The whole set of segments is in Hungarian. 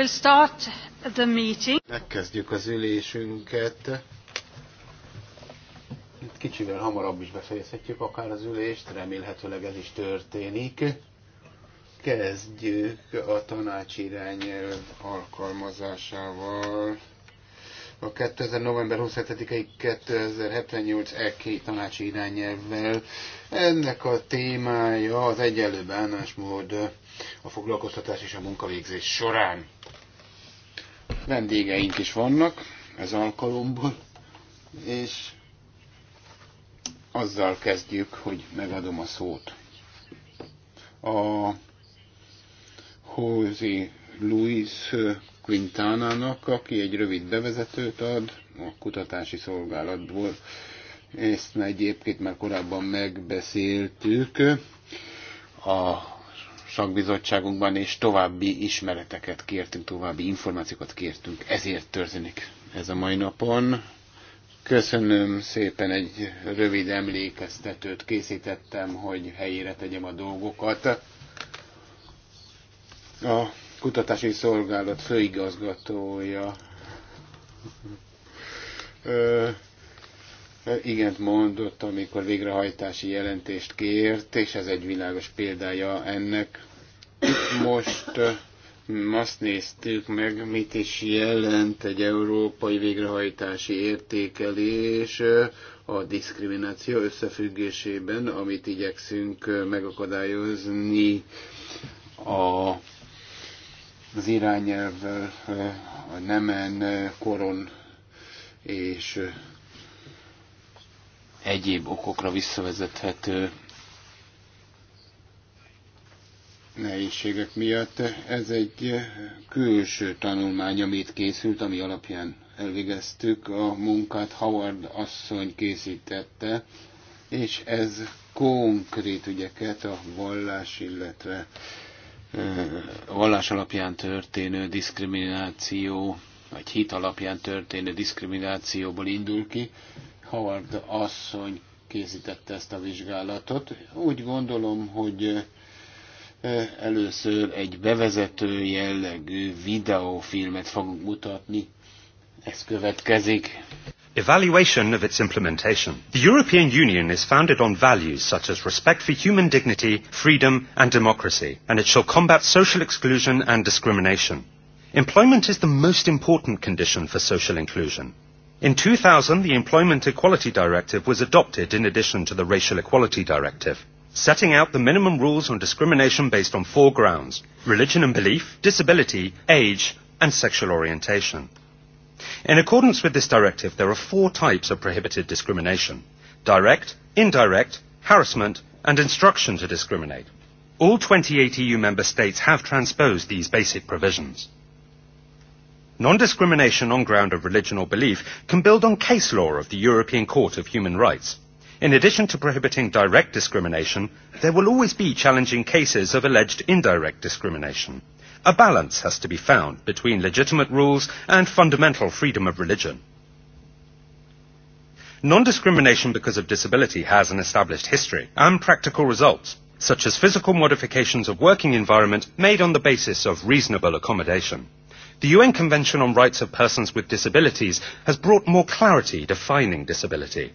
We'll start the meeting. Megkezdjük az ülésünket. Itt kicsivel hamarabb is befejezhetjük akár az ülést, remélhetőleg ez is történik. Kezdjük a tanácsirányelv alkalmazásával a 2000. november 27-i 2078 EK tanácsi irányelvvel. Ennek a témája az egyenlő bánásmód a foglalkoztatás és a munkavégzés során. Vendégeink is vannak ez alkalomból, és azzal kezdjük, hogy megadom a szót. A José Luis Quintánának, aki egy rövid bevezetőt ad a kutatási szolgálatból. Ezt egyébként már korábban megbeszéltük a szakbizottságunkban, és további ismereteket kértünk, további információkat kértünk. Ezért történik ez a mai napon. Köszönöm szépen, egy rövid emlékeztetőt készítettem, hogy helyére tegyem a dolgokat. A kutatási szolgálat főigazgatója ö, igent mondott, amikor végrehajtási jelentést kért, és ez egy világos példája ennek. Itt most azt néztük meg, mit is jelent egy európai végrehajtási értékelés a diszkrimináció összefüggésében, amit igyekszünk megakadályozni a az irányelvvel a nemen, koron és egyéb okokra visszavezethető nehézségek miatt. Ez egy külső tanulmány, amit készült, ami alapján elvégeztük a munkát. Howard asszony készítette, és ez konkrét ügyeket a vallás, illetve Eh, vallás alapján történő diszkrimináció, vagy hit alapján történő diszkriminációból indul ki. Howard asszony készítette ezt a vizsgálatot. Úgy gondolom, hogy eh, először egy bevezető jellegű videófilmet fogunk mutatni. Ez következik. Evaluation of its implementation. The European Union is founded on values such as respect for human dignity, freedom and democracy, and it shall combat social exclusion and discrimination. Employment is the most important condition for social inclusion. In 2000, the Employment Equality Directive was adopted in addition to the Racial Equality Directive, setting out the minimum rules on discrimination based on four grounds, religion and belief, disability, age, and sexual orientation. In accordance with this directive, there are four types of prohibited discrimination direct, indirect, harassment, and instruction to discriminate. All 28 EU member states have transposed these basic provisions. Non-discrimination on ground of religion or belief can build on case law of the European Court of Human Rights. In addition to prohibiting direct discrimination, there will always be challenging cases of alleged indirect discrimination. A balance has to be found between legitimate rules and fundamental freedom of religion. Non-discrimination because of disability has an established history and practical results, such as physical modifications of working environment made on the basis of reasonable accommodation. The UN Convention on Rights of Persons with Disabilities has brought more clarity defining disability.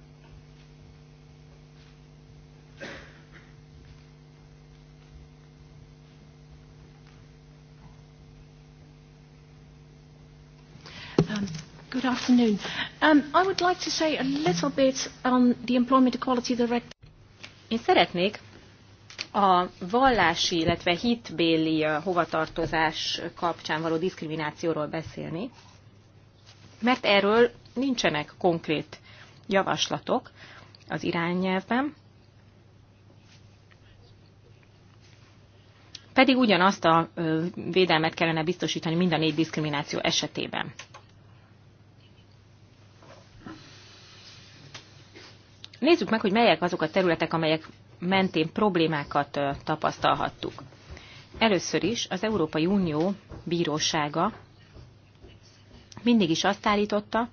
Good afternoon. Um, I would like to say a little bit on the Employment Equality Directive. Én szeretnék a vallási, illetve hitbéli uh, hovatartozás kapcsán való diszkriminációról beszélni, mert erről nincsenek konkrét javaslatok az irányelvben, pedig ugyanazt a védelmet kellene biztosítani mind a négy diszkrimináció esetében. Nézzük meg, hogy melyek azok a területek, amelyek mentén problémákat tapasztalhattuk. Először is az Európai Unió bírósága mindig is azt állította,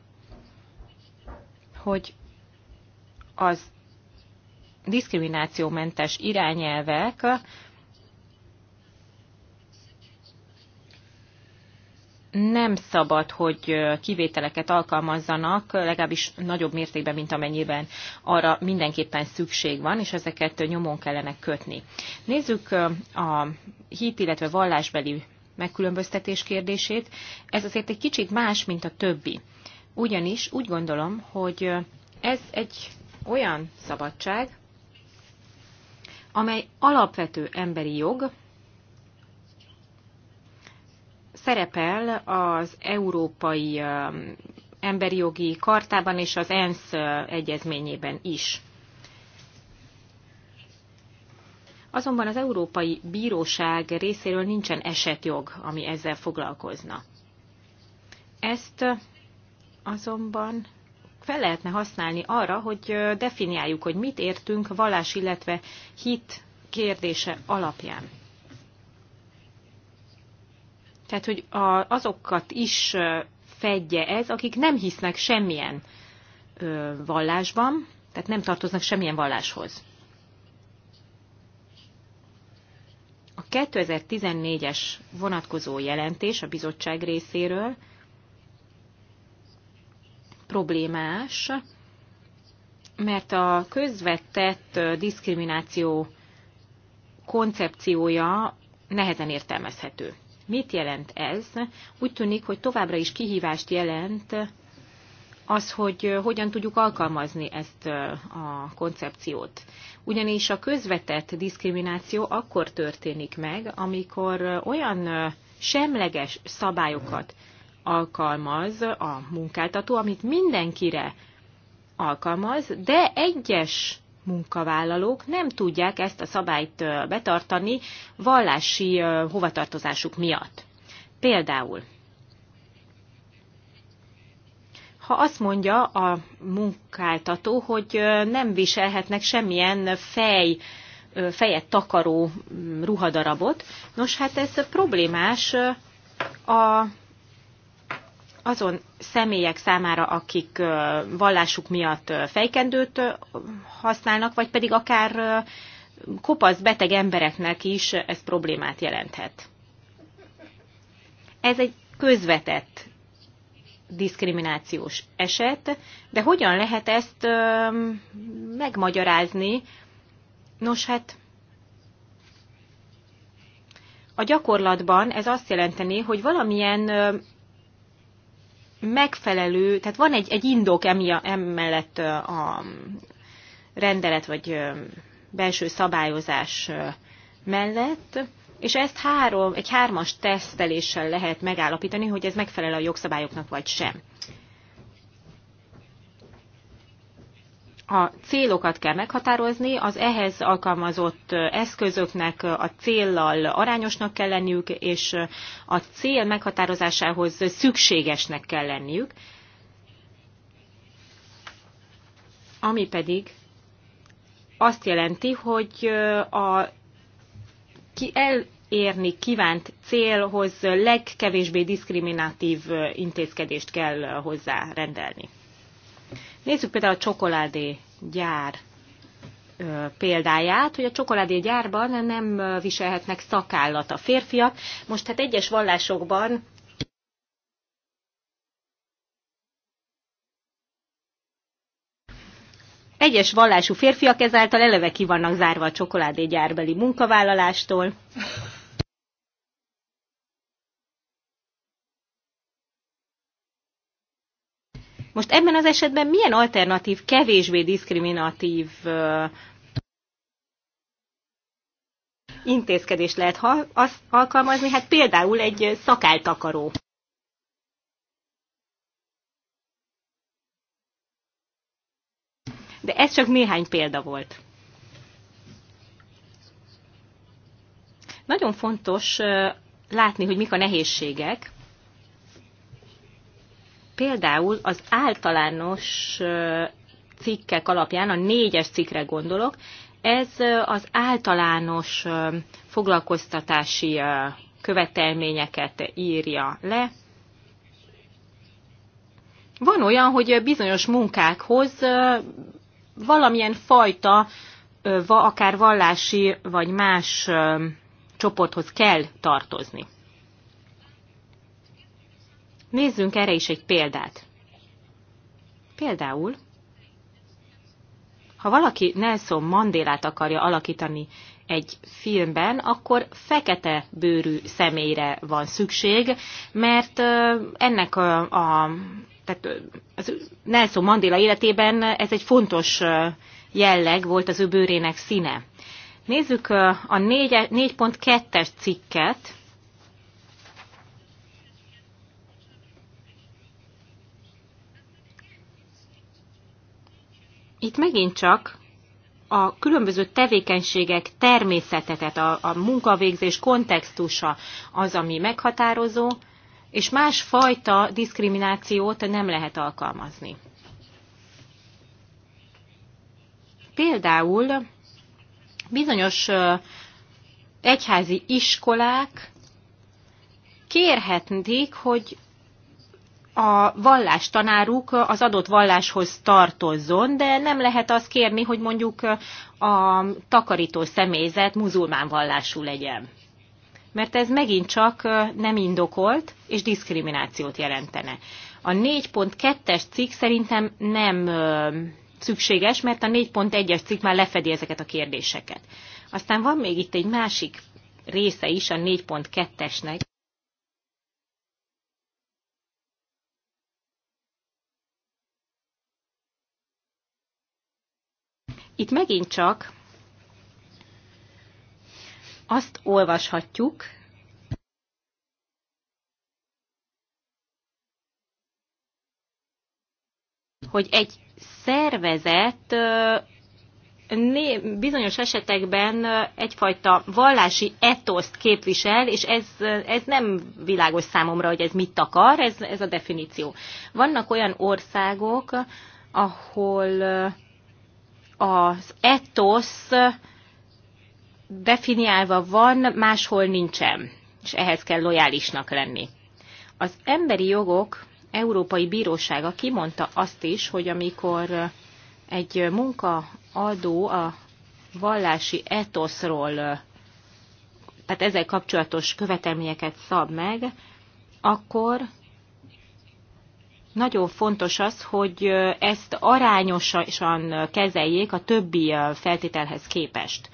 hogy az diszkriminációmentes irányelvek nem szabad, hogy kivételeket alkalmazzanak, legalábbis nagyobb mértékben, mint amennyiben arra mindenképpen szükség van, és ezeket nyomon kellene kötni. Nézzük a hit, illetve vallásbeli megkülönböztetés kérdését. Ez azért egy kicsit más, mint a többi. Ugyanis úgy gondolom, hogy ez egy olyan szabadság, amely alapvető emberi jog, szerepel az Európai um, Emberi Jogi Kartában és az ENSZ uh, egyezményében is. Azonban az Európai Bíróság részéről nincsen esetjog, ami ezzel foglalkozna. Ezt uh, azonban fel lehetne használni arra, hogy uh, definiáljuk, hogy mit értünk vallás, illetve hit kérdése alapján. Tehát, hogy a, azokat is fedje ez, akik nem hisznek semmilyen ö, vallásban, tehát nem tartoznak semmilyen valláshoz. A 2014-es vonatkozó jelentés a bizottság részéről problémás, mert a közvetett diszkrimináció koncepciója nehezen értelmezhető. Mit jelent ez? Úgy tűnik, hogy továbbra is kihívást jelent az, hogy hogyan tudjuk alkalmazni ezt a koncepciót. Ugyanis a közvetett diszkrimináció akkor történik meg, amikor olyan semleges szabályokat alkalmaz a munkáltató, amit mindenkire alkalmaz, de egyes munkavállalók nem tudják ezt a szabályt betartani vallási hovatartozásuk miatt. Például, ha azt mondja a munkáltató, hogy nem viselhetnek semmilyen fej, fejet takaró ruhadarabot, nos hát ez problémás a azon személyek számára, akik vallásuk miatt fejkendőt használnak, vagy pedig akár kopasz beteg embereknek is ez problémát jelenthet. Ez egy közvetett diszkriminációs eset, de hogyan lehet ezt megmagyarázni? Nos, hát a gyakorlatban ez azt jelenteni, hogy valamilyen megfelelő, tehát van egy, egy indok emellett a rendelet vagy belső szabályozás mellett, és ezt három, egy hármas teszteléssel lehet megállapítani, hogy ez megfelel a jogszabályoknak vagy sem. a célokat kell meghatározni, az ehhez alkalmazott eszközöknek a céllal arányosnak kell lenniük, és a cél meghatározásához szükségesnek kell lenniük, ami pedig azt jelenti, hogy a ki elérni kívánt célhoz legkevésbé diszkriminatív intézkedést kell hozzá rendelni. Nézzük például a csokoládé gyár példáját, hogy a csokoládé gyárban nem viselhetnek szakállat a férfiak. Most hát egyes vallásokban Egyes vallású férfiak ezáltal eleve ki vannak zárva a csokoládégyárbeli munkavállalástól. Most ebben az esetben milyen alternatív, kevésbé diszkriminatív intézkedés lehet alkalmazni? Hát például egy szakáltakaró. De ez csak néhány példa volt. Nagyon fontos látni, hogy mik a nehézségek, Például az általános cikkek alapján, a négyes cikkre gondolok, ez az általános foglalkoztatási követelményeket írja le. Van olyan, hogy bizonyos munkákhoz valamilyen fajta, akár vallási vagy más csoporthoz kell tartozni. Nézzünk erre is egy példát. Például, ha valaki Nelson Mandélát akarja alakítani egy filmben, akkor fekete bőrű személyre van szükség, mert ennek a, a tehát az Nelson Mandela életében ez egy fontos jelleg volt az ő bőrének színe. Nézzük a 4.2-es cikket, itt megint csak a különböző tevékenységek természete, tehát a, a munkavégzés kontextusa az, ami meghatározó, és másfajta diszkriminációt nem lehet alkalmazni. Például bizonyos egyházi iskolák kérhetnék, hogy a vallás tanáruk az adott valláshoz tartozzon, de nem lehet azt kérni, hogy mondjuk a takarító személyzet muzulmán vallású legyen. Mert ez megint csak nem indokolt, és diszkriminációt jelentene. A 4.2-es cikk szerintem nem szükséges, mert a 4.1-es cikk már lefedi ezeket a kérdéseket. Aztán van még itt egy másik része is a 4.2-esnek. Itt megint csak azt olvashatjuk, hogy egy szervezet bizonyos esetekben egyfajta vallási etoszt képvisel, és ez, ez nem világos számomra, hogy ez mit akar, ez, ez a definíció. Vannak olyan országok, ahol az etosz definiálva van, máshol nincsen, és ehhez kell lojálisnak lenni. Az emberi jogok Európai Bírósága kimondta azt is, hogy amikor egy munkaadó a vallási etoszról, tehát ezzel kapcsolatos követelményeket szab meg, akkor nagyon fontos az, hogy ezt arányosan kezeljék a többi feltételhez képest.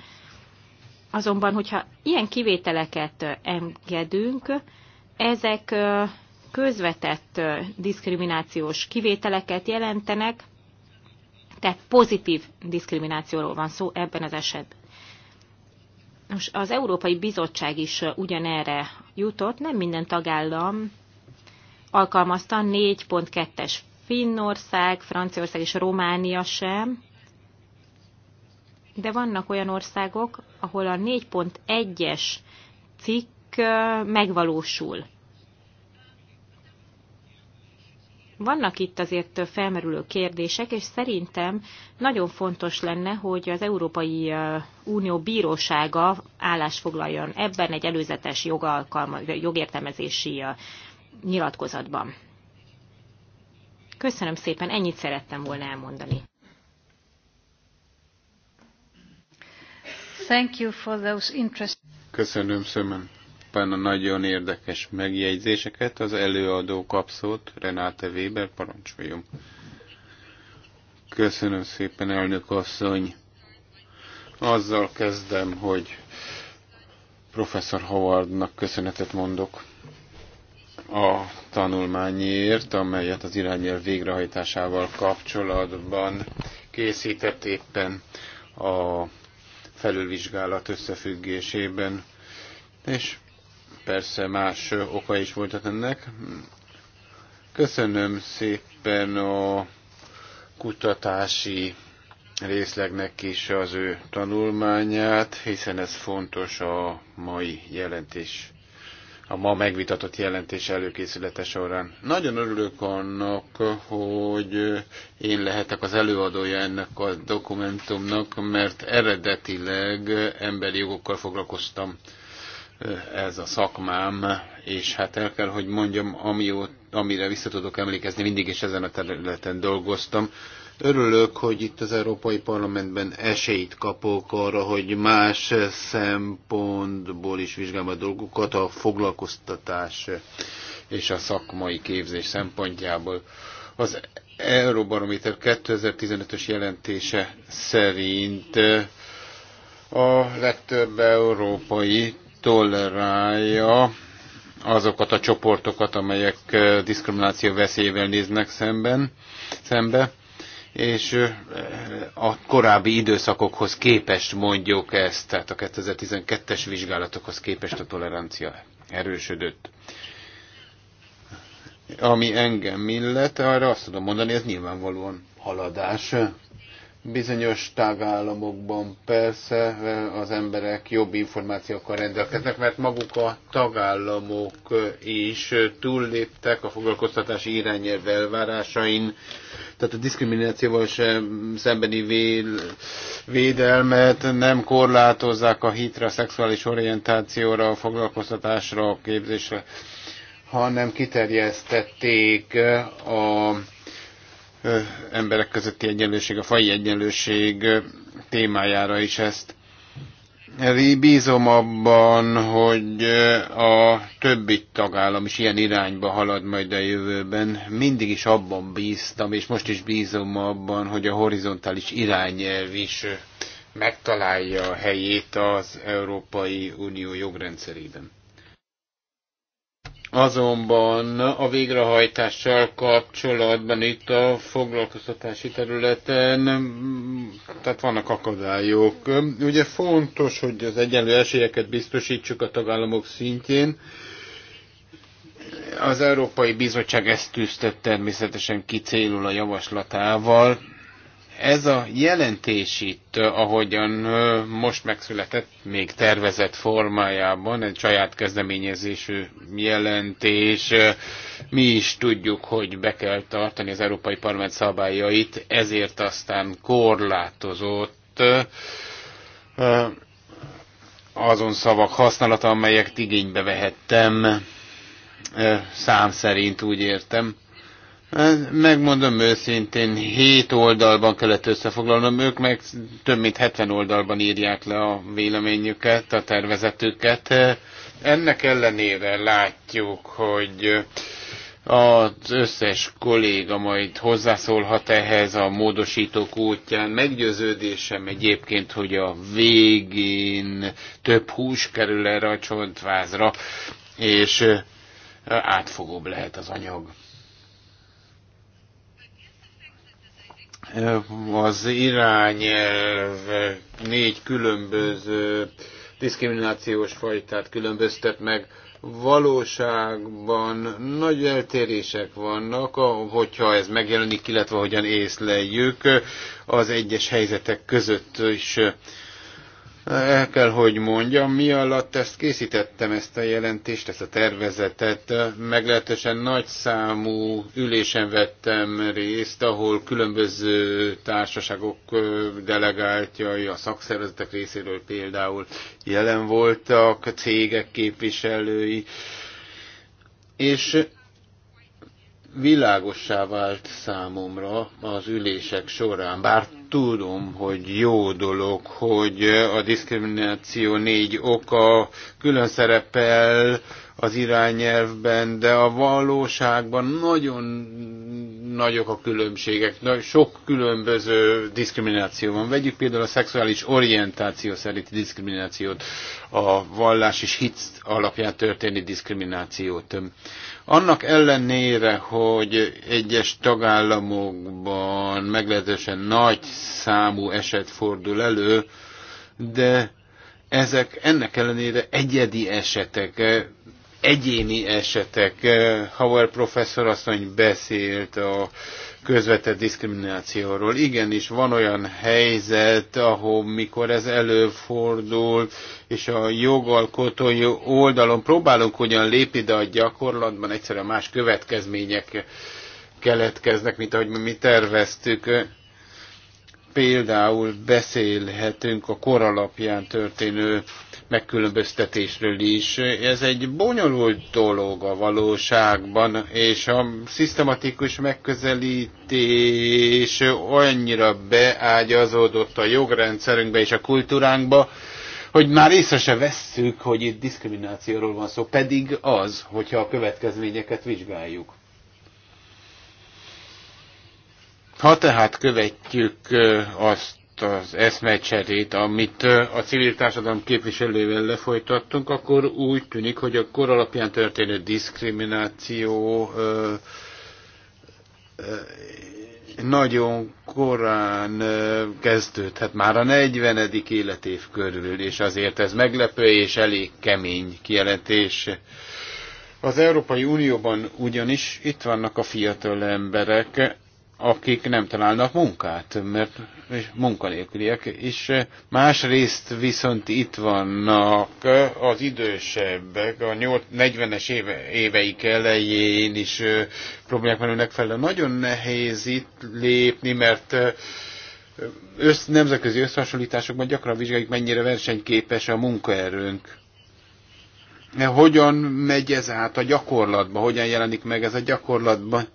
Azonban, hogyha ilyen kivételeket engedünk, ezek közvetett diszkriminációs kivételeket jelentenek, tehát pozitív diszkriminációról van szó ebben az esetben. Most az Európai Bizottság is ugyanerre jutott, nem minden tagállam alkalmazta, 4.2-es Finnország, Franciaország és Románia sem, de vannak olyan országok, ahol a 4.1-es cikk megvalósul. Vannak itt azért felmerülő kérdések, és szerintem nagyon fontos lenne, hogy az Európai Unió bírósága állásfoglaljon ebben egy előzetes jogalkalma, jogértelmezési nyilatkozatban. Köszönöm szépen, ennyit szerettem volna elmondani. Thank you for those interest... Köszönöm szépen a nagyon érdekes megjegyzéseket. Az előadó kapszót Renáte Weber parancsoljon. Köszönöm szépen, elnök asszony. Azzal kezdem, hogy professzor Howardnak köszönetet mondok a tanulmányért, amelyet az irányelv végrehajtásával kapcsolatban készített éppen a felülvizsgálat összefüggésében. És persze más oka is volt ennek. Köszönöm szépen a kutatási részlegnek is az ő tanulmányát, hiszen ez fontos a mai jelentés a ma megvitatott jelentés előkészülete során. Nagyon örülök annak, hogy én lehetek az előadója ennek a dokumentumnak, mert eredetileg emberi jogokkal foglalkoztam ez a szakmám, és hát el kell, hogy mondjam, amire vissza tudok emlékezni, mindig is ezen a területen dolgoztam. Örülök, hogy itt az Európai Parlamentben esélyt kapok arra, hogy más szempontból is vizsgálom a dolgokat, a foglalkoztatás és a szakmai képzés szempontjából. Az Euróbarométer 2015-ös jelentése szerint a legtöbb európai tolerálja azokat a csoportokat, amelyek diszkrimináció veszélyével néznek szemben, szembe és a korábbi időszakokhoz képest mondjuk ezt, tehát a 2012-es vizsgálatokhoz képest a tolerancia erősödött. Ami engem illet, arra azt tudom mondani, ez nyilvánvalóan haladás, Bizonyos tagállamokban persze e, az emberek jobb információkkal rendelkeznek, mert maguk a tagállamok e, is túlléptek a foglalkoztatási irányelv elvárásain, tehát a diszkriminációval sem szembeni védelmet nem korlátozzák a hitre, a szexuális orientációra, a foglalkoztatásra, a képzésre, hanem kiterjesztették a emberek közötti egyenlőség, a fai egyenlőség témájára is ezt. Bízom abban, hogy a többi tagállam is ilyen irányba halad majd a jövőben. Mindig is abban bíztam, és most is bízom abban, hogy a horizontális irányelv is megtalálja a helyét az Európai Unió jogrendszerében. Azonban a végrehajtással kapcsolatban itt a foglalkoztatási területen, tehát vannak akadályok. Ugye fontos, hogy az egyenlő esélyeket biztosítsuk a tagállamok szintjén. Az Európai Bizottság ezt tűztett természetesen kicélul a javaslatával, ez a jelentés itt, eh, ahogyan eh, most megszületett, még tervezett formájában, egy saját kezdeményezésű jelentés, eh, mi is tudjuk, hogy be kell tartani az Európai Parlament szabályait, ezért aztán korlátozott azon szavak használata, amelyeket igénybe vehettem, szám szerint úgy értem Hát, megmondom őszintén, 7 oldalban kellett összefoglalnom, ők meg több mint 70 oldalban írják le a véleményüket, a tervezetüket. Ennek ellenére látjuk, hogy az összes kolléga majd hozzászólhat ehhez a módosítók útján. Meggyőződésem egyébként, hogy a végén több hús kerül erre a csontvázra, és átfogóbb lehet az anyag. Az irányelv négy különböző diszkriminációs fajtát különböztet meg. Valóságban nagy eltérések vannak, hogyha ez megjelenik, illetve hogyan észleljük az egyes helyzetek között is el kell, hogy mondjam, mi alatt ezt készítettem, ezt a jelentést, ezt a tervezetet. Meglehetősen nagy számú ülésen vettem részt, ahol különböző társaságok delegáltjai, a szakszervezetek részéről például jelen voltak, cégek képviselői, és világossá vált számomra az ülések során, bár Tudom, hogy jó dolog, hogy a diszkrimináció négy oka külön szerepel az irányelvben, de a valóságban nagyon nagyok a különbségek, nagy, sok különböző diszkrimináció van. Vegyük például a szexuális orientáció szerinti diszkriminációt, a vallás és hit alapján történő diszkriminációt. Annak ellenére, hogy egyes tagállamokban meglehetősen nagy számú eset fordul elő, de ezek ennek ellenére egyedi esetek, egyéni esetek. Eh, Hauer professzor asszony beszélt a közvetett diszkriminációról. Igenis, van olyan helyzet, ahol mikor ez előfordul, és a jogalkotói oldalon próbálunk ugyan lépni, de a gyakorlatban egyszerűen más következmények keletkeznek, mint ahogy mi terveztük. Például beszélhetünk a koralapján történő megkülönböztetésről is. Ez egy bonyolult dolog a valóságban, és a szisztematikus megközelítés annyira beágyazódott a jogrendszerünkbe és a kultúránkba, hogy már észre se vesszük, hogy itt diszkriminációról van szó, pedig az, hogyha a következményeket vizsgáljuk. Ha tehát követjük azt az eszmecserét, amit a civil társadalom képviselővel lefolytattunk, akkor úgy tűnik, hogy a kor alapján történő diszkrimináció ö, ö, nagyon korán kezdődhet, már a 40. életév körül, és azért ez meglepő és elég kemény kijelentés. Az Európai Unióban ugyanis itt vannak a fiatal emberek, akik nem találnak munkát, mert és munkanélküliek, és másrészt viszont itt vannak az idősebbek, a 40-es éve, éveik elején is problémák merülnek fel, nagyon nehéz itt lépni, mert össz, nemzetközi összehasonlításokban gyakran vizsgáljuk, mennyire versenyképes a munkaerőnk. Hogyan megy ez át a gyakorlatban? hogyan jelenik meg ez a gyakorlatban?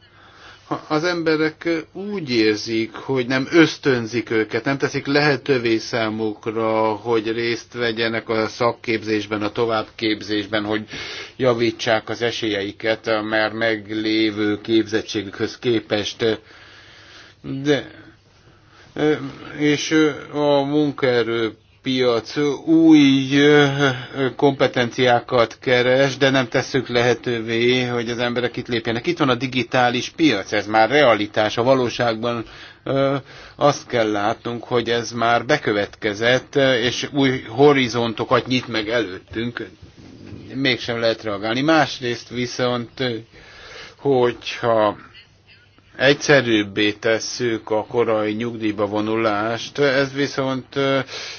az emberek úgy érzik, hogy nem ösztönzik őket, nem teszik lehetővé számukra, hogy részt vegyenek a szakképzésben, a továbbképzésben, hogy javítsák az esélyeiket a már meglévő képzettségükhöz képest. De, és a munkaerő piac új kompetenciákat keres, de nem tesszük lehetővé, hogy az emberek itt lépjenek. Itt van a digitális piac, ez már realitás a valóságban. Azt kell látnunk, hogy ez már bekövetkezett, és új horizontokat nyit meg előttünk. Mégsem lehet reagálni. Másrészt viszont, hogyha egyszerűbbé tesszük a korai nyugdíjba vonulást, ez viszont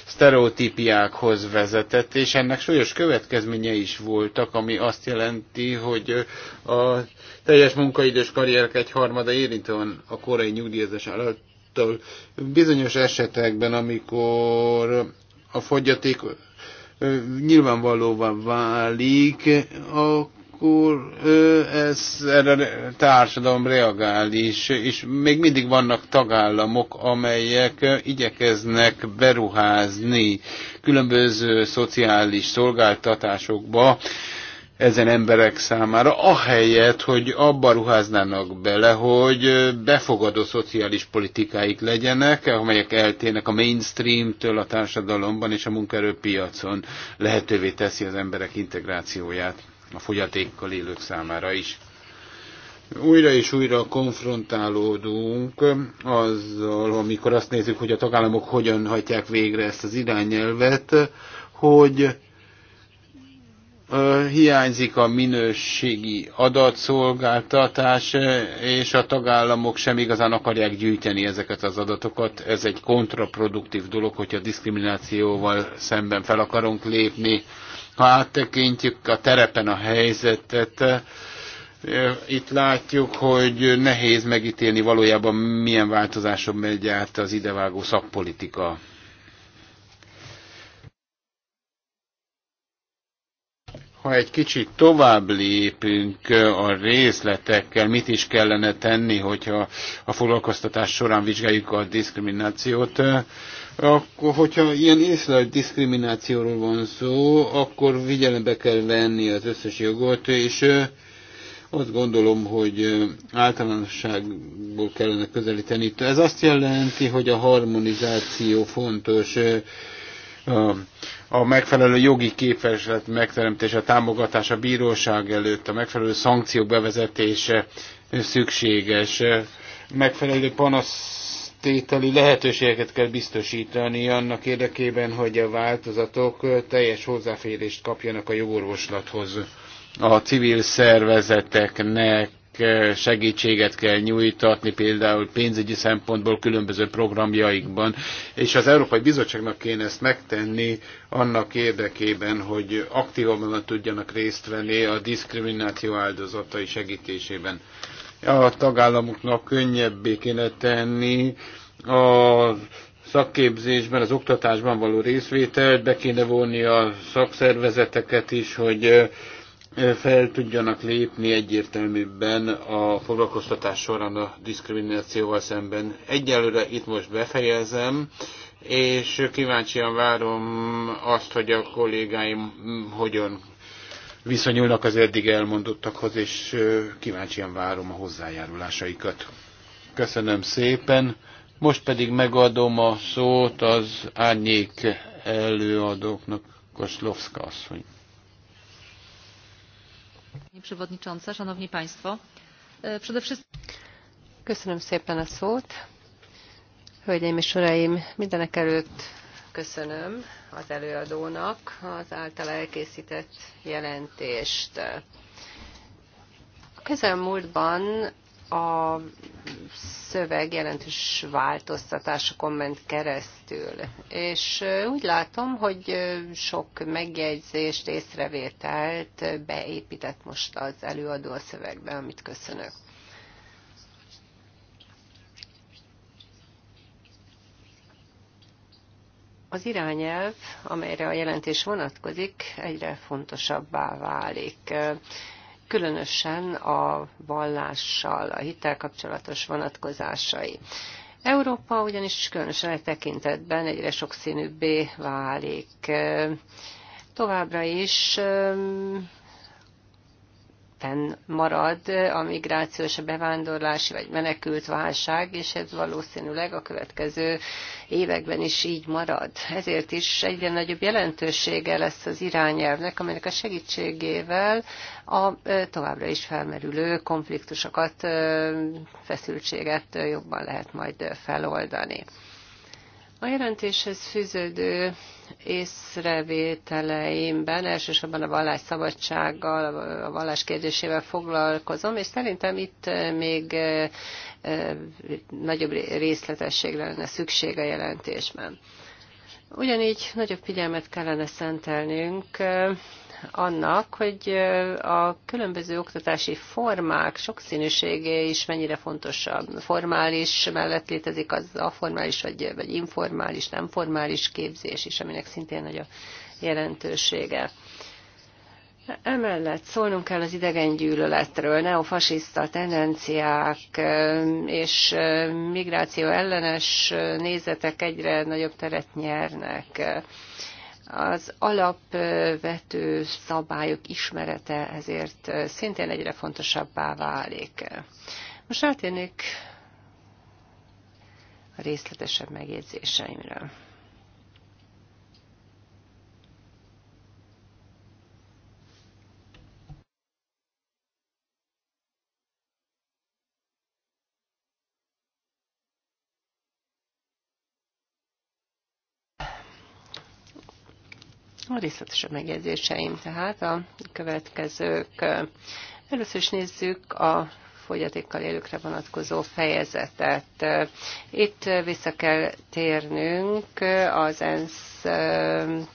sztereotípiákhoz vezetett, és ennek súlyos következménye is voltak, ami azt jelenti, hogy a teljes munkaidős karrierek egy harmada van a korai nyugdíjazás alatt. bizonyos esetekben, amikor a fogyaték nyilvánvalóvá válik, a elnök úr, ez, erre a társadalom reagál is, és még mindig vannak tagállamok, amelyek igyekeznek beruházni különböző szociális szolgáltatásokba ezen emberek számára, ahelyett, hogy abba ruháznának bele, hogy befogadó szociális politikáik legyenek, amelyek eltérnek a mainstreamtől a társadalomban és a munkaerőpiacon lehetővé teszi az emberek integrációját a fogyatékkal élők számára is. Újra és újra konfrontálódunk azzal, amikor azt nézzük, hogy a tagállamok hogyan hajtják végre ezt az irányelvet, hogy hiányzik a minőségi adatszolgáltatás, és a tagállamok sem igazán akarják gyűjteni ezeket az adatokat. Ez egy kontraproduktív dolog, hogyha diszkriminációval szemben fel akarunk lépni. Ha áttekintjük a terepen a helyzetet, eh, itt látjuk, hogy nehéz megítélni valójában milyen változáson megy át az idevágó szakpolitika. ha egy kicsit tovább lépünk a részletekkel, mit is kellene tenni, hogyha a foglalkoztatás során vizsgáljuk a diszkriminációt, eh, akkor, hogyha ilyen észlelt diszkriminációról van szó, akkor vigyelembe kell venni az összes jogot, és azt gondolom, hogy általánosságból kellene közelíteni. Ez azt jelenti, hogy a harmonizáció fontos, a megfelelő jogi képeslet megteremtése, a támogatása a bíróság előtt, a megfelelő szankciók bevezetése szükséges, megfelelő panasz tételi lehetőségeket kell biztosítani annak érdekében, hogy a változatok teljes hozzáférést kapjanak a jogorvoslathoz. A civil szervezeteknek segítséget kell nyújtatni, például pénzügyi szempontból különböző programjaikban, és az Európai Bizottságnak kéne ezt megtenni annak érdekében, hogy aktívabban tudjanak részt venni a diszkrimináció áldozatai segítésében a tagállamoknak könnyebbé kéne tenni a szakképzésben, az oktatásban való részvételt, be kéne vonni a szakszervezeteket is, hogy fel tudjanak lépni egyértelműbben a foglalkoztatás során a diszkriminációval szemben. Egyelőre itt most befejezem, és kíváncsian várom azt, hogy a kollégáim hogyan viszonyulnak az eddig elmondottakhoz, és kíváncsian várom a hozzájárulásaikat. Köszönöm szépen. Most pedig megadom a szót az árnyék előadóknak, Koslovska asszony. E, köszönöm szépen a szót. Hölgyeim és Uraim, mindenek előtt köszönöm az előadónak az általa elkészített jelentést. A közelmúltban a szöveg jelentős változtatásokon ment keresztül. És úgy látom, hogy sok megjegyzést, észrevételt beépített most az előadó a szövegbe, amit köszönök. Az irányelv, amelyre a jelentés vonatkozik, egyre fontosabbá válik különösen a vallással, a hittel kapcsolatos vonatkozásai. Európa ugyanis különösen egy tekintetben egyre sokszínűbbé válik. Továbbra is fenn marad a migrációs, a bevándorlási vagy menekült válság, és ez valószínűleg a következő években is így marad. Ezért is egyre nagyobb jelentősége lesz az irányelvnek, aminek a segítségével a továbbra is felmerülő konfliktusokat, feszültséget jobban lehet majd feloldani. A jelentéshez fűződő észrevételeimben elsősorban a vallás szabadsággal, a vallás kérdésével foglalkozom, és szerintem itt még nagyobb részletességre lenne szükség a jelentésben. Ugyanígy nagyobb figyelmet kellene szentelnünk annak, hogy a különböző oktatási formák sokszínűsége is mennyire fontos a formális mellett létezik az a formális, vagy, vagy informális, nem formális képzés is, aminek szintén nagy a jelentősége. Emellett szólnunk kell az idegengyűlöletről, neofasiszta tendenciák és migráció ellenes nézetek egyre nagyobb teret nyernek. Az alapvető szabályok ismerete ezért szintén egyre fontosabbá válik. Most átérnék a részletesebb megjegyzéseimről. A részletesebb megjegyzéseim tehát a következők. Először is nézzük a fogyatékkal élőkre vonatkozó fejezetet. Itt vissza kell térnünk az ENSZ um,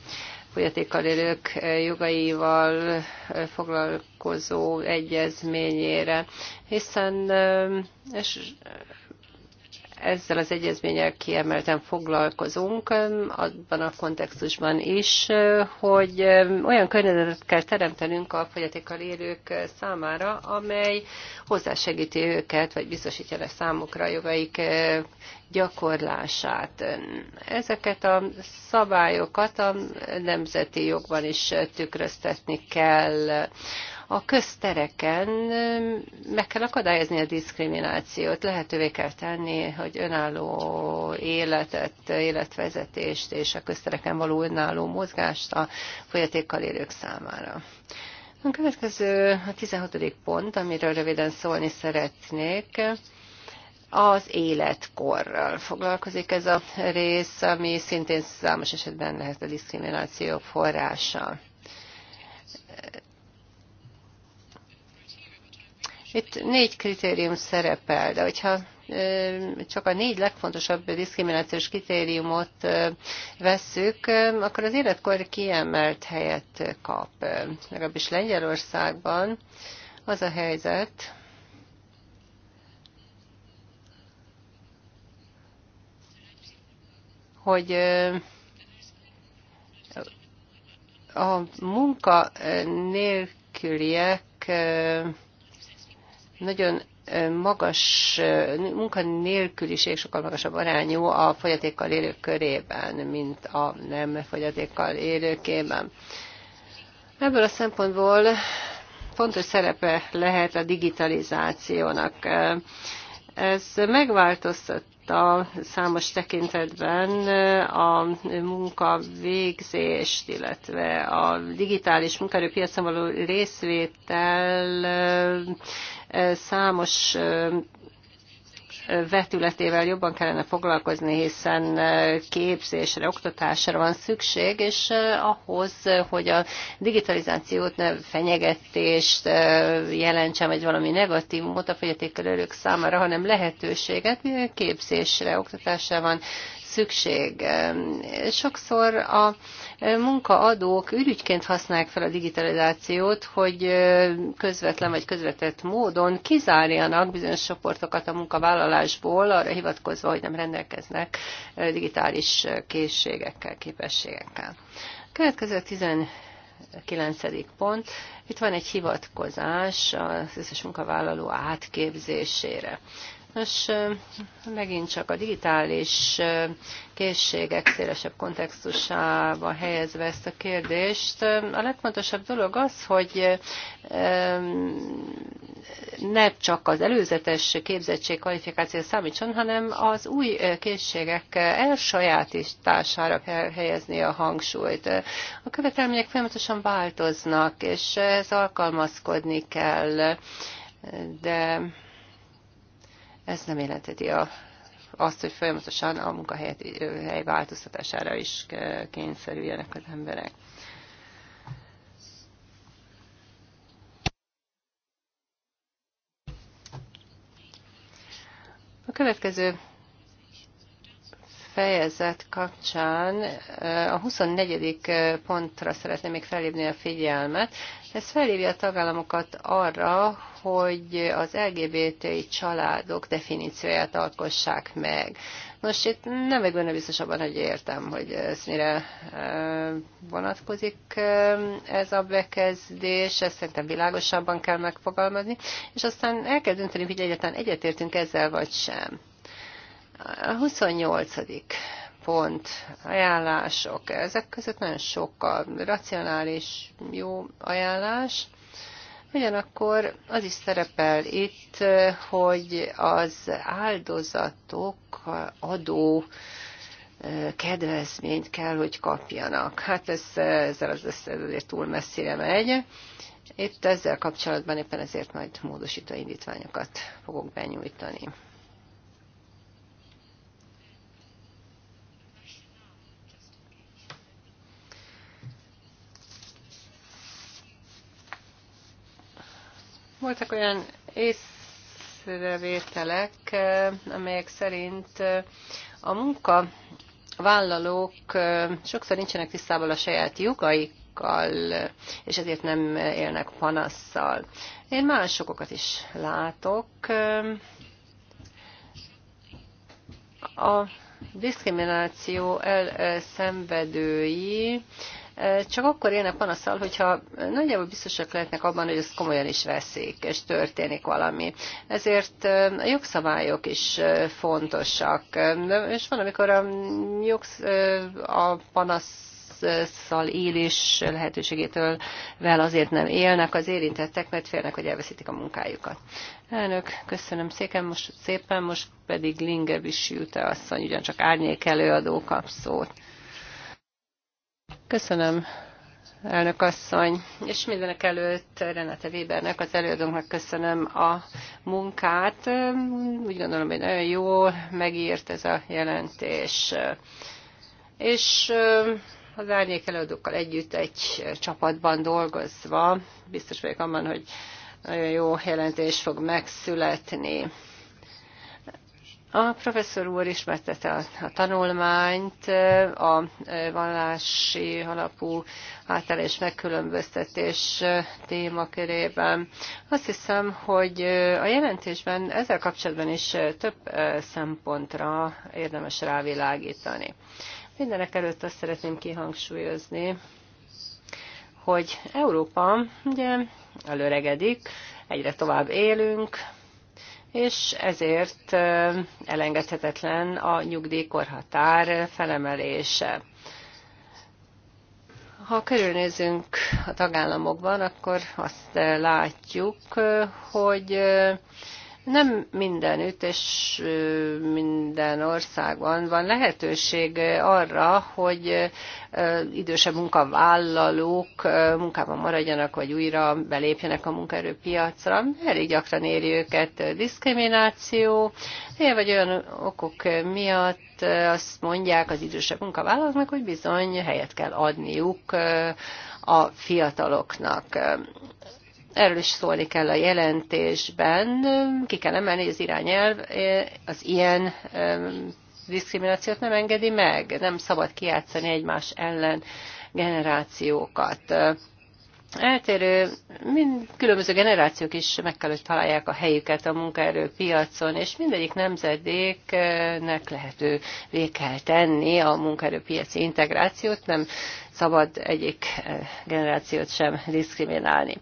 fogyatékkal élők jogaival foglalkozó egyezményére, hiszen um, ezzel az egyezménnyel kiemelten foglalkozunk, abban a kontextusban is, hogy olyan környezetet kell teremtenünk a fogyatékkal élők számára, amely hozzásegíti őket, vagy biztosítja le számukra a jogaik gyakorlását. Ezeket a szabályokat a nemzeti jogban is tükröztetni kell. A köztereken meg kell akadályozni a diszkriminációt, lehetővé kell tenni, hogy önálló életet, életvezetést és a köztereken való önálló mozgást a folyatékkal élők számára. A következő a 16. pont, amiről röviden szólni szeretnék az életkorral foglalkozik ez a rész, ami szintén számos esetben lehet a diszkrimináció forrása. Itt négy kritérium szerepel, de hogyha csak a négy legfontosabb diszkriminációs kritériumot vesszük, akkor az életkor kiemelt helyet kap. Legalábbis Lengyelországban az a helyzet, hogy a munka nélküliek nagyon magas munkanélküliség sokkal magasabb arányú a fogyatékkal élők körében, mint a nem fogyatékkal élőkében. Ebből a szempontból fontos szerepe lehet a digitalizációnak. Ez megváltoztat a számos tekintetben a munkavégzést, illetve a digitális munkaerőpiacon való részvétel számos vetületével jobban kellene foglalkozni, hiszen képzésre, oktatásra van szükség, és ahhoz, hogy a digitalizációt ne fenyegetést jelentsen, vagy valami negatívumot a fogyatékkal örök számára, hanem lehetőséget képzésre, oktatásra van szükség. Sokszor a munkaadók ürügyként használják fel a digitalizációt, hogy közvetlen vagy közvetett módon kizárjanak bizonyos csoportokat a munkavállalásból, arra hivatkozva, hogy nem rendelkeznek digitális készségekkel, képességekkel. Következő 19. pont. Itt van egy hivatkozás az összes munkavállaló átképzésére. Nos, megint csak a digitális készségek szélesebb kontextusába helyezve ezt a kérdést. A legfontosabb dolog az, hogy ne csak az előzetes képzettség kvalifikáció számítson, hanem az új készségek elsajátítására kell helyezni a hangsúlyt. A követelmények folyamatosan változnak, és ez alkalmazkodni kell, de ez nem jelenteti a, azt, hogy folyamatosan a munkahely változtatására is kényszerüljenek az emberek. A következő fejezet kapcsán a 24. pontra szeretném még felhívni a figyelmet. Ez felhívja a tagállamokat arra, hogy az LGBTI családok definícióját alkossák meg. Most itt nem vagyok benne biztos abban, hogy értem, hogy ez mire e, vonatkozik e, ez a bekezdés, ezt szerintem világosabban kell megfogalmazni, és aztán el kell dönteni, hogy egyáltalán egyetértünk ezzel vagy sem. A 28 pont, ajánlások. Ezek között nagyon sok a racionális, jó ajánlás. Ugyanakkor az is szerepel itt, hogy az áldozatok adó kedvezményt kell, hogy kapjanak. Hát ez, ezzel az ez azért túl messzire megy. Itt ezzel kapcsolatban éppen ezért majd módosító indítványokat fogok benyújtani. Voltak olyan észrevételek, eh, amelyek szerint eh, a munka eh, sokszor nincsenek tisztában a saját jogaikkal, és ezért nem élnek panasszal. Én más okokat is látok. A diszkrimináció elszenvedői csak akkor élnek panaszal, hogyha nagyjából biztosak lehetnek abban, hogy ezt komolyan is veszik, és történik valami. Ezért a jogszabályok is fontosak. És van, amikor a, jogsz, a panasz szal élés lehetőségétől vel azért nem élnek az érintettek, mert félnek, hogy elveszítik a munkájukat. Elnök, köszönöm szépen, most, szépen, most pedig Linge Bisjute asszony, ugyancsak árnyék előadó kapszót. Köszönöm, elnök asszony, és mindenek előtt Renate Webernek, az előadónknak köszönöm a munkát. Úgy gondolom, hogy nagyon jól megírt ez a jelentés. És az árnyék előadókkal együtt egy csapatban dolgozva, biztos vagyok abban, hogy nagyon jó jelentés fog megszületni. A professzor úr ismertette a, a tanulmányt, a vallási alapú átáll és megkülönböztetés témakörében. Azt hiszem, hogy a jelentésben ezzel kapcsolatban is több szempontra érdemes rávilágítani. Mindenek előtt azt szeretném kihangsúlyozni, hogy Európa ugye előregedik, egyre tovább élünk, és ezért elengedhetetlen a nyugdíjkorhatár felemelése. Ha körülnézünk a tagállamokban, akkor azt látjuk, hogy nem mindenütt és minden országban van lehetőség arra, hogy idősebb munkavállalók munkában maradjanak, vagy újra belépjenek a munkaerőpiacra. Elég gyakran éri őket diszkrimináció, vagy olyan okok miatt azt mondják az idősebb munkavállalóknak, hogy bizony helyet kell adniuk a fiataloknak erről is szólni kell a jelentésben, ki kell emelni, hogy az irányelv eh, az ilyen diszkriminációt nem engedi meg, nem szabad kiátszani egymás ellen generációkat. Eltérő, mind különböző generációk is meg kell, hogy találják a helyüket a munkaerőpiacon, és mindegyik nemzedéknek lehetővé kell tenni a munkaerőpiaci integrációt, nem szabad egyik eh, generációt sem diszkriminálni.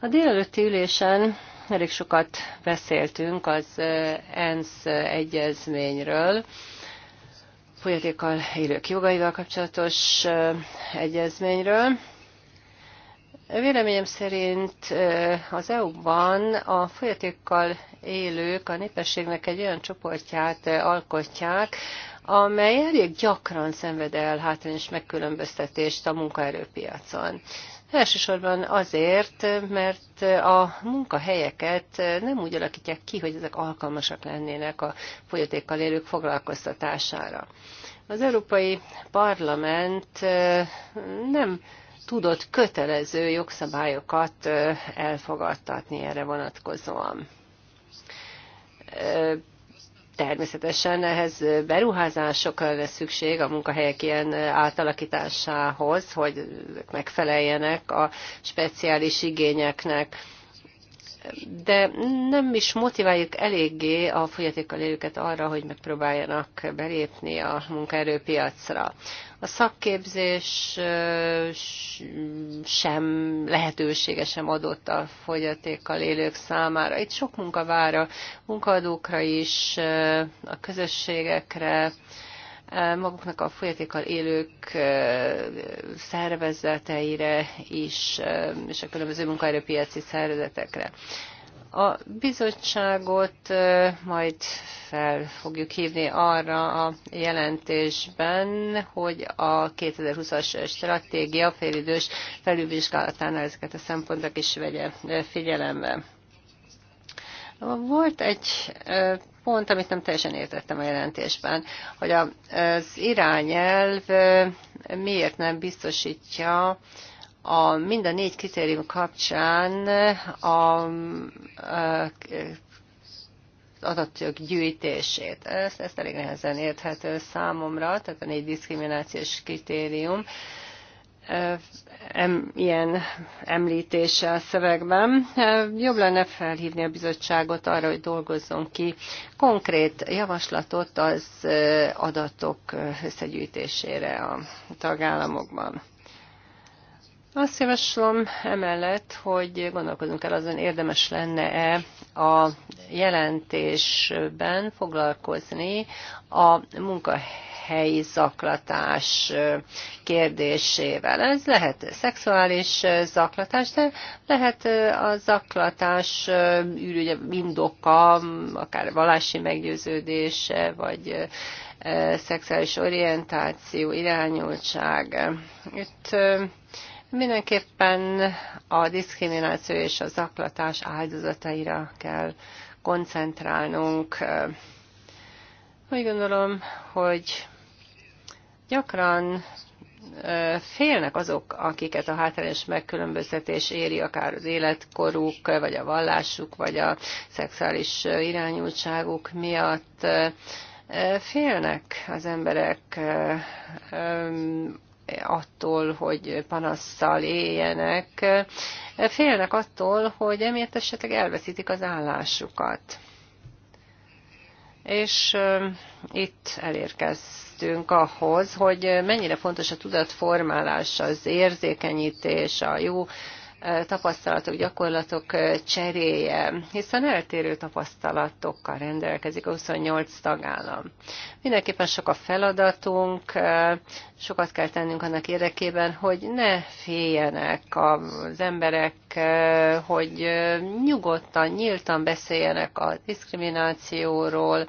A délelőtti ülésen elég sokat beszéltünk az ENSZ egyezményről, folyatékkal élők jogaival kapcsolatos egyezményről. Véleményem szerint az EU-ban a folyatékkal élők a népességnek egy olyan csoportját alkotják, amely elég gyakran szenved el hátrányos megkülönböztetést a munkaerőpiacon. Elsősorban azért, mert a munkahelyeket nem úgy alakítják ki, hogy ezek alkalmasak lennének a fogyatékkal élők foglalkoztatására. Az Európai Parlament nem tudott kötelező jogszabályokat elfogadtatni erre vonatkozóan Természetesen ehhez beruházásokra lesz szükség a munkahelyek ilyen átalakításához, hogy megfeleljenek a speciális igényeknek de nem is motiváljuk eléggé a fogyatékkal élőket arra, hogy megpróbáljanak belépni a munkaerőpiacra. A szakképzés sem lehetősége sem adott a fogyatékkal élők számára. Itt sok munka vár a munkadókra is, a közösségekre, maguknak a folyatékkal élők szervezeteire is, és a különböző munkaerőpiaci szervezetekre. A bizottságot majd fel fogjuk hívni arra a jelentésben, hogy a 2020-as stratégia félidős felülvizsgálatánál ezeket a szempontok is vegye figyelembe. Volt egy pont, amit nem teljesen értettem a jelentésben, hogy az irányelv miért nem biztosítja a mind a négy kritérium kapcsán a, a gyűjtését. Ez, ez elég nehezen érthető számomra, tehát a négy diszkriminációs kritérium em, ilyen említése a szövegben. Jobb lenne felhívni a bizottságot arra, hogy dolgozzon ki konkrét javaslatot az adatok összegyűjtésére a tagállamokban. Azt javaslom emellett, hogy gondolkozunk el azon, érdemes lenne-e a jelentésben foglalkozni a munkahely helyi zaklatás kérdésével. Ez lehet szexuális zaklatás, de lehet a zaklatás ürügye indoka, akár vallási meggyőződése, vagy szexuális orientáció, irányultság. Itt mindenképpen a diszkrimináció és a zaklatás áldozataira kell koncentrálnunk. Úgy gondolom, hogy Gyakran félnek azok, akiket a hátrányos megkülönböztetés éri, akár az életkoruk, vagy a vallásuk, vagy a szexuális irányultságuk miatt. Félnek az emberek attól, hogy panasszal éljenek, félnek attól, hogy emiatt esetleg elveszítik az állásukat és itt elérkeztünk ahhoz, hogy mennyire fontos a tudatformálás, az érzékenyítés, a jó tapasztalatok, gyakorlatok cseréje, hiszen eltérő tapasztalatokkal rendelkezik a 28 tagállam. Mindenképpen sok a feladatunk, sokat kell tennünk annak érdekében, hogy ne féljenek az emberek, hogy nyugodtan, nyíltan beszéljenek a diszkriminációról,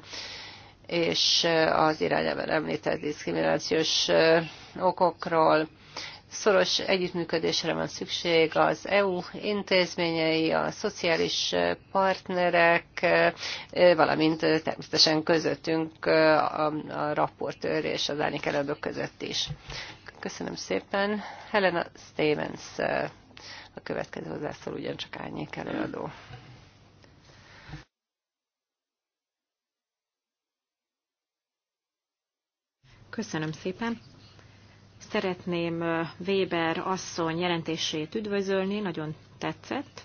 és az irányában említett diszkriminációs okokról. Szoros együttműködésre van szükség az EU intézményei, a szociális partnerek, valamint természetesen közöttünk a, a raportőr és az árnyékelődök között is. Köszönöm szépen. Helena Stevens a következő hozzászól ugyancsak árnyék előadó. Köszönöm szépen. Szeretném Weber asszony jelentését üdvözölni, nagyon tetszett.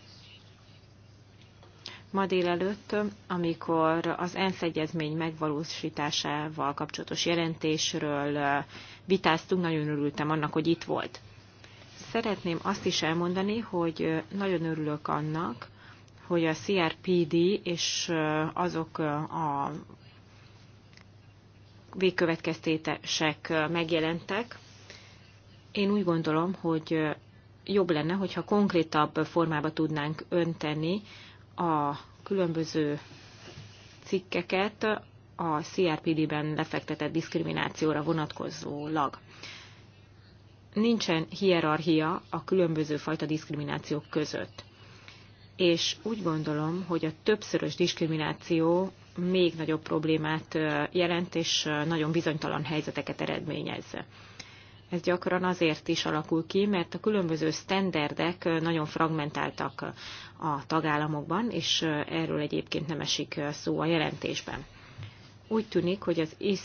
Ma délelőtt, amikor az ENSZ egyezmény megvalósításával kapcsolatos jelentésről vitáztunk, nagyon örültem annak, hogy itt volt. Szeretném azt is elmondani, hogy nagyon örülök annak, hogy a CRPD és azok a végkövetkeztések megjelentek, én úgy gondolom, hogy jobb lenne, hogyha konkrétabb formába tudnánk önteni a különböző cikkeket a CRPD-ben lefektetett diszkriminációra vonatkozólag. Nincsen hierarchia a különböző fajta diszkriminációk között. És úgy gondolom, hogy a többszörös diszkrimináció még nagyobb problémát jelent, és nagyon bizonytalan helyzeteket eredményez ez gyakran azért is alakul ki, mert a különböző sztenderdek nagyon fragmentáltak a tagállamokban, és erről egyébként nem esik szó a jelentésben. Úgy tűnik, hogy az is,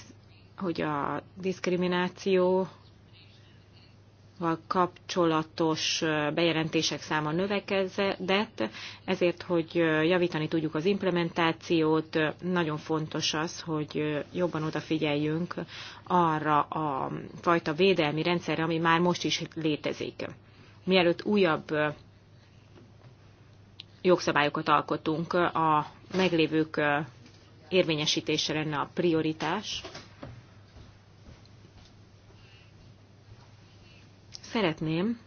hogy a diszkrimináció kapcsolatos bejelentések száma növekedett, ezért, hogy javítani tudjuk az implementációt, nagyon fontos az, hogy jobban odafigyeljünk arra a fajta védelmi rendszerre, ami már most is létezik. Mielőtt újabb jogszabályokat alkotunk, a meglévők érvényesítése lenne a prioritás, Szeretném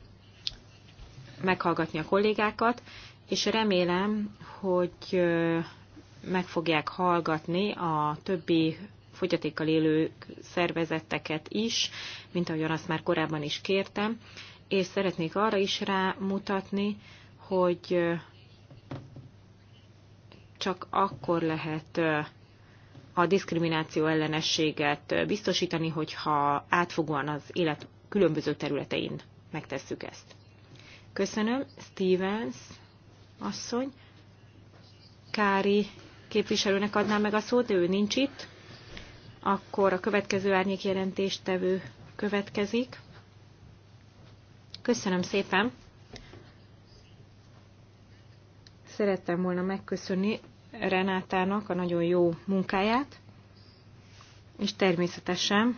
meghallgatni a kollégákat, és remélem, hogy meg fogják hallgatni a többi fogyatékkal élő szervezeteket is, mint ahogyan azt már korábban is kértem, és szeretnék arra is rámutatni, hogy csak akkor lehet a diszkrimináció ellenességet biztosítani, hogyha átfogóan az élet különböző területein megtesszük ezt. Köszönöm, Stevens asszony. Kári képviselőnek adnám meg a szót, de ő nincs itt. Akkor a következő árnyékjelentést tevő következik. Köszönöm szépen. Szerettem volna megköszönni Renátának a nagyon jó munkáját, és természetesen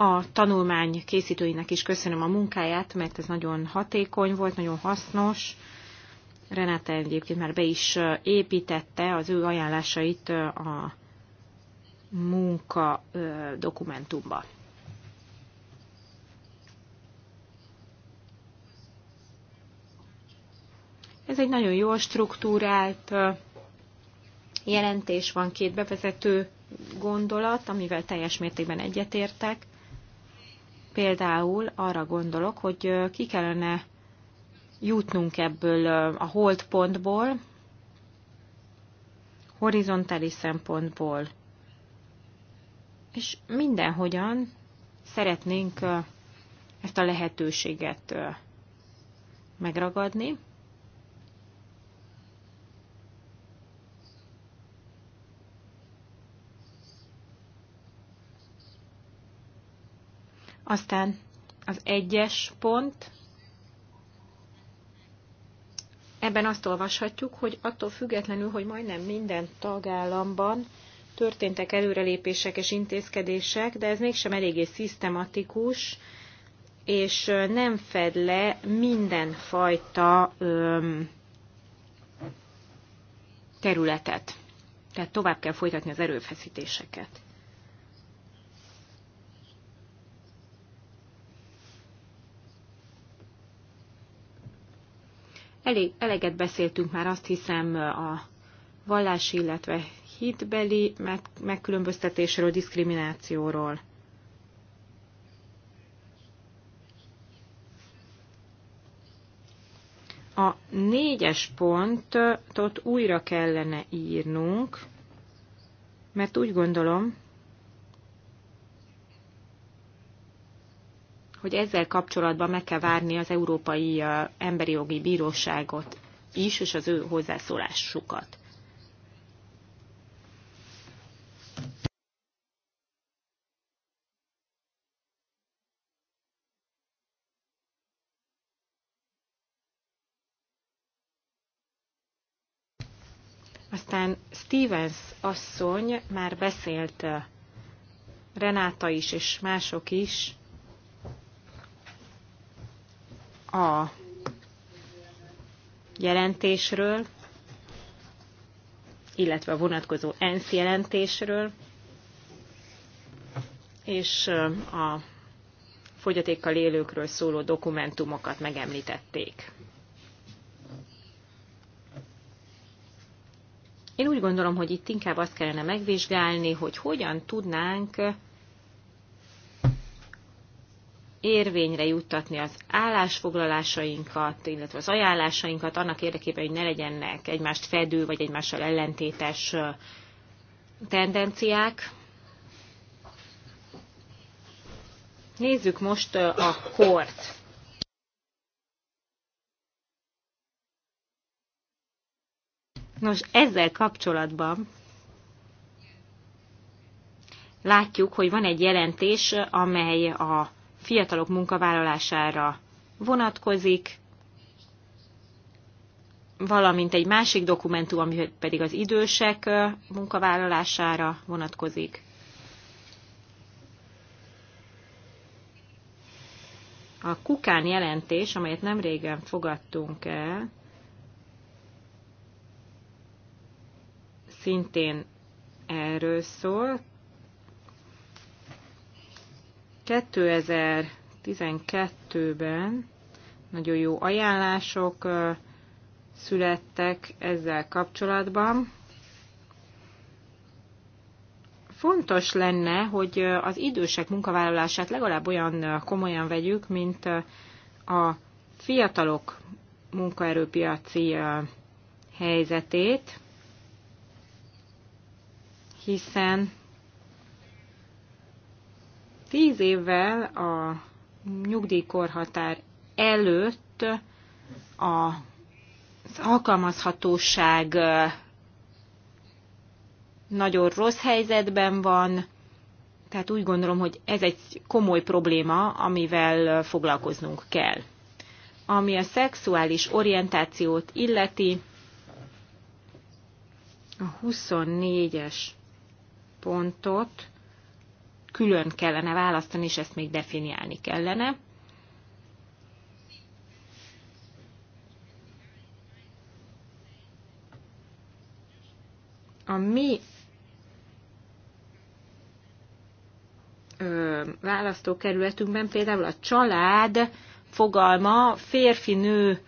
a tanulmány készítőinek is köszönöm a munkáját, mert ez nagyon hatékony volt, nagyon hasznos. Renate egyébként már be is építette az ő ajánlásait a munka dokumentumba. Ez egy nagyon jól struktúrált jelentés van, két bevezető gondolat, amivel teljes mértékben egyetértek. Például arra gondolok, hogy ki kellene jutnunk ebből a holdpontból, horizontális szempontból, és mindenhogyan szeretnénk ezt a lehetőséget megragadni. Aztán az egyes pont, Ebben azt olvashatjuk, hogy attól függetlenül, hogy majdnem minden tagállamban történtek előrelépések és intézkedések, de ez mégsem eléggé szisztematikus, és nem fed le mindenfajta öm, területet. Tehát tovább kell folytatni az erőfeszítéseket. Elég, eleget beszéltünk már azt hiszem a vallási, illetve hitbeli megkülönböztetésről, diszkriminációról. A négyes pontot újra kellene írnunk, mert úgy gondolom, hogy ezzel kapcsolatban meg kell várni az Európai Emberi Jogi Bíróságot is, és az ő hozzászólásukat. Aztán Stevens asszony már beszélt Renáta is, és mások is a jelentésről, illetve a vonatkozó ENSZ jelentésről, és a fogyatékkal élőkről szóló dokumentumokat megemlítették. Én úgy gondolom, hogy itt inkább azt kellene megvizsgálni, hogy hogyan tudnánk érvényre juttatni az állásfoglalásainkat, illetve az ajánlásainkat annak érdekében, hogy ne legyenek egymást fedő vagy egymással ellentétes tendenciák. Nézzük most a kort. Nos, ezzel kapcsolatban látjuk, hogy van egy jelentés, amely a fiatalok munkavállalására vonatkozik, valamint egy másik dokumentum, ami pedig az idősek munkavállalására vonatkozik. A Kukán jelentés, amelyet nem régen fogadtunk el, szintén erről szól, 2012-ben nagyon jó ajánlások születtek ezzel kapcsolatban. Fontos lenne, hogy az idősek munkavállalását legalább olyan komolyan vegyük, mint a fiatalok munkaerőpiaci helyzetét, hiszen Tíz évvel a nyugdíjkorhatár előtt a az alkalmazhatóság nagyon rossz helyzetben van, tehát úgy gondolom, hogy ez egy komoly probléma, amivel foglalkoznunk kell. Ami a szexuális orientációt illeti, a 24-es pontot külön kellene választani, és ezt még definiálni kellene. A mi ö, választókerületünkben például a család fogalma férfi-nő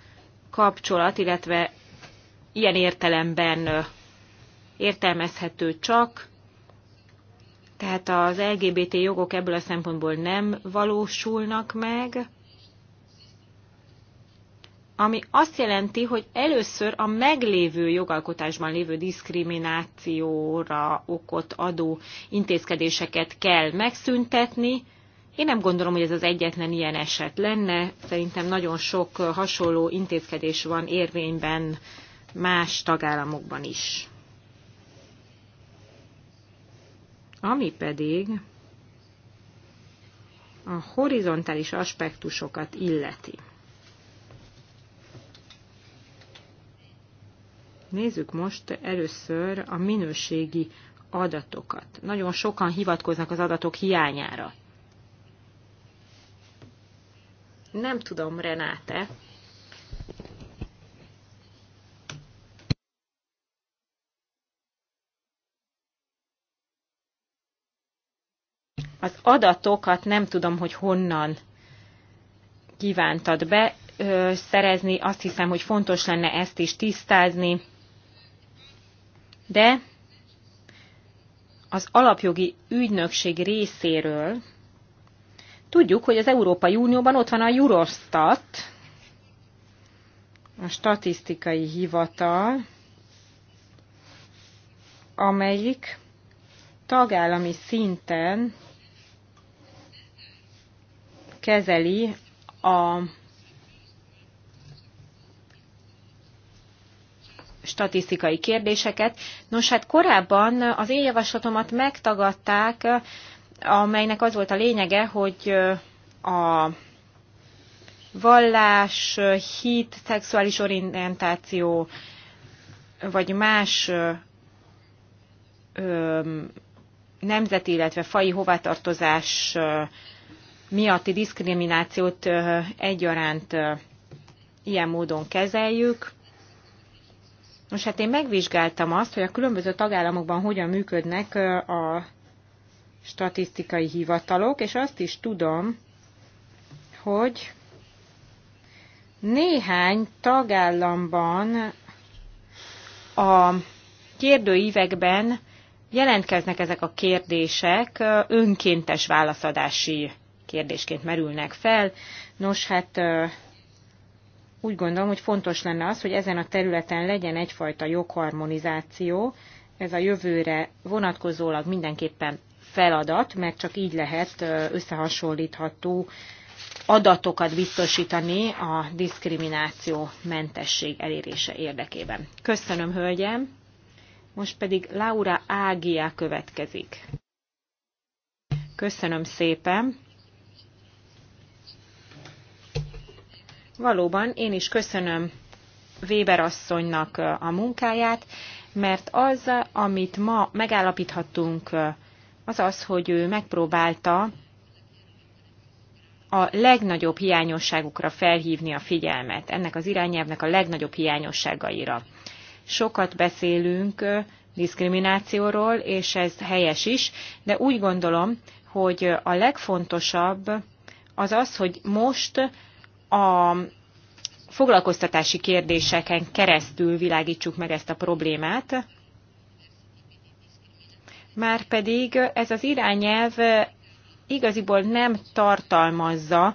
kapcsolat, illetve ilyen értelemben értelmezhető csak, tehát az LGBT jogok ebből a szempontból nem valósulnak meg, ami azt jelenti, hogy először a meglévő jogalkotásban lévő diszkriminációra okot adó intézkedéseket kell megszüntetni. Én nem gondolom, hogy ez az egyetlen ilyen eset lenne. Szerintem nagyon sok hasonló intézkedés van érvényben más tagállamokban is. Ami pedig a horizontális aspektusokat illeti. Nézzük most először a minőségi adatokat. Nagyon sokan hivatkoznak az adatok hiányára. Nem tudom, Renáte, Az adatokat nem tudom, hogy honnan kívántad be ö, szerezni, azt hiszem, hogy fontos lenne ezt is tisztázni, de az alapjogi ügynökség részéről tudjuk, hogy az Európai Unióban ott van a Eurostat, a statisztikai hivatal, amelyik tagállami szinten kezeli a statisztikai kérdéseket. Nos, hát korábban az én javaslatomat megtagadták, amelynek az volt a lényege, hogy a vallás, hit, szexuális orientáció, vagy más nemzeti, illetve fai hovatartozás miatti diszkriminációt egyaránt ilyen módon kezeljük. Most hát én megvizsgáltam azt, hogy a különböző tagállamokban hogyan működnek a statisztikai hivatalok, és azt is tudom, hogy néhány tagállamban a kérdőívekben jelentkeznek ezek a kérdések önkéntes válaszadási kérdésként merülnek fel. Nos, hát úgy gondolom, hogy fontos lenne az, hogy ezen a területen legyen egyfajta jogharmonizáció. Ez a jövőre vonatkozólag mindenképpen feladat, mert csak így lehet összehasonlítható adatokat biztosítani a diszkrimináció mentesség elérése érdekében. Köszönöm, hölgyem! Most pedig Laura Ágia következik. Köszönöm szépen! Valóban én is köszönöm Weber asszonynak a munkáját, mert az, amit ma megállapíthatunk, az az, hogy ő megpróbálta a legnagyobb hiányosságukra felhívni a figyelmet, ennek az irányelvnek a legnagyobb hiányosságaira. Sokat beszélünk diszkriminációról, és ez helyes is, de úgy gondolom, hogy a legfontosabb az az, hogy most a foglalkoztatási kérdéseken keresztül világítsuk meg ezt a problémát, márpedig ez az irányelv igaziból nem tartalmazza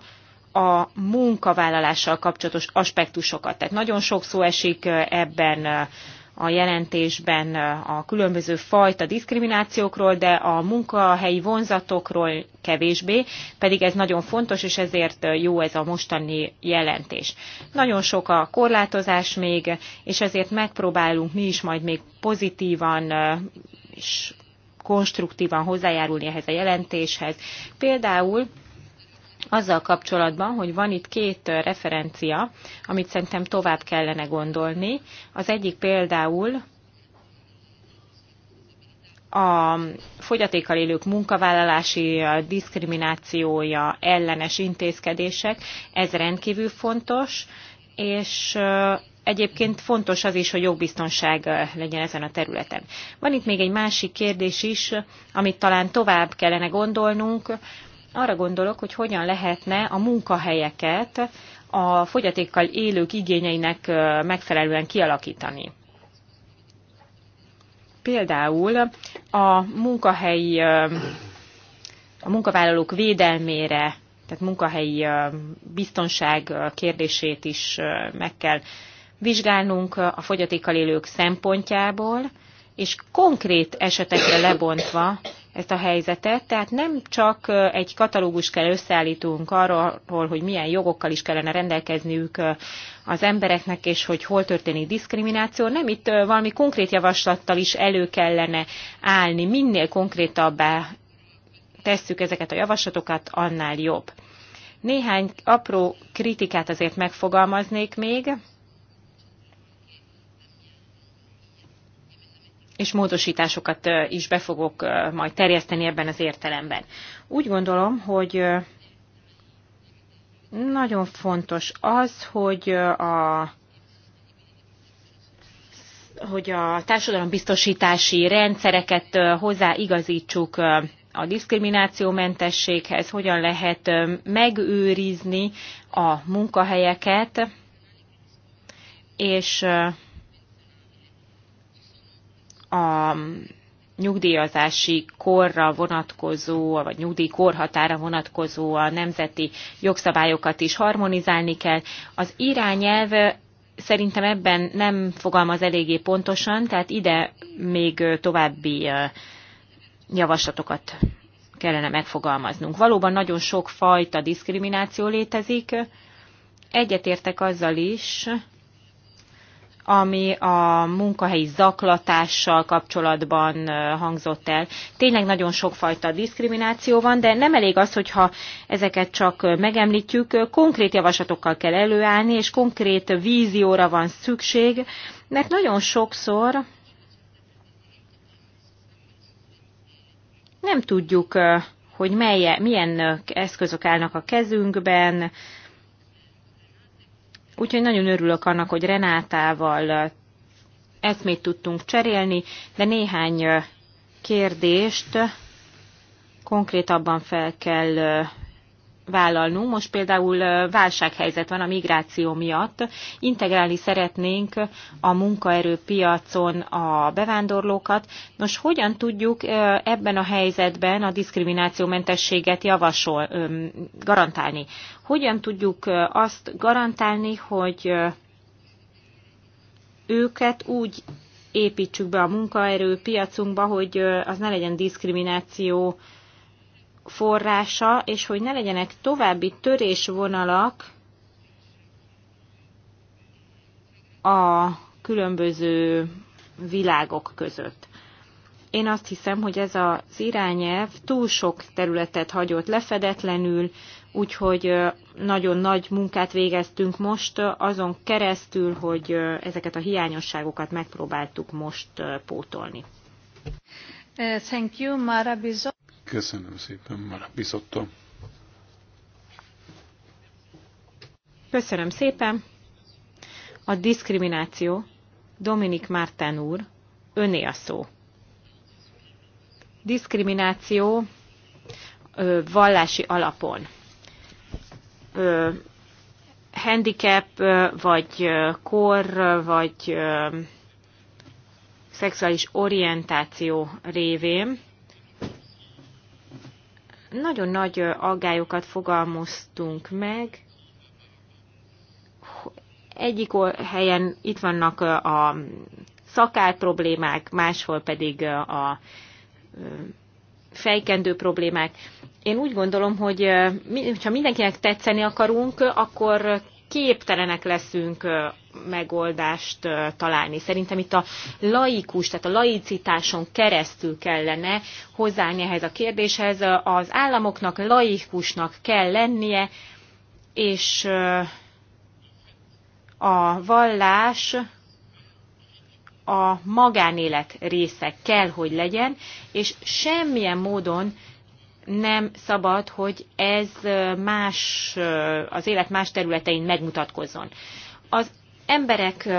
a munkavállalással kapcsolatos aspektusokat. Tehát nagyon sok szó esik ebben a jelentésben a különböző fajta diszkriminációkról, de a munkahelyi vonzatokról kevésbé, pedig ez nagyon fontos, és ezért jó ez a mostani jelentés. Nagyon sok a korlátozás még, és ezért megpróbálunk mi is majd még pozitívan és konstruktívan hozzájárulni ehhez a jelentéshez. Például azzal kapcsolatban, hogy van itt két referencia, amit szerintem tovább kellene gondolni. Az egyik például a fogyatékkal élők munkavállalási diszkriminációja ellenes intézkedések, ez rendkívül fontos, és egyébként fontos az is, hogy jogbiztonság legyen ezen a területen. Van itt még egy másik kérdés is, amit talán tovább kellene gondolnunk, arra gondolok, hogy hogyan lehetne a munkahelyeket a fogyatékkal élők igényeinek megfelelően kialakítani. Például a munkahelyi, a munkavállalók védelmére, tehát munkahelyi biztonság kérdését is meg kell vizsgálnunk a fogyatékkal élők szempontjából, és konkrét esetekre lebontva ezt a helyzetet, tehát nem csak egy katalógus kell összeállítunk arról, hogy milyen jogokkal is kellene rendelkezniük az embereknek, és hogy hol történik diszkrimináció, nem itt valami konkrét javaslattal is elő kellene állni, minél konkrétabbá tesszük ezeket a javaslatokat, annál jobb. Néhány apró kritikát azért megfogalmaznék még, és módosításokat is be fogok majd terjeszteni ebben az értelemben. Úgy gondolom, hogy nagyon fontos az, hogy a hogy a társadalombiztosítási rendszereket hozzáigazítsuk a diszkriminációmentességhez, hogyan lehet megőrizni a munkahelyeket, és a nyugdíjazási korra vonatkozó, vagy nyugdíjkorhatára vonatkozó a nemzeti jogszabályokat is harmonizálni kell. Az irányelv szerintem ebben nem fogalmaz eléggé pontosan, tehát ide még további javaslatokat kellene megfogalmaznunk. Valóban nagyon sok fajta diszkrimináció létezik. Egyetértek azzal is, ami a munkahelyi zaklatással kapcsolatban hangzott el. Tényleg nagyon sokfajta diszkrimináció van, de nem elég az, hogyha ezeket csak megemlítjük, konkrét javaslatokkal kell előállni, és konkrét vízióra van szükség, mert nagyon sokszor nem tudjuk, hogy melye, milyen eszközök állnak a kezünkben, Úgyhogy nagyon örülök annak, hogy Renátával eszmét tudtunk cserélni, de néhány kérdést konkrétabban fel kell vállalnunk. Most például válsághelyzet van a migráció miatt. Integrálni szeretnénk a munkaerőpiacon a bevándorlókat. Nos, hogyan tudjuk ebben a helyzetben a diszkriminációmentességet javasol, garantálni? Hogyan tudjuk azt garantálni, hogy őket úgy építsük be a munkaerőpiacunkba, hogy az ne legyen diszkrimináció forrása, és hogy ne legyenek további törésvonalak a különböző világok között. Én azt hiszem, hogy ez az irányelv túl sok területet hagyott lefedetlenül, úgyhogy nagyon nagy munkát végeztünk most azon keresztül, hogy ezeket a hiányosságokat megpróbáltuk most pótolni. Uh, thank you, Mara Bizot. Köszönöm szépen, Mara bizottam Köszönöm szépen. A diszkrimináció. Dominik Márten úr, öné a szó. Diszkrimináció ö, vallási alapon. Ö, handicap, vagy kor, vagy ö, szexuális orientáció révén nagyon nagy aggályokat fogalmaztunk meg. Egyik helyen itt vannak a szakár problémák, máshol pedig a fejkendő problémák. Én úgy gondolom, hogy ha mindenkinek tetszeni akarunk, akkor képtelenek leszünk megoldást találni. Szerintem itt a laikus, tehát a laicitáson keresztül kellene hozzáállni ehhez a kérdéshez. Az államoknak laikusnak kell lennie, és a vallás a magánélet része kell, hogy legyen, és semmilyen módon nem szabad, hogy ez más, az élet más területein megmutatkozzon. Az emberek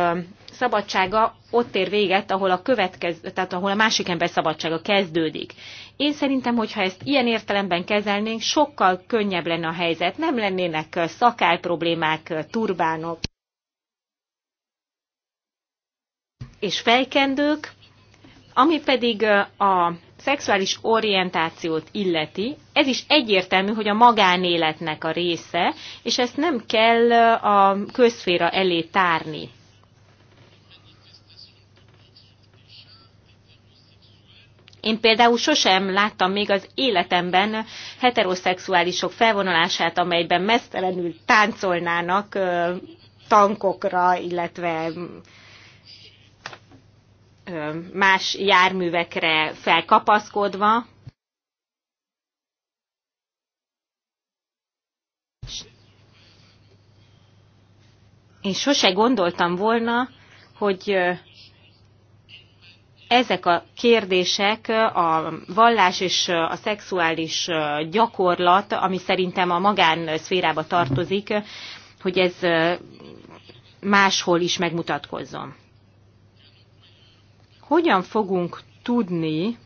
szabadsága ott ér véget, ahol a, következ, tehát ahol a másik ember szabadsága kezdődik. Én szerintem, hogyha ezt ilyen értelemben kezelnénk, sokkal könnyebb lenne a helyzet, nem lennének szakál problémák, turbánok és fejkendők, ami pedig a szexuális orientációt illeti, ez is egyértelmű, hogy a magánéletnek a része, és ezt nem kell a közféra elé tárni. Én például sosem láttam még az életemben heteroszexuálisok felvonulását, amelyben mesztelenül táncolnának tankokra, illetve más járművekre felkapaszkodva. Én sose gondoltam volna, hogy ezek a kérdések, a vallás és a szexuális gyakorlat, ami szerintem a magánszférába tartozik, hogy ez máshol is megmutatkozzon hogyan fogunk tudni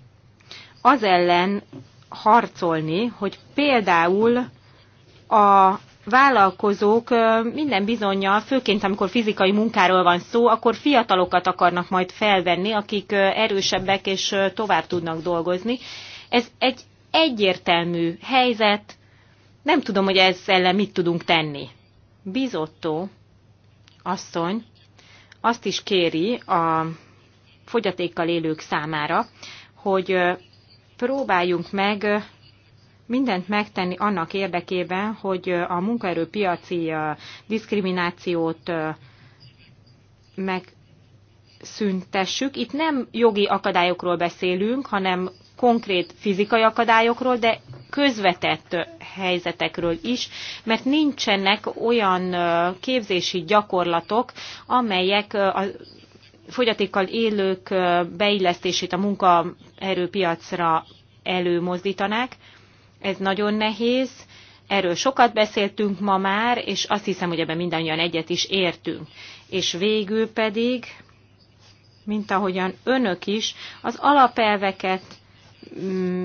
az ellen harcolni, hogy például a vállalkozók minden bizonyal, főként amikor fizikai munkáról van szó, akkor fiatalokat akarnak majd felvenni, akik erősebbek és tovább tudnak dolgozni. Ez egy egyértelmű helyzet, nem tudom, hogy ez ellen mit tudunk tenni. Bizottó asszony azt is kéri a fogyatékkal élők számára, hogy próbáljunk meg mindent megtenni annak érdekében, hogy a munkaerőpiaci diszkriminációt megszüntessük. Itt nem jogi akadályokról beszélünk, hanem konkrét fizikai akadályokról, de közvetett helyzetekről is, mert nincsenek olyan képzési gyakorlatok, amelyek a fogyatékkal élők beillesztését a munkaerőpiacra előmozdítanák. Ez nagyon nehéz, erről sokat beszéltünk ma már, és azt hiszem, hogy ebben mindannyian egyet is értünk. És végül pedig, mint ahogyan önök is, az alapelveket mm,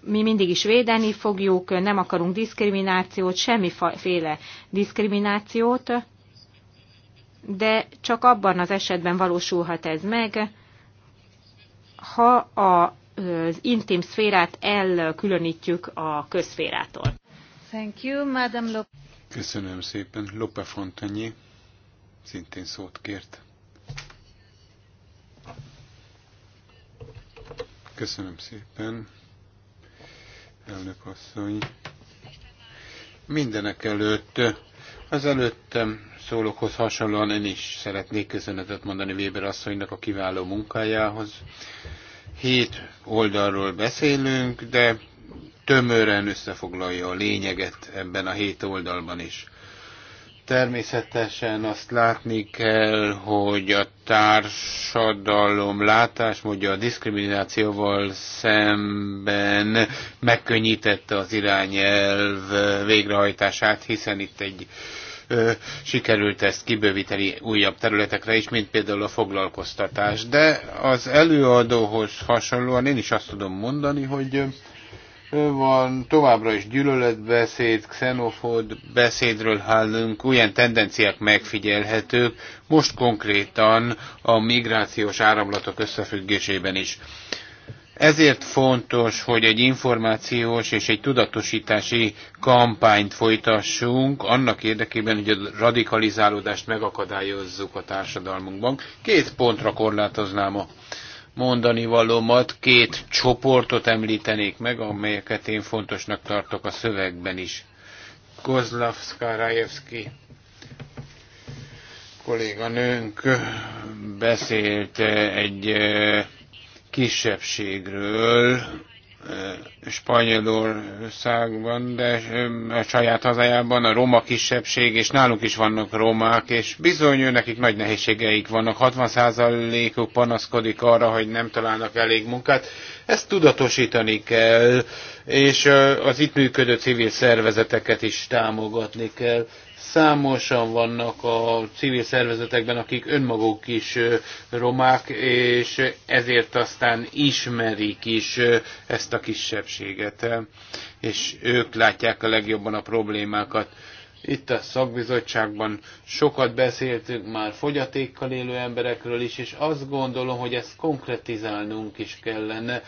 mi mindig is védeni fogjuk, nem akarunk diszkriminációt, semmiféle diszkriminációt, de csak abban az esetben valósulhat ez meg, ha a, az intim szférát elkülönítjük a közszférától. Thank you, Madam Lop- Köszönöm szépen. Lope Fontanyi szintén szót kért. Köszönöm szépen, elnök asszony. Mindenek előtt az előttem szólókhoz hasonlóan én is szeretnék köszönetet mondani Weber asszonynak a kiváló munkájához. Hét oldalról beszélünk, de tömören összefoglalja a lényeget ebben a hét oldalban is. Természetesen azt látni kell, hogy a társadalom látásmódja a diszkriminációval szemben megkönnyítette az irányelv végrehajtását, hiszen itt egy sikerült ezt kibővíteni újabb területekre is, mint például a foglalkoztatás. De az előadóhoz hasonlóan én is azt tudom mondani, hogy van továbbra is gyűlöletbeszéd, xenofód beszédről hallunk, olyan tendenciák megfigyelhetők, most konkrétan a migrációs áramlatok összefüggésében is. Ezért fontos, hogy egy információs és egy tudatosítási kampányt folytassunk annak érdekében, hogy a radikalizálódást megakadályozzuk a társadalmunkban. Két pontra korlátoznám a mondani valómat, két csoportot említenék meg, amelyeket én fontosnak tartok a szövegben is. Kozlavska Rajewski kolléganőnk beszélt egy kisebbségről eh, Spanyolországban, de eh, a saját hazájában a roma kisebbség, és náluk is vannak romák, és bizony nekik nagy nehézségeik vannak. 60%-uk panaszkodik arra, hogy nem találnak elég munkát. Ezt tudatosítani kell, és eh, az itt működő civil szervezeteket is támogatni kell. Számosan vannak a civil szervezetekben, akik önmaguk is romák, és ezért aztán ismerik is ezt a kisebbséget, és ők látják a legjobban a problémákat itt a szakbizottságban sokat beszéltünk már fogyatékkal élő emberekről is, és azt gondolom, hogy ezt konkretizálnunk is kellene.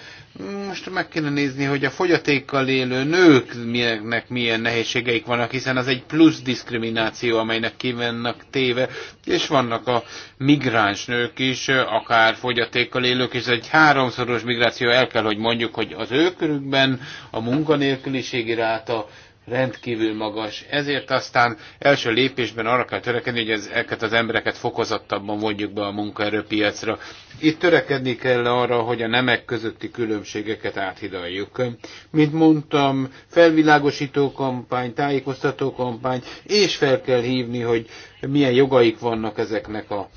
Most meg kéne nézni, hogy a fogyatékkal élő nőknek milyen nehézségeik vannak, hiszen az egy plusz diszkrimináció, amelynek kivennek téve, és vannak a migráns nők is, akár fogyatékkal élők is, egy háromszoros migráció, el kell, hogy mondjuk, hogy az ő körükben a munkanélküliségi ráta rendkívül magas. Ezért aztán első lépésben arra kell törekedni, hogy ezeket az embereket fokozottabban vonjuk be a munkaerőpiacra. Itt törekedni kell arra, hogy a nemek közötti különbségeket áthidaljuk. Mint mondtam, felvilágosító kampány, tájékoztató kampány, és fel kell hívni, hogy milyen jogaik vannak ezeknek a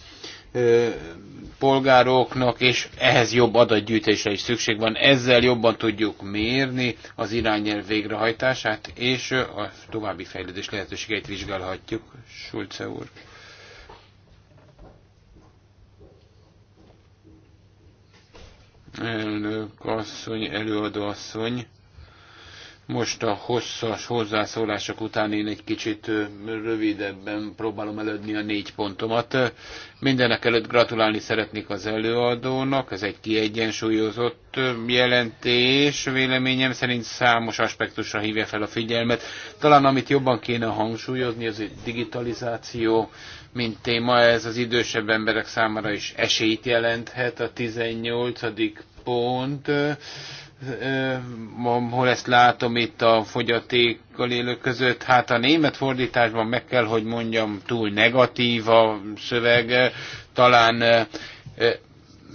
polgároknak, és ehhez jobb adatgyűjtésre is szükség van. Ezzel jobban tudjuk mérni az irányelv végrehajtását, és a további fejlődés lehetőségeit vizsgálhatjuk. Sulce úr. Elnök asszony, előadó asszony. Most a hosszas hozzászólások után én egy kicsit rövidebben próbálom elődni a négy pontomat. Mindenek előtt gratulálni szeretnék az előadónak, ez egy kiegyensúlyozott jelentés, véleményem szerint számos aspektusra hívja fel a figyelmet. Talán amit jobban kéne hangsúlyozni, az egy digitalizáció, mint téma, ez az idősebb emberek számára is esélyt jelenthet. A 18. pont hol ezt látom itt a fogyatékkal élők között, hát a német fordításban meg kell, hogy mondjam, túl negatív a szöveg, talán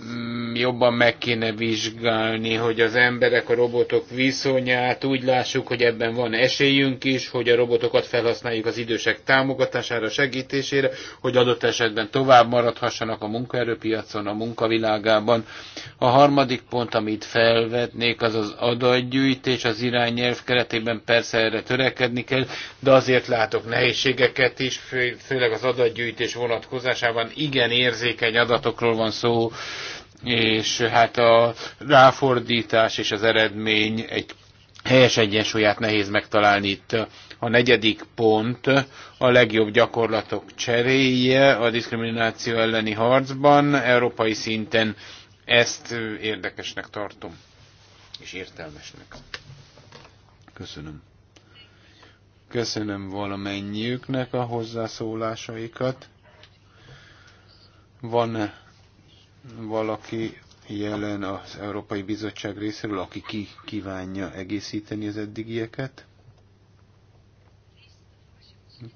Mm, jobban meg kéne vizsgálni, hogy az emberek, a robotok viszonyát úgy lássuk, hogy ebben van esélyünk is, hogy a robotokat felhasználjuk az idősek támogatására, segítésére, hogy adott esetben tovább maradhassanak a munkaerőpiacon, a munkavilágában. A harmadik pont, amit felvetnék, az az adatgyűjtés, az irányelv keretében persze erre törekedni kell, de azért látok nehézségeket is, főleg az adatgyűjtés vonatkozásában igen érzékeny adatokról van szó, és hát a ráfordítás és az eredmény egy helyes egyensúlyát nehéz megtalálni itt. A negyedik pont a legjobb gyakorlatok cseréje a diszkrimináció elleni harcban, európai szinten ezt érdekesnek tartom, és értelmesnek. Köszönöm. Köszönöm valamennyiüknek a hozzászólásaikat. Van valaki jelen az Európai Bizottság részéről, aki ki kívánja egészíteni az eddigieket?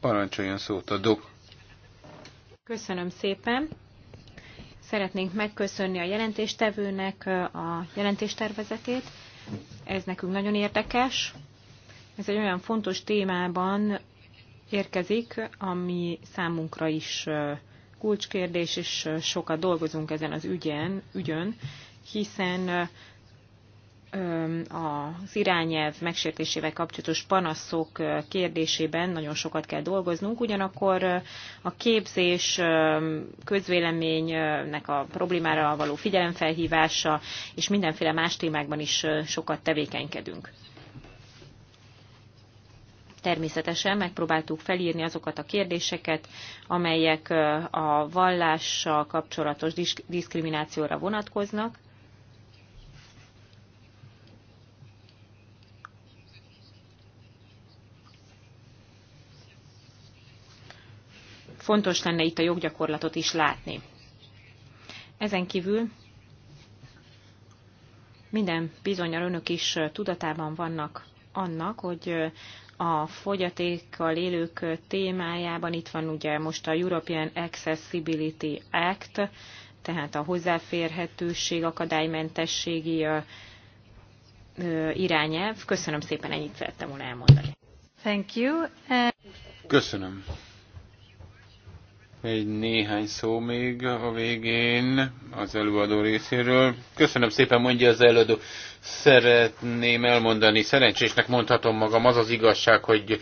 Parancsoljon szót dok. Köszönöm szépen. Szeretnénk megköszönni a jelentéstevőnek uh, a jelentéstervezetét. Ez nekünk nagyon érdekes. Ez egy olyan fontos témában érkezik, ami számunkra is uh, kulcskérdés, és sokat dolgozunk ezen az ügyen, ügyön, hiszen az irányelv megsértésével kapcsolatos panaszok kérdésében nagyon sokat kell dolgoznunk, ugyanakkor a képzés közvéleménynek a problémára való figyelemfelhívása és mindenféle más témákban is sokat tevékenykedünk. Természetesen megpróbáltuk felírni azokat a kérdéseket, amelyek a vallással kapcsolatos disk- diszkriminációra vonatkoznak. Fontos lenne itt a joggyakorlatot is látni. Ezen kívül minden bizonyal önök is tudatában vannak annak, hogy a fogyatékkal élők témájában. Itt van ugye most a European Accessibility Act, tehát a hozzáférhetőség, akadálymentességi irányelv. Köszönöm szépen, ennyit szerettem volna elmondani. Thank you. Uh, Köszönöm. Egy néhány szó még a végén az előadó részéről. Köszönöm szépen, mondja az előadó szeretném elmondani, szerencsésnek mondhatom magam, az az igazság, hogy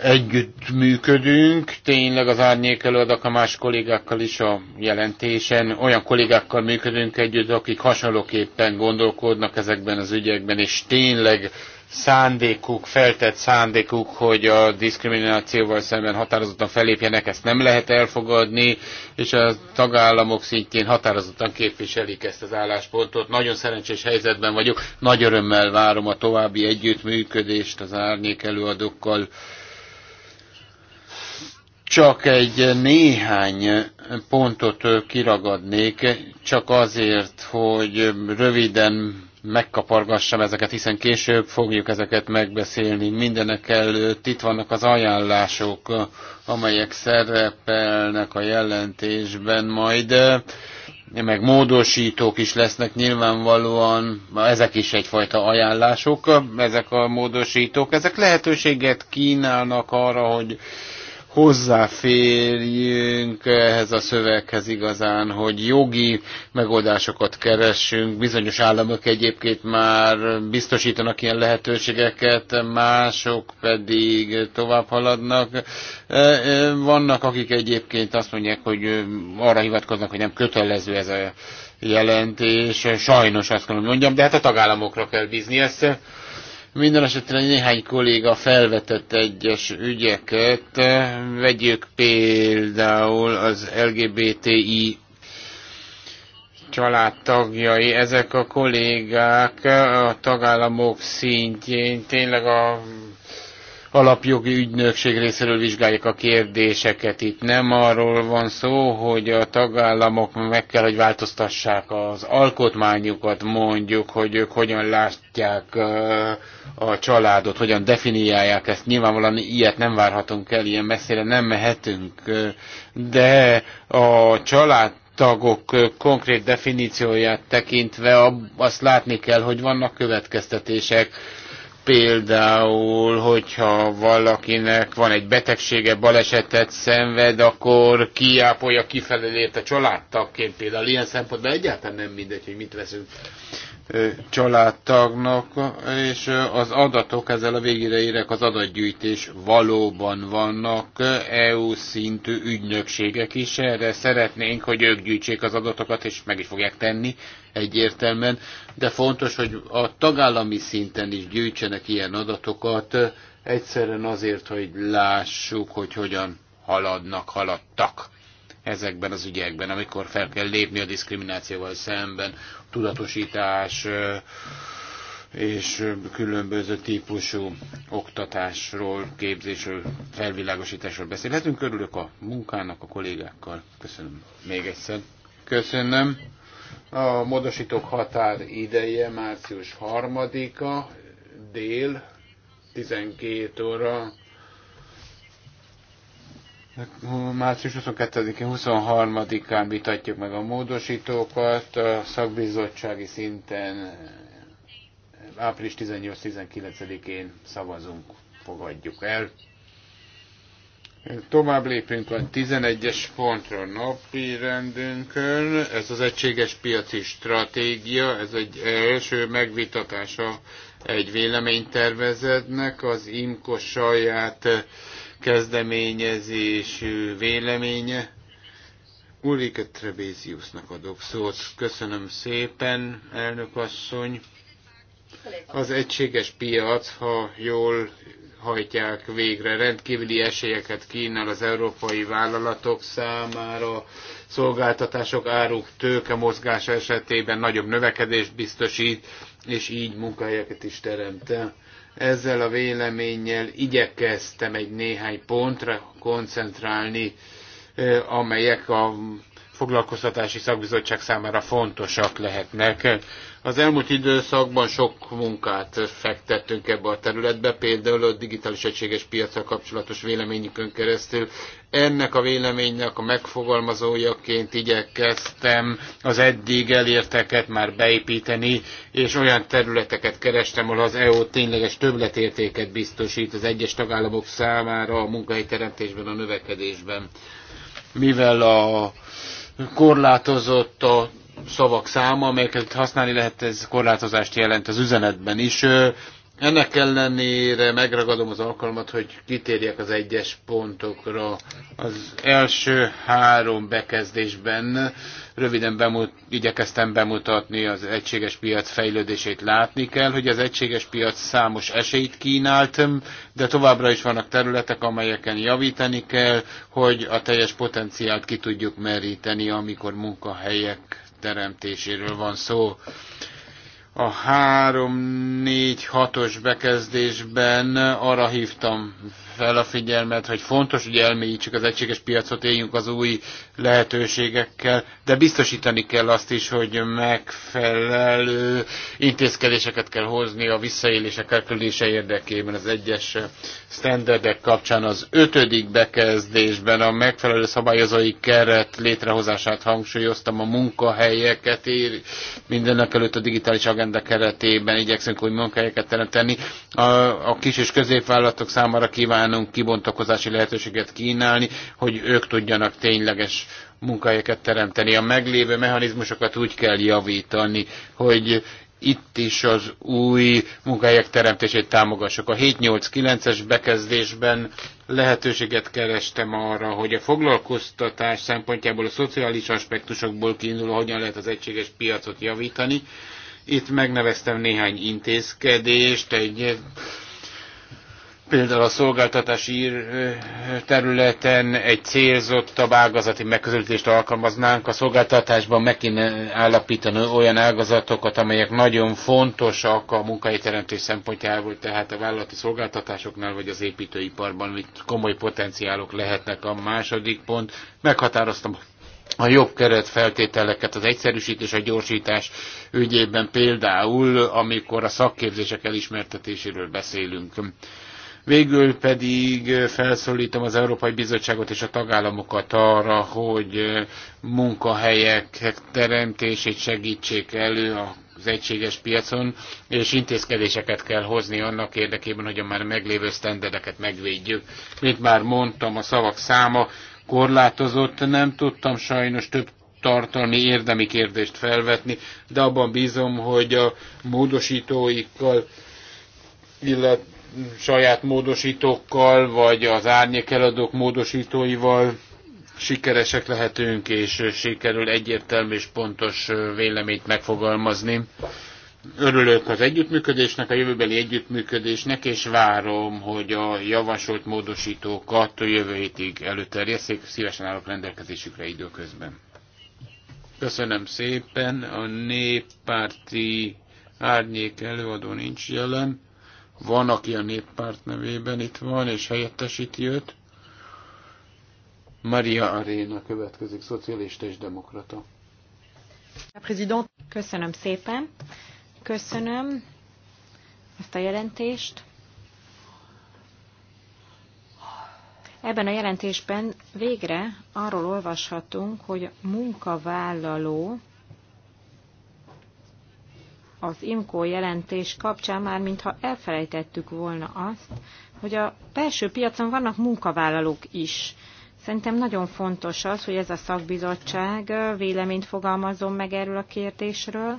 együtt működünk, tényleg az árnyék előadak a más kollégákkal is a jelentésen, olyan kollégákkal működünk együtt, akik hasonlóképpen gondolkodnak ezekben az ügyekben, és tényleg szándékuk, feltett szándékuk, hogy a diszkriminációval szemben határozottan felépjenek, ezt nem lehet elfogadni, és a tagállamok szintjén határozottan képviselik ezt az álláspontot. Nagyon szerencsés helyzetben vagyok, nagy örömmel várom a további együttműködést az árnyék előadókkal. Csak egy néhány pontot kiragadnék, csak azért, hogy röviden megkapargassam ezeket, hiszen később fogjuk ezeket megbeszélni. Mindenek előtt itt vannak az ajánlások, amelyek szerepelnek a jelentésben majd, meg módosítók is lesznek nyilvánvalóan, ezek is egyfajta ajánlások, ezek a módosítók, ezek lehetőséget kínálnak arra, hogy hozzáférjünk ehhez a szöveghez igazán, hogy jogi megoldásokat keressünk. Bizonyos államok egyébként már biztosítanak ilyen lehetőségeket, mások pedig tovább haladnak. E, e, vannak, akik egyébként azt mondják, hogy arra hivatkoznak, hogy nem kötelező ez a jelentés. Sajnos azt kell mondjam, de hát a tagállamokra kell bízni ezt minden esetre néhány kolléga felvetett egyes ügyeket. Vegyük például az LGBTI családtagjai, ezek a kollégák a tagállamok szintjén tényleg a alapjogi ügynökség részéről vizsgálják a kérdéseket. Itt nem arról van szó, hogy a tagállamok meg kell, hogy változtassák az alkotmányukat, mondjuk, hogy ők hogyan látják a családot, hogyan definiálják ezt. Nyilvánvalóan ilyet nem várhatunk el, ilyen messzire nem mehetünk, de a család tagok konkrét definícióját tekintve azt látni kell, hogy vannak következtetések. Például, hogyha valakinek van egy betegsége, balesetet szenved, akkor kiápolja kifelé a családtagként. Például ilyen szempontból egyáltalán nem mindegy, hogy mit veszünk családtagnak, és az adatok ezzel a végére érek, az adatgyűjtés valóban vannak, EU szintű ügynökségek is erre szeretnénk, hogy ők gyűjtsék az adatokat, és meg is fogják tenni egyértelműen, de fontos, hogy a tagállami szinten is gyűjtsenek ilyen adatokat, egyszerűen azért, hogy lássuk, hogy hogyan haladnak, haladtak ezekben az ügyekben, amikor fel kell lépni a diszkriminációval szemben, tudatosítás és különböző típusú oktatásról, képzésről, felvilágosításról beszélhetünk. Örülök a munkának, a kollégákkal. Köszönöm még egyszer. Köszönöm. A módosítók határ ideje március 3-a, dél, 12 óra Március 22-én, 23-án vitatjuk meg a módosítókat a szakbizottsági szinten. Április 18-19-én szavazunk, fogadjuk el. Tovább lépünk a 11-es pontra napi rendünkön. Ez az egységes piaci stratégia, ez egy első megvitatása egy véleménytervezetnek. Az IMKO saját kezdeményezésű véleménye. Ulrike Trebéziusnak adok szót. Köszönöm szépen, elnök asszony. Az egységes piac, ha jól hajtják végre, rendkívüli esélyeket kínál az európai vállalatok számára, szolgáltatások, áruk, tőke mozgása esetében nagyobb növekedést biztosít, és így munkahelyeket is teremt. Ezzel a véleménnyel igyekeztem egy néhány pontra koncentrálni, amelyek a foglalkoztatási szakbizottság számára fontosak lehetnek. Az elmúlt időszakban sok munkát fektettünk ebbe a területbe, például a digitális egységes piacra kapcsolatos véleményükön keresztül. Ennek a véleménynek a megfogalmazójaként igyekeztem az eddig elérteket már beépíteni, és olyan területeket kerestem, ahol az EU tényleges többletértéket biztosít az egyes tagállamok számára a munkahelyteremtésben, a növekedésben. Mivel a korlátozott a szavak száma, amelyeket használni lehet, ez korlátozást jelent az üzenetben is. Ennek ellenére megragadom az alkalmat, hogy kitérjek az egyes pontokra. Az első három bekezdésben röviden bemut, igyekeztem bemutatni az egységes piac fejlődését. Látni kell, hogy az egységes piac számos esélyt kínált, de továbbra is vannak területek, amelyeken javítani kell, hogy a teljes potenciált ki tudjuk meríteni, amikor munkahelyek teremtéséről van szó. A 3-4-6-os bekezdésben arra hívtam fel a figyelmet, hogy fontos, hogy elmélyítsük az egységes piacot, éljünk az új lehetőségekkel, de biztosítani kell azt is, hogy megfelelő intézkedéseket kell hozni a visszaélések elkülönése érdekében az egyes standardek kapcsán. Az ötödik bekezdésben a megfelelő szabályozói keret létrehozását hangsúlyoztam, a munkahelyeket ér, mindennek előtt a digitális agenda keretében igyekszünk új munkahelyeket teremteni. A, a kis és középvállalatok számára kívánunk kibontakozási lehetőséget kínálni, hogy ők tudjanak tényleges munkahelyeket teremteni. A meglévő mechanizmusokat úgy kell javítani, hogy itt is az új munkahelyek teremtését támogassuk. A 7-8-9-es bekezdésben lehetőséget kerestem arra, hogy a foglalkoztatás szempontjából, a szociális aspektusokból kiindulva hogyan lehet az egységes piacot javítani. Itt megneveztem néhány intézkedést, egy például a szolgáltatási területen egy célzottabb ágazati megközelítést alkalmaznánk. A szolgáltatásban meg kéne állapítani olyan ágazatokat, amelyek nagyon fontosak a munkahelyteremtés szempontjából, tehát a vállalati szolgáltatásoknál vagy az építőiparban hogy komoly potenciálok lehetnek. A második pont, meghatároztam a jobb keret feltételeket, az egyszerűsítés, a gyorsítás ügyében például, amikor a szakképzések elismertetéséről beszélünk Végül pedig felszólítom az Európai Bizottságot és a tagállamokat arra, hogy munkahelyek teremtését segítsék elő a az egységes piacon, és intézkedéseket kell hozni annak érdekében, hogy a már meglévő sztenderdeket megvédjük. Mint már mondtam, a szavak száma korlátozott, nem tudtam sajnos több tartalmi érdemi kérdést felvetni, de abban bízom, hogy a módosítóikkal illetve saját módosítókkal, vagy az árnyékeladók módosítóival sikeresek lehetünk, és sikerül egyértelmű és pontos véleményt megfogalmazni. Örülök az együttműködésnek, a jövőbeli együttműködésnek, és várom, hogy a javasolt módosítókat a jövő hétig előterjesszék. Szívesen állok rendelkezésükre időközben. Köszönöm szépen. A néppárti árnyék előadó nincs jelen. Van, aki a néppárt nevében itt van, és helyettesíti őt. Maria Aréna következik, szocialista és demokrata. Köszönöm szépen. Köszönöm ezt a jelentést. Ebben a jelentésben végre arról olvashatunk, hogy munkavállaló az IMCO jelentés kapcsán már mintha elfelejtettük volna azt, hogy a belső piacon vannak munkavállalók is. Szerintem nagyon fontos az, hogy ez a szakbizottság véleményt fogalmazzon meg erről a kérdésről,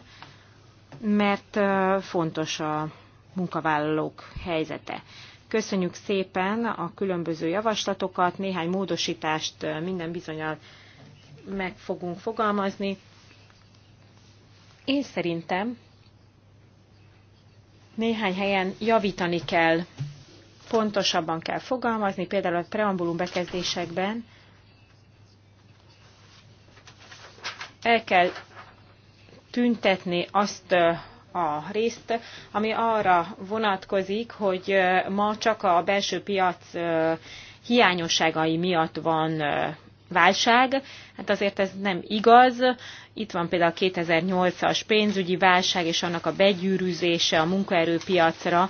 mert fontos a munkavállalók helyzete. Köszönjük szépen a különböző javaslatokat, néhány módosítást minden bizonyal meg fogunk fogalmazni. Én szerintem néhány helyen javítani kell, pontosabban kell fogalmazni, például a preambulum bekezdésekben el kell tüntetni azt a részt, ami arra vonatkozik, hogy ma csak a belső piac hiányosságai miatt van válság. Hát azért ez nem igaz. Itt van például a 2008-as pénzügyi válság és annak a begyűrűzése a munkaerőpiacra.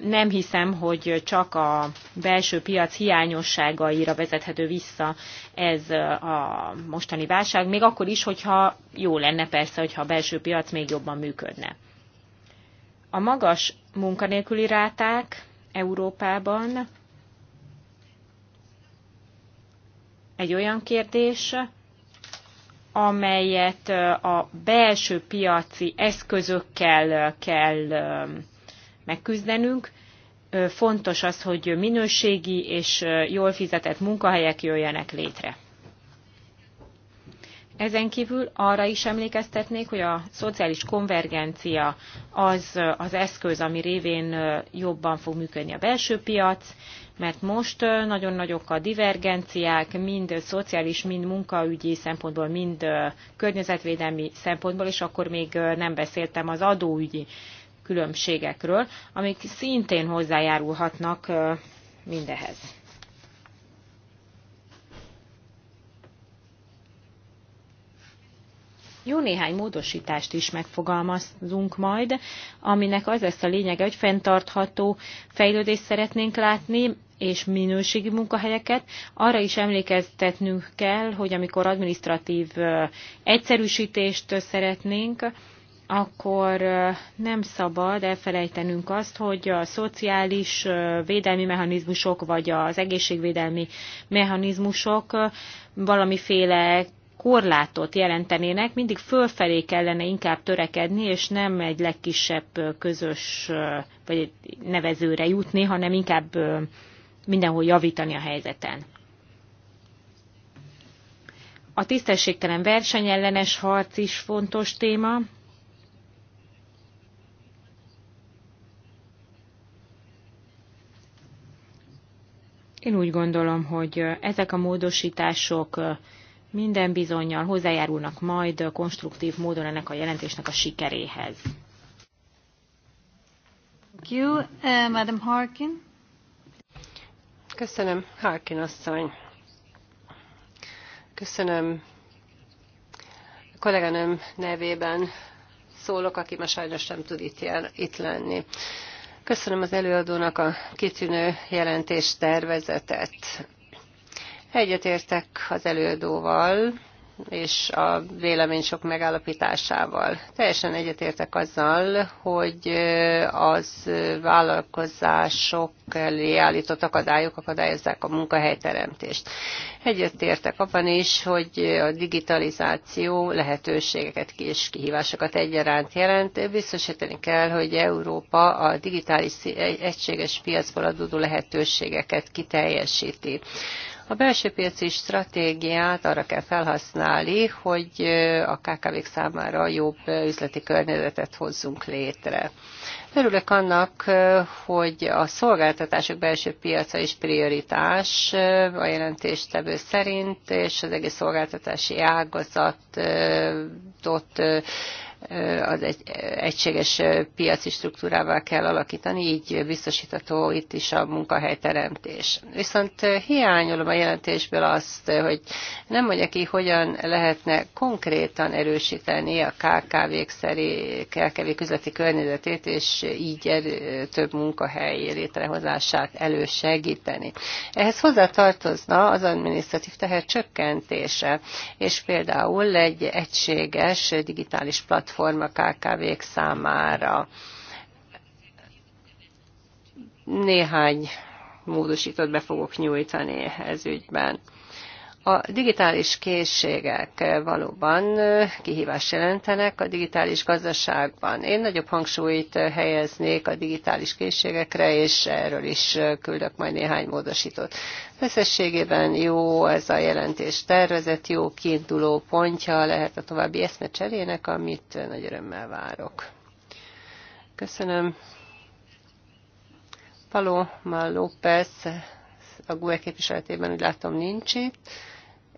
Nem hiszem, hogy csak a belső piac hiányosságaira vezethető vissza ez a mostani válság, még akkor is, hogyha jó lenne persze, hogyha a belső piac még jobban működne. A magas munkanélküli ráták Európában egy olyan kérdés, amelyet a belső piaci eszközökkel kell megküzdenünk. Fontos az, hogy minőségi és jól fizetett munkahelyek jöjjenek létre. Ezen kívül arra is emlékeztetnék, hogy a szociális konvergencia az az eszköz, ami révén jobban fog működni a belső piac, mert most nagyon nagyok a divergenciák, mind szociális, mind munkaügyi szempontból, mind környezetvédelmi szempontból, és akkor még nem beszéltem az adóügyi különbségekről, amik szintén hozzájárulhatnak mindehez. jó néhány módosítást is megfogalmazunk majd, aminek az lesz a lényege, hogy fenntartható fejlődést szeretnénk látni, és minőségi munkahelyeket. Arra is emlékeztetnünk kell, hogy amikor administratív egyszerűsítést szeretnénk, akkor nem szabad elfelejtenünk azt, hogy a szociális védelmi mechanizmusok vagy az egészségvédelmi mechanizmusok valamiféle korlátot jelentenének, mindig fölfelé kellene inkább törekedni, és nem egy legkisebb közös vagy egy nevezőre jutni, hanem inkább mindenhol javítani a helyzeten. A tisztességtelen versenyellenes harc is fontos téma. Én úgy gondolom, hogy ezek a módosítások minden bizonyal hozzájárulnak majd konstruktív módon ennek a jelentésnek a sikeréhez. Thank you, uh, Madam Harkin. Köszönöm, Harkin asszony. Köszönöm a kolléganőm nevében szólok, aki ma sajnos nem tud itt, jel, itt lenni. Köszönöm az előadónak a kitűnő jelentés tervezetet. Egyetértek az előadóval, és a vélemény sok megállapításával. Teljesen egyetértek azzal, hogy az vállalkozások elé állított akadályok akadályozzák a munkahelyteremtést. Egyetértek abban is, hogy a digitalizáció lehetőségeket és kihívásokat egyaránt jelent. Biztosítani kell, hogy Európa a digitális egységes piacból adódó lehetőségeket kiteljesíti. A belső piaci stratégiát arra kell felhasználni, hogy a KKV-k számára jobb üzleti környezetet hozzunk létre. Örülök annak, hogy a szolgáltatások belső piaca is prioritás a jelentéstevő szerint, és az egész szolgáltatási ágazatot az egy, egységes piaci struktúrával kell alakítani, így biztosítható itt is a munkahelyteremtés. Viszont hiányolom a jelentésből azt, hogy nem mondja ki, hogyan lehetne konkrétan erősíteni a KKV-k szeré, KKV közötti környezetét, és így er, több munkahely létrehozását elősegíteni. Ehhez hozzátartozna az adminisztratív teher csökkentése, és például egy egységes digitális platform platform a KKV-k számára. Néhány módosított be fogok nyújtani ez ügyben. A digitális készségek valóban kihívást jelentenek a digitális gazdaságban. Én nagyobb hangsúlyt helyeznék a digitális készségekre, és erről is küldök majd néhány módosítót. Összességében jó ez a jelentés tervezet, jó kiinduló pontja lehet a további eszmecserének, amit nagy örömmel várok. Köszönöm. Paloma López a GUE képviseletében úgy látom nincs itt,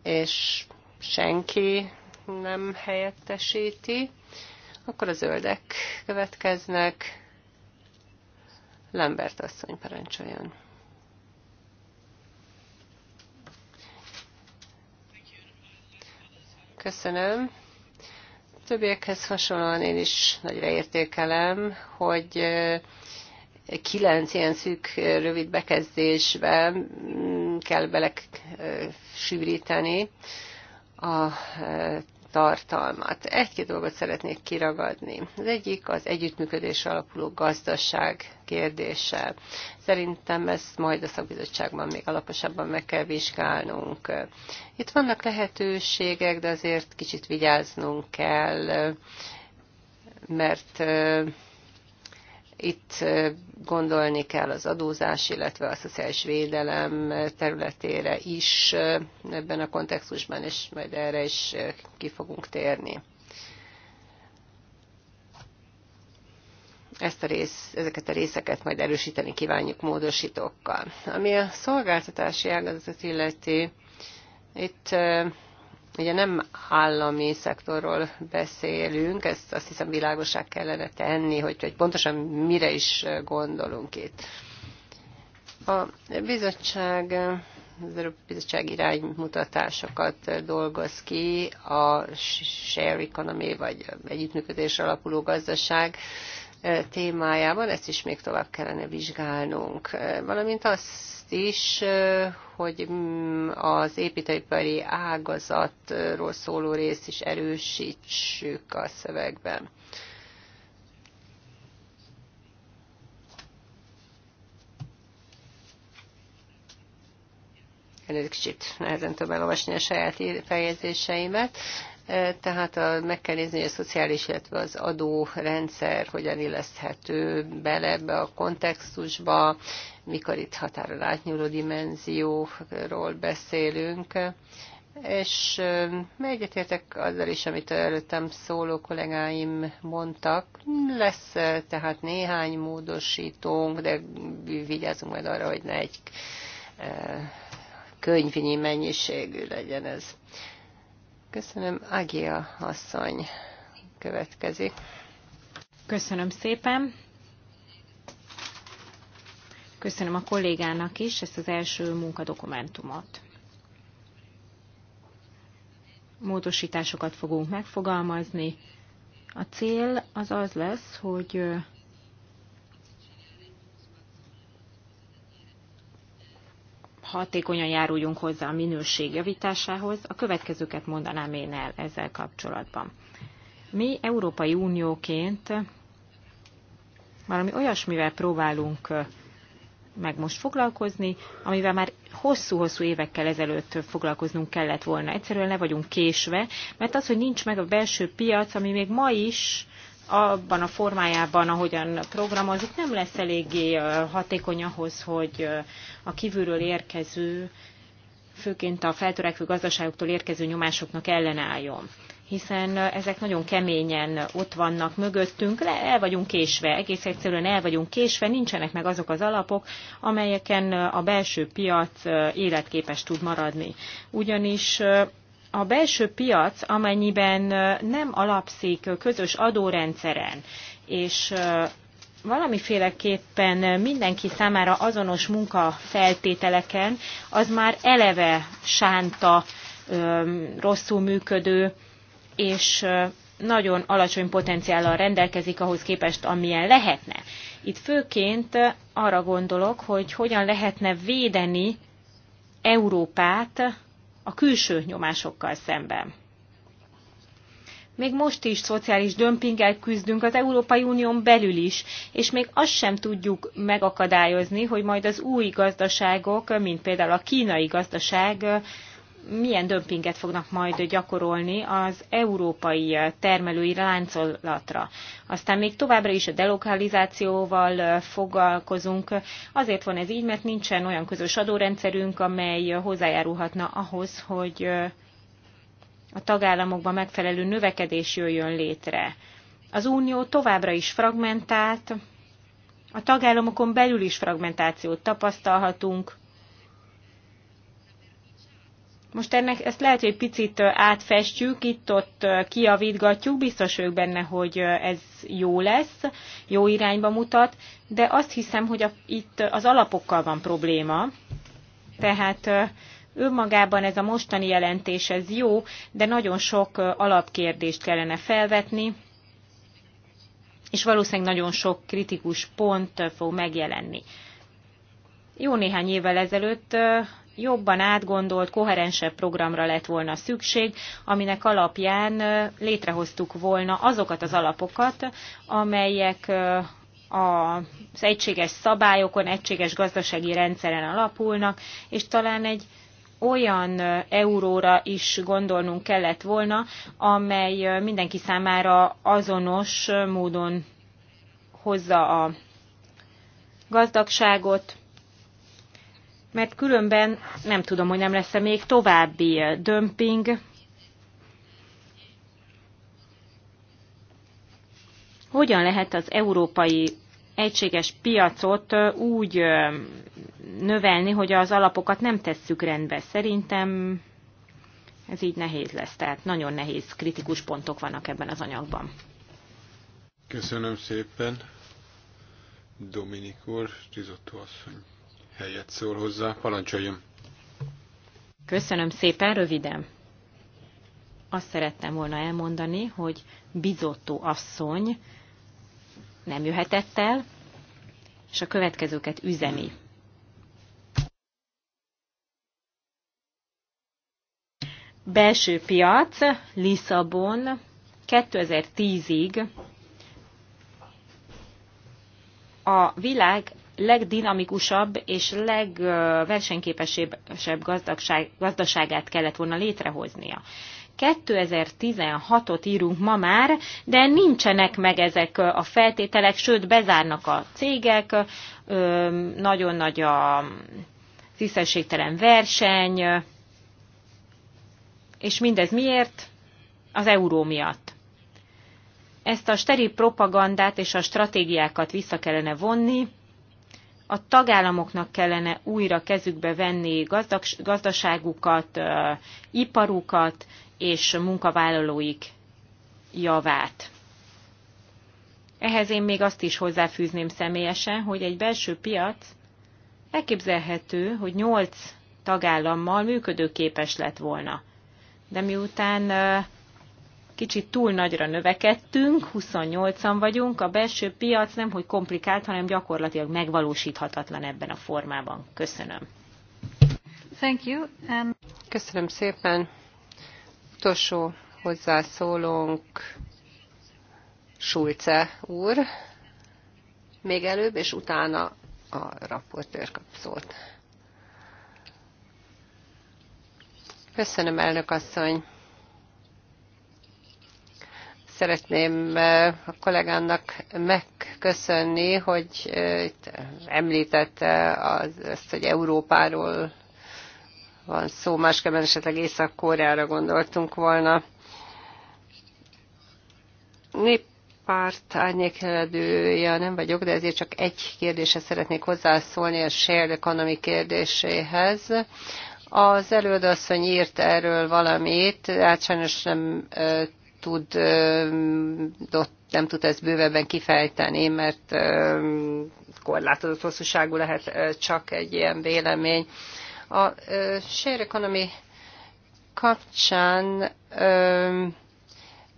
és senki nem helyettesíti. Akkor a zöldek következnek. Lambert asszony parancsoljon. Köszönöm. Többiekhez hasonlóan én is nagyra értékelem, hogy kilenc ilyen szűk, rövid bekezdésben mm, kell bele sűríteni a tartalmat. Egy-két dolgot szeretnék kiragadni. Az egyik az együttműködés alapuló gazdaság kérdése. Szerintem ezt majd a szakbizottságban még alaposabban meg kell vizsgálnunk. Itt vannak lehetőségek, de azért kicsit vigyáznunk kell, mert itt gondolni kell az adózás, illetve a szociális védelem területére is ebben a kontextusban, és majd erre is ki fogunk térni. ezt a rész, ezeket a részeket majd erősíteni kívánjuk módosítókkal. Ami a szolgáltatási ágazat illeti, itt Ugye nem állami szektorról beszélünk, ezt azt hiszem világosság kellene tenni, hogy, hogy pontosan mire is gondolunk itt. A bizottság az Európai Bizottság iránymutatásokat dolgoz ki, a share economy, vagy együttműködés alapuló gazdaság témájában, ezt is még tovább kellene vizsgálnunk. Valamint azt is, hogy az építőipari ágazatról szóló részt is erősítsük a szövegben. Elég kicsit nehezen tudom elolvasni a saját fejezéseimet tehát a, meg kell nézni, hogy a szociális, illetve az adórendszer hogyan illeszthető bele ebbe a kontextusba, mikor itt határon átnyúló dimenzióról beszélünk. És egyetértek azzal is, amit előttem szóló kollégáim mondtak. Lesz tehát néhány módosítónk, de vigyázzunk majd arra, hogy ne egy könyvnyi mennyiségű legyen ez. Köszönöm, Ágia asszony következik. Köszönöm szépen. Köszönöm a kollégának is ezt az első munkadokumentumot. Módosításokat fogunk megfogalmazni. A cél az az lesz, hogy hatékonyan járuljunk hozzá a minőség javításához, a következőket mondanám én el ezzel kapcsolatban. Mi Európai Unióként valami olyasmivel próbálunk meg most foglalkozni, amivel már hosszú-hosszú évekkel ezelőtt foglalkoznunk kellett volna. Egyszerűen le vagyunk késve, mert az, hogy nincs meg a belső piac, ami még ma is abban a formájában, ahogyan programozik, nem lesz eléggé hatékony ahhoz, hogy a kívülről érkező, főként a feltörekvő gazdaságoktól érkező nyomásoknak ellenálljon hiszen ezek nagyon keményen ott vannak mögöttünk, le, el vagyunk késve, egész egyszerűen el vagyunk késve, nincsenek meg azok az alapok, amelyeken a belső piac életképes tud maradni. Ugyanis a belső piac, amennyiben nem alapszik közös adórendszeren, és valamiféleképpen mindenki számára azonos munkafeltételeken, az már eleve sánta, rosszul működő, és nagyon alacsony potenciállal rendelkezik ahhoz képest, amilyen lehetne. Itt főként arra gondolok, hogy hogyan lehetne védeni Európát a külső nyomásokkal szemben. Még most is szociális dömpinggel küzdünk az Európai Unión belül is, és még azt sem tudjuk megakadályozni, hogy majd az új gazdaságok, mint például a kínai gazdaság milyen dömpinget fognak majd gyakorolni az európai termelői láncolatra. Aztán még továbbra is a delokalizációval foglalkozunk. Azért van ez így, mert nincsen olyan közös adórendszerünk, amely hozzájárulhatna ahhoz, hogy a tagállamokban megfelelő növekedés jöjjön létre. Az unió továbbra is fragmentált, a tagállamokon belül is fragmentációt tapasztalhatunk, most ennek, ezt lehet, hogy picit átfestjük, itt-ott kiavítgatjuk, biztos ők benne, hogy ez jó lesz, jó irányba mutat, de azt hiszem, hogy a, itt az alapokkal van probléma. Tehát önmagában ez a mostani jelentés, ez jó, de nagyon sok alapkérdést kellene felvetni, és valószínűleg nagyon sok kritikus pont fog megjelenni. Jó néhány évvel ezelőtt jobban átgondolt, koherensebb programra lett volna szükség, aminek alapján létrehoztuk volna azokat az alapokat, amelyek az egységes szabályokon, egységes gazdasági rendszeren alapulnak, és talán egy olyan euróra is gondolnunk kellett volna, amely mindenki számára azonos módon hozza a gazdagságot, mert különben nem tudom, hogy nem lesz-e még további eh, dömping. Hogyan lehet az európai egységes piacot eh, úgy eh, növelni, hogy az alapokat nem tesszük rendbe? Szerintem ez így nehéz lesz, tehát nagyon nehéz kritikus pontok vannak ebben az anyagban. Köszönöm szépen, Dominikor, úr, Rizotto asszony helyet szól hozzá. Parancsoljon! Köszönöm szépen, röviden! Azt szerettem volna elmondani, hogy Bizottó asszony nem jöhetett el, és a következőket üzeni. Belső piac, Lisszabon, 2010-ig a világ legdinamikusabb és legversenyképesebb gazdagság, gazdaságát kellett volna létrehoznia. 2016-ot írunk ma már, de nincsenek meg ezek a feltételek, sőt, bezárnak a cégek, nagyon nagy a tisztességtelen verseny, és mindez miért? Az euró miatt. Ezt a steril propagandát és a stratégiákat vissza kellene vonni, a tagállamoknak kellene újra kezükbe venni gazdaságukat, iparukat és munkavállalóik javát. Ehhez én még azt is hozzáfűzném személyesen, hogy egy belső piac elképzelhető, hogy nyolc tagállammal működőképes lett volna. De miután kicsit túl nagyra növekedtünk, 28-an vagyunk, a belső piac nem hogy komplikált, hanem gyakorlatilag megvalósíthatatlan ebben a formában. Köszönöm. Thank you. And... Köszönöm szépen. Utolsó hozzászólónk Schulze úr. Még előbb, és utána a raportőr kap szót. Köszönöm, elnök asszony. Szeretném eh, a kollégának megköszönni, hogy eh, itt említette azt, hogy Európáról van szó, másképpen esetleg Észak-Koreára gondoltunk volna. Néppárt árnyékeledője nem vagyok, de ezért csak egy kérdésre szeretnék hozzászólni a shared economy kérdéséhez. Az előadasszony írt erről valamit, hát sajnos nem eh, tud, nem tud ezt bővebben kifejteni, mert korlátozott hosszúságú lehet csak egy ilyen vélemény. A share economy kapcsán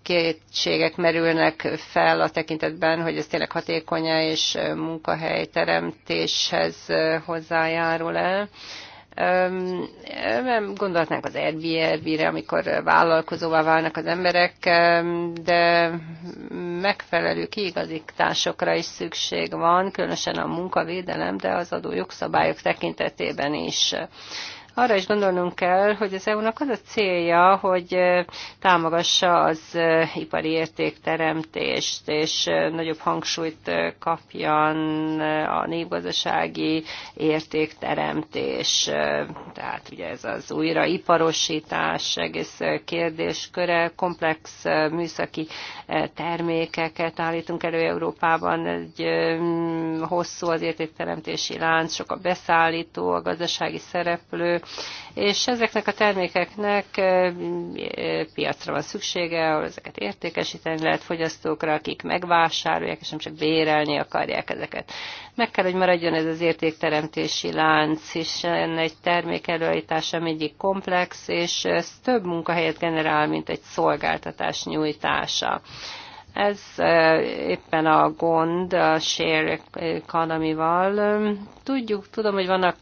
kétségek merülnek fel a tekintetben, hogy ez tényleg hatékonya és munkahelyteremtéshez hozzájárul el. Nem Gondolhatnánk az Airbnb-re, amikor vállalkozóvá válnak az emberek, de megfelelő kiigazításokra is szükség van, különösen a munkavédelem, de az adó jogszabályok tekintetében is arra is gondolnunk kell, hogy az EU-nak az a célja, hogy támogassa az ipari értékteremtést, és nagyobb hangsúlyt kapjan a népgazdasági értékteremtés. Tehát ugye ez az újraiparosítás egész kérdésköre, komplex műszaki termékeket állítunk elő Európában, egy hosszú az értékteremtési lánc, sok a beszállító, a gazdasági szereplő, termelők, és ezeknek a termékeknek piacra van szüksége, ahol ezeket értékesíteni lehet fogyasztókra, akik megvásárolják, és nem csak bérelni akarják ezeket. Meg kell, hogy maradjon ez az értékteremtési lánc, és egy termék előállítása mindig komplex, és ez több munkahelyet generál, mint egy szolgáltatás nyújtása. Ez éppen a gond a share economy -val. Tudjuk, tudom, hogy vannak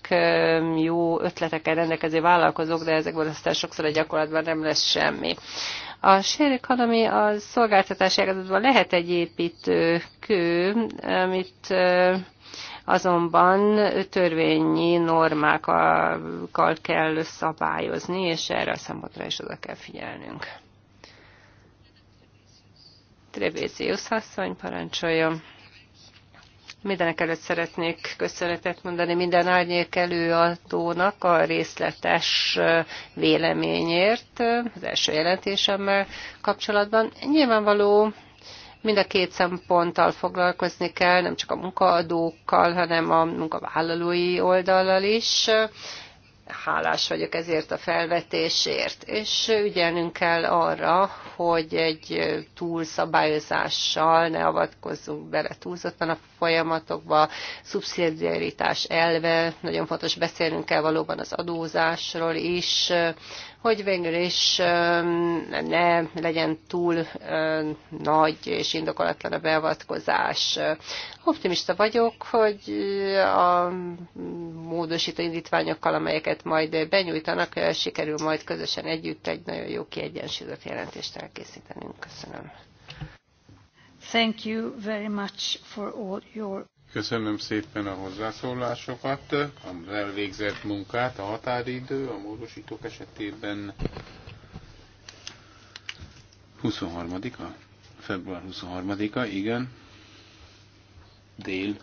jó ötletekkel rendelkező vállalkozók, de ezekből aztán sokszor a gyakorlatban nem lesz semmi. A share economy a szolgáltatási ágazatban lehet egy kő, amit azonban törvényi normákkal kell szabályozni, és erre a szempontra is oda kell figyelnünk. Trebézius asszony parancsolja. Mindenek előtt szeretnék köszönetet mondani minden árnyék előadónak a részletes véleményért az első jelentésemmel kapcsolatban. Nyilvánvaló mind a két szemponttal foglalkozni kell, nem csak a munkaadókkal, hanem a munkavállalói oldallal is hálás vagyok ezért a felvetésért, és ügyelnünk kell arra, hogy egy túlszabályozással ne avatkozzunk bele túlzottan a folyamatokba, szubszidiaritás elve, nagyon fontos beszélnünk kell valóban az adózásról is, hogy végül is ne legyen túl nagy és indokolatlan a beavatkozás. Optimista vagyok, hogy a módosító indítványokkal, amelyeket majd benyújtanak, sikerül majd közösen együtt egy nagyon jó kiegyensúlyozott jelentést elkészítenünk. Köszönöm. Thank you very much for all your... Köszönöm szépen a hozzászólásokat, az elvégzett munkát, a határidő, a módosítók esetében 23-a? Február 23-a, igen. Dél.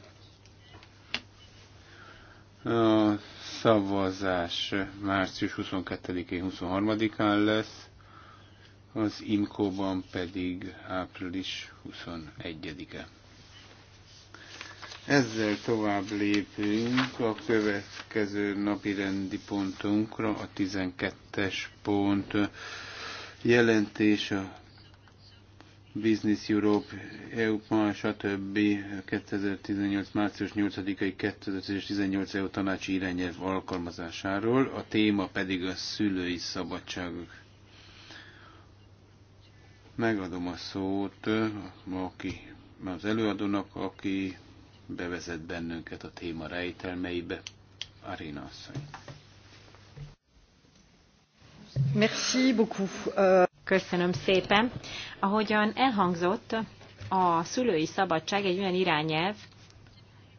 A szavazás március 22-én, 23-án lesz, az imkóban pedig április 21-e. Ezzel tovább lépünk a következő napi rendi pontunkra, a 12-es pont jelentés a Business Europe, EU, stb. 2018. március 8-ai 2018 EU tanácsi irányelv alkalmazásáról, a téma pedig a szülői szabadság. Megadom a szót, aki az előadónak, aki bevezet bennünket a téma rejtelmeibe. Arina asszony. Merci beaucoup. Köszönöm szépen. Ahogyan elhangzott, a szülői szabadság egy olyan irányelv,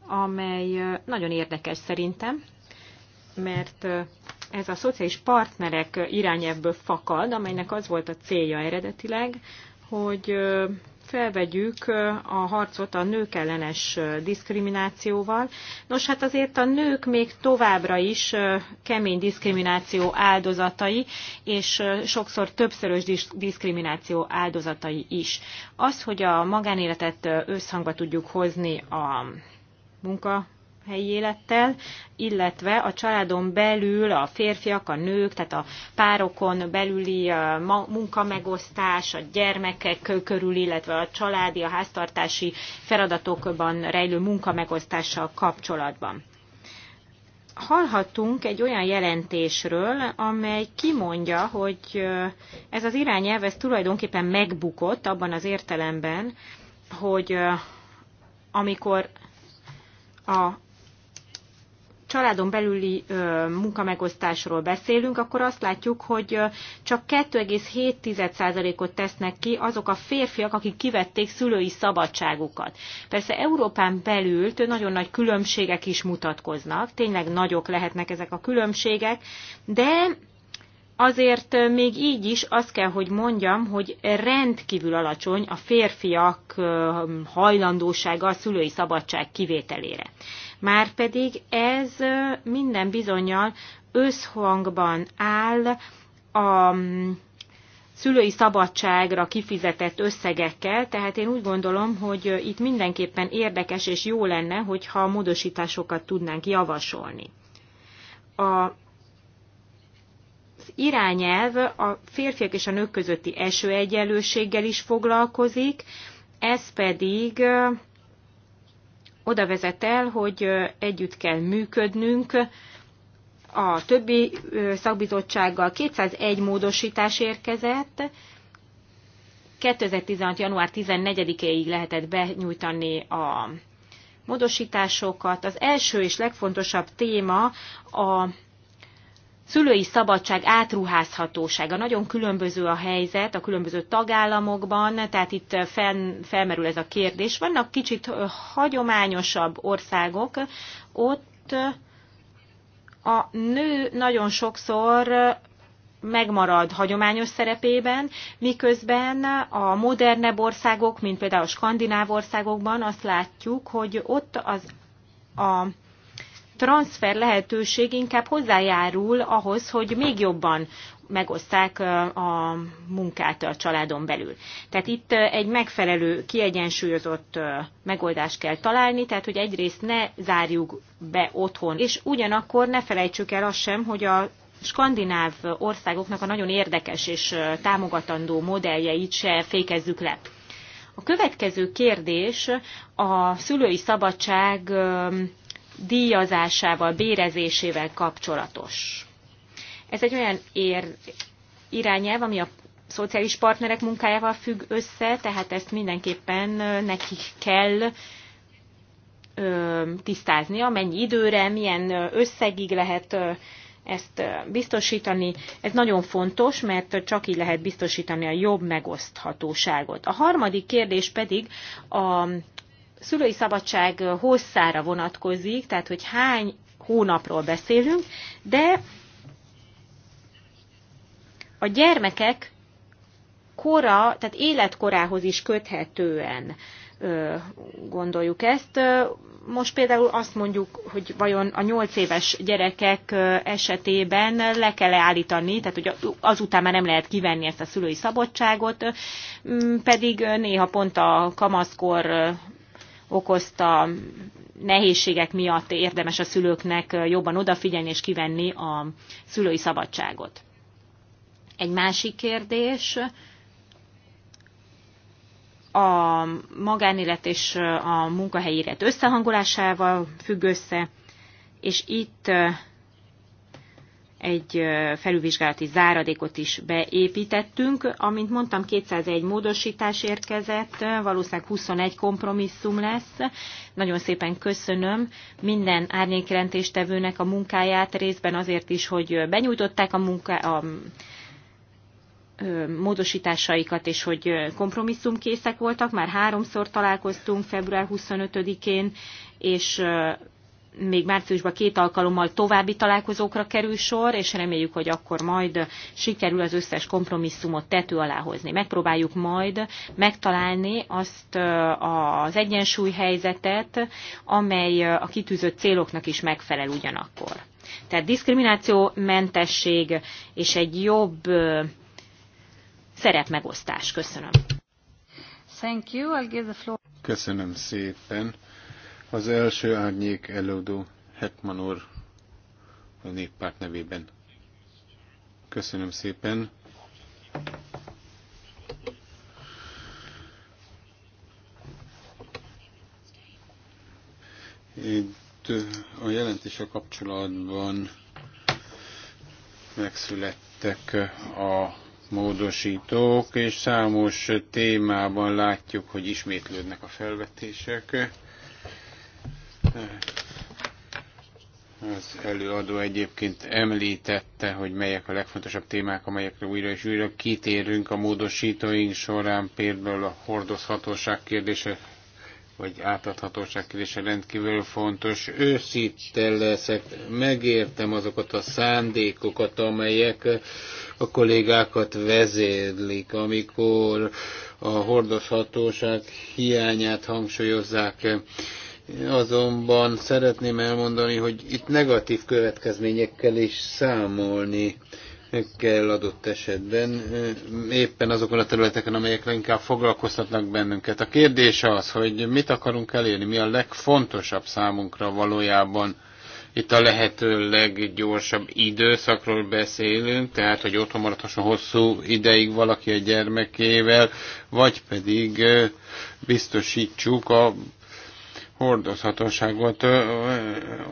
amely nagyon érdekes szerintem, mert ez a szociális partnerek irányelvből fakad, amelynek az volt a célja eredetileg, hogy felvegyük a harcot a nők ellenes diszkriminációval. Nos, hát azért a nők még továbbra is kemény diszkrimináció áldozatai, és sokszor többszörös diszkrimináció áldozatai is. Az, hogy a magánéletet összhangba tudjuk hozni a munka helyi élettel, illetve a családon belül a férfiak, a nők, tehát a párokon belüli munkamegosztás, a gyermekek körül, illetve a családi, a háztartási feladatokban rejlő munkamegosztással kapcsolatban. Hallhattunk egy olyan jelentésről, amely kimondja, hogy ez az irányelv ez tulajdonképpen megbukott abban az értelemben, hogy amikor a családon belüli munkamegosztásról beszélünk, akkor azt látjuk, hogy csak 2,7%-ot tesznek ki azok a férfiak, akik kivették szülői szabadságukat. Persze Európán belül nagyon nagy különbségek is mutatkoznak, tényleg nagyok lehetnek ezek a különbségek, de azért még így is azt kell, hogy mondjam, hogy rendkívül alacsony a férfiak hajlandósága a szülői szabadság kivételére. Márpedig ez minden bizonyal összhangban áll a mm, szülői szabadságra kifizetett összegekkel, tehát én úgy gondolom, hogy itt mindenképpen érdekes és jó lenne, hogyha módosításokat tudnánk javasolni. A irányelv a férfiak és a nők közötti esőegyenlőséggel is foglalkozik, ez pedig oda vezet el, hogy együtt kell működnünk a többi szakbizottsággal. 201 módosítás érkezett, 2016. január 14-éig lehetett benyújtani a módosításokat. Az első és legfontosabb téma a szülői szabadság átruházhatósága. Nagyon különböző a helyzet a különböző tagállamokban, tehát itt fel, felmerül ez a kérdés. Vannak kicsit hagyományosabb országok, ott a nő nagyon sokszor megmarad hagyományos szerepében, miközben a modernebb országok, mint például a skandináv országokban azt látjuk, hogy ott az a transfer lehetőség inkább hozzájárul ahhoz, hogy még jobban megoszták a munkát a családon belül. Tehát itt egy megfelelő, kiegyensúlyozott megoldást kell találni, tehát hogy egyrészt ne zárjuk be otthon, és ugyanakkor ne felejtsük el azt sem, hogy a skandináv országoknak a nagyon érdekes és támogatandó modelljeit se fékezzük le. A következő kérdés a szülői szabadság díjazásával, bérezésével kapcsolatos. Ez egy olyan ér irányelv, ami a szociális partnerek munkájával függ össze, tehát ezt mindenképpen nekik kell ö, tisztáznia, mennyi időre, milyen összegig lehet ezt biztosítani. Ez nagyon fontos, mert csak így lehet biztosítani a jobb megoszthatóságot. A harmadik kérdés pedig a szülői szabadság hosszára vonatkozik, tehát hogy hány hónapról beszélünk, de a gyermekek kora, tehát életkorához is köthetően gondoljuk ezt. Most például azt mondjuk, hogy vajon a 8 éves gyerekek esetében le kell -e állítani, tehát hogy azután már nem lehet kivenni ezt a szülői szabadságot, pedig néha pont a kamaszkor okozta nehézségek miatt érdemes a szülőknek jobban odafigyelni és kivenni a szülői szabadságot. Egy másik kérdés, a magánélet és a munkahelyi élet összehangolásával függ össze, és itt egy felülvizsgálati záradékot is beépítettünk. Amint mondtam, 201 módosítás érkezett, valószínűleg 21 kompromisszum lesz. Nagyon szépen köszönöm minden árnyékjelentéstevőnek a munkáját, részben azért is, hogy benyújtották a, munka a módosításaikat, és hogy kompromisszumkészek voltak. Már háromszor találkoztunk február 25-én, és még márciusban két alkalommal további találkozókra kerül sor, és reméljük, hogy akkor majd sikerül az összes kompromisszumot tető alá hozni. Megpróbáljuk majd megtalálni azt az egyensúlyhelyzetet, amely a kitűzött céloknak is megfelel ugyanakkor. Tehát diszkriminációmentesség mentesség és egy jobb szerepmegosztás. Köszönöm. Thank you. I'll give the floor. Köszönöm szépen. Az első árnyék előadó Hetman úr a néppárt nevében. Köszönöm szépen. Itt a jelentése kapcsolatban megszülettek a módosítók, és számos témában látjuk, hogy ismétlődnek a felvetések az előadó egyébként említette, hogy melyek a legfontosabb témák, amelyekre újra és újra kitérünk a módosítóink során, például a hordozhatóság kérdése, vagy átadhatóság kérdése rendkívül fontos. Őszinte leszek, megértem azokat a szándékokat, amelyek a kollégákat vezérlik, amikor a hordozhatóság hiányát hangsúlyozzák Azonban szeretném elmondani, hogy itt negatív következményekkel is számolni kell adott esetben, eh, éppen azokon a területeken, amelyek inkább foglalkoztatnak bennünket. A kérdés az, hogy mit akarunk elérni, mi a legfontosabb számunkra valójában. Itt a lehető leggyorsabb időszakról beszélünk, tehát hogy otthon maradhasson hosszú ideig valaki a gyermekével, vagy pedig eh, biztosítsuk a hordozhatóságot,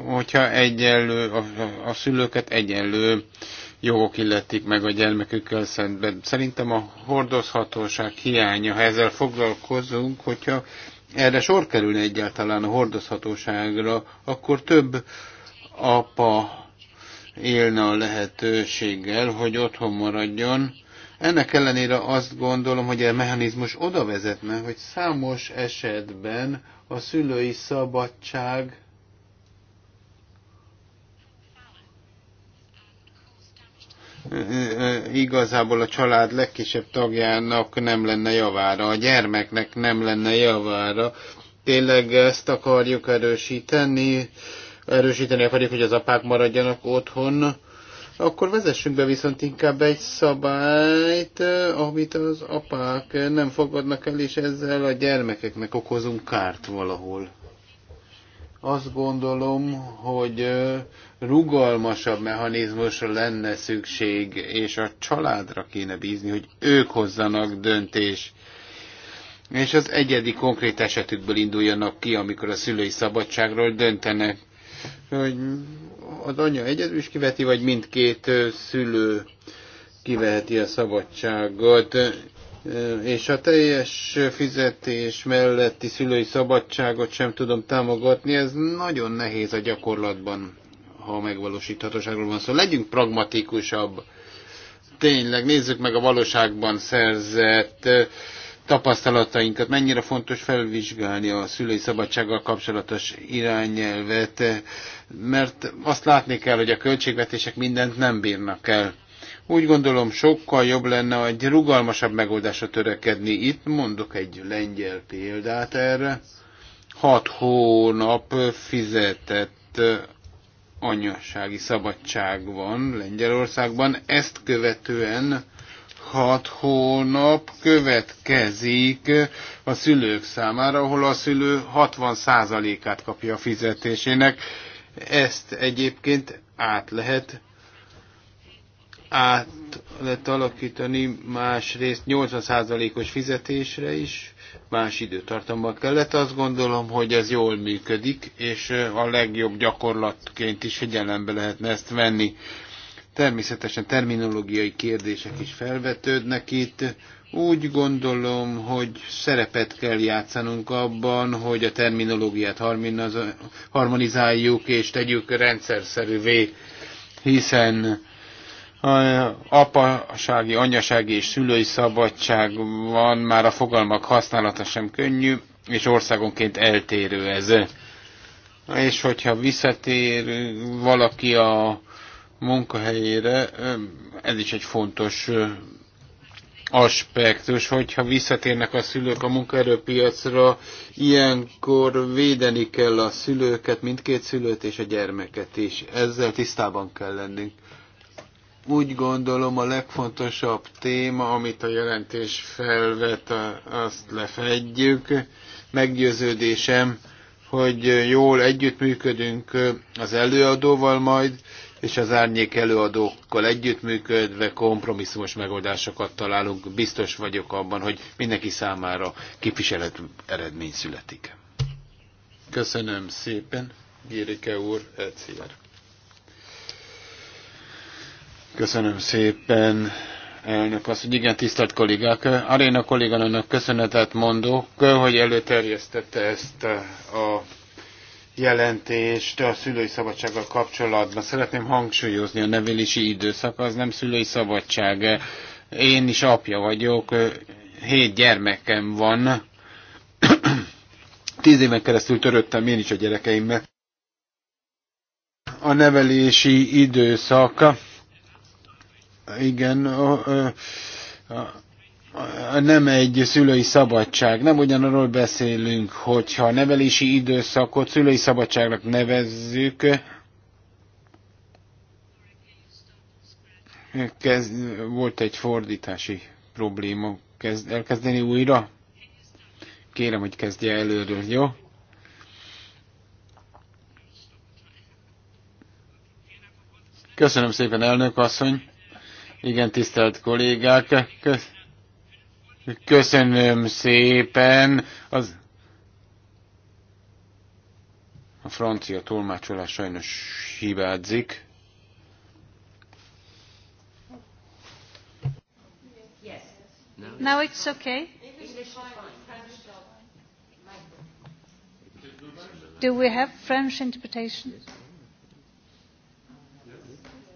hogyha egyenlő, a, a szülőket egyenlő jogok illetik meg a gyermekükkel szemben. Szerintem a hordozhatóság hiánya, ha ezzel foglalkozunk, hogyha erre sor kerülne egyáltalán a hordozhatóságra, akkor több apa élne a lehetőséggel, hogy otthon maradjon, ennek ellenére azt gondolom, hogy a mechanizmus oda vezetne, hogy számos esetben a szülői szabadság igazából a család legkisebb tagjának nem lenne javára, a gyermeknek nem lenne javára. Tényleg ezt akarjuk erősíteni, erősíteni akarjuk, hogy az apák maradjanak otthon, akkor vezessünk be viszont inkább egy szabályt, eh, amit az apák nem fogadnak el, és ezzel a gyermekeknek okozunk kárt valahol. Azt gondolom, hogy eh, rugalmasabb mechanizmusra lenne szükség, és a családra kéne bízni, hogy ők hozzanak döntés. És az egyedi konkrét esetükből induljanak ki, amikor a szülői szabadságról döntenek hogy az anya egyedül is kiveti, vagy mindkét szülő kiveheti a szabadságot, és a teljes fizetés melletti szülői szabadságot sem tudom támogatni, ez nagyon nehéz a gyakorlatban, ha megvalósíthatóságról van szó. Szóval legyünk pragmatikusabb. Tényleg, nézzük meg a valóságban szerzett tapasztalatainkat, mennyire fontos felvizsgálni a szülői szabadsággal kapcsolatos irányelvet, mert azt látni kell, hogy a költségvetések mindent nem bírnak el. Úgy gondolom, sokkal jobb lenne egy rugalmasabb megoldásra törekedni. Itt mondok egy lengyel példát erre. Hat hónap fizetett anyasági szabadság van Lengyelországban. Ezt követően hat hónap következik a szülők számára, ahol a szülő 60%-át kapja a fizetésének. Ezt egyébként át lehet át lehet alakítani másrészt 80%-os fizetésre is, más időtartamban kellett. Azt gondolom, hogy ez jól működik, és a legjobb gyakorlatként is figyelembe lehetne ezt venni. Természetesen terminológiai kérdések is felvetődnek itt. Úgy gondolom, hogy szerepet kell játszanunk abban, hogy a terminológiát harmonizáljuk és tegyük rendszerszerűvé, hiszen apasági, anyasági és szülői szabadság van, már a fogalmak használata sem könnyű, és országonként eltérő ez. És hogyha visszatér valaki a munkahelyére. Ez is egy fontos aspektus, hogyha visszatérnek a szülők a munkaerőpiacra, ilyenkor védeni kell a szülőket, mindkét szülőt és a gyermeket is. Ezzel tisztában kell lennünk. Úgy gondolom a legfontosabb téma, amit a jelentés felvet, azt lefedjük. Meggyőződésem, hogy jól együttműködünk az előadóval majd, és az árnyék előadókkal együttműködve kompromisszumos megoldásokat találunk. Biztos vagyok abban, hogy mindenki számára képviselet eredmény születik. Köszönöm szépen, Gérike úr, Ecier. Köszönöm szépen, elnök azt, hogy igen, tisztelt kollégák. Aréna kolléganőnek köszönetet mondok, hogy előterjesztette ezt a jelentést a szülői szabadsággal kapcsolatban. Szeretném hangsúlyozni, a nevelési időszak az nem szülői szabadság. Én is apja vagyok, hét gyermekem van. Tíz éven keresztül töröttem én is a gyerekeimmel. A nevelési időszak, igen, a, a, a, nem egy szülői szabadság. Nem ugyanarról beszélünk, hogyha a nevelési időszakot szülői szabadságnak nevezzük, kez, volt egy fordítási probléma. Kez, elkezdeni újra? Kérem, hogy kezdje előről, jó? Köszönöm szépen, elnök asszony. Igen, tisztelt kollégák. Köszönöm Köszönöm szépen. Az... A francia tolmácsolás sajnos hibázik. Now it's okay. Do we have French interpretation?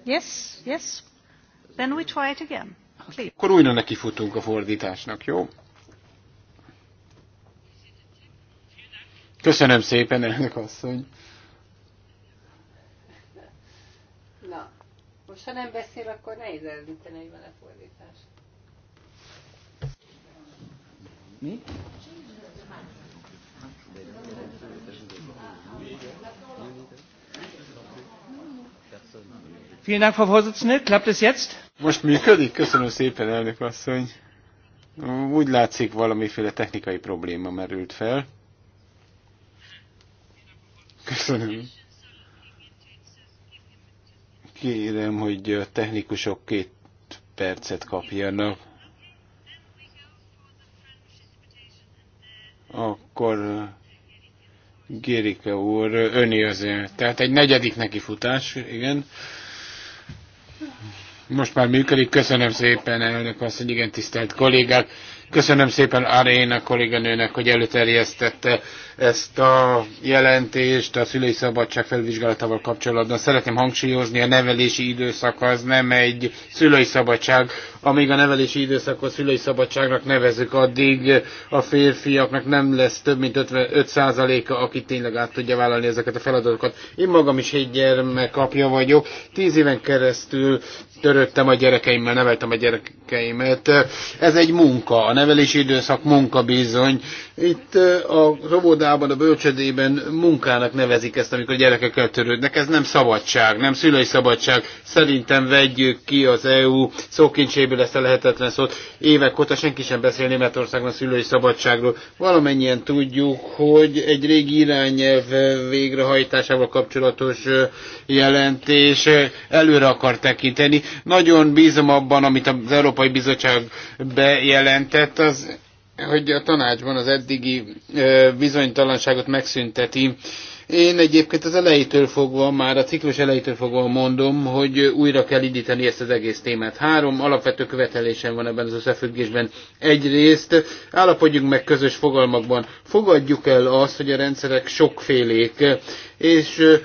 Yes, yes. Then we try it again. Akkor újra nekifutunk a fordításnak, jó? Köszönöm szépen, elnök asszony. Na, most ha nem beszél, akkor nehéz eldönteni, hogy van a fordítás. Mi? Thank you. Vielen Dank, Frau Vorsitzende. Klappt es jetzt? Most működik? Köszönöm szépen, elnök asszony. Úgy látszik, valamiféle technikai probléma merült fel. Köszönöm. Kérem, hogy a technikusok két percet kapjanak. Akkor Gérike úr, öné azért. Tehát egy negyedik futás, igen. Most már működik. Köszönöm szépen, elnök mondja, igen, tisztelt kollégák. Köszönöm szépen Aréna kolléganőnek, hogy előterjesztette ezt a jelentést a szülői szabadság felvizsgálatával kapcsolatban. Szeretném hangsúlyozni, a nevelési időszak az nem egy szülői szabadság. Amíg a nevelési időszakot szülői szabadságnak nevezük, addig a férfiaknak nem lesz több mint 55%-a, aki tényleg át tudja vállalni ezeket a feladatokat. Én magam is egy gyermek apja vagyok. Tíz éven keresztül töröttem a gyerekeimmel, neveltem a gyerekeimet. Ez egy munka, a nevelési időszak munka bizony. Itt a óvodás Kanadában, a bölcsödében munkának nevezik ezt, amikor a gyerekekkel törődnek. Ez nem szabadság, nem szülői szabadság. Szerintem vegyük ki az EU szókincséből ezt a lehetetlen szót. Évek óta senki sem beszél Németországban szülői szabadságról. Valamennyien tudjuk, hogy egy régi irányelv végrehajtásával kapcsolatos jelentés előre akar tekinteni. Nagyon bízom abban, amit az Európai Bizottság bejelentett, az hogy a tanácsban az eddigi bizonytalanságot megszünteti. Én egyébként az elejétől fogva, már a ciklus elejétől fogva mondom, hogy újra kell indítani ezt az egész témát. Három alapvető követelésem van ebben az összefüggésben. Egyrészt állapodjunk meg közös fogalmakban. Fogadjuk el azt, hogy a rendszerek sokfélék, és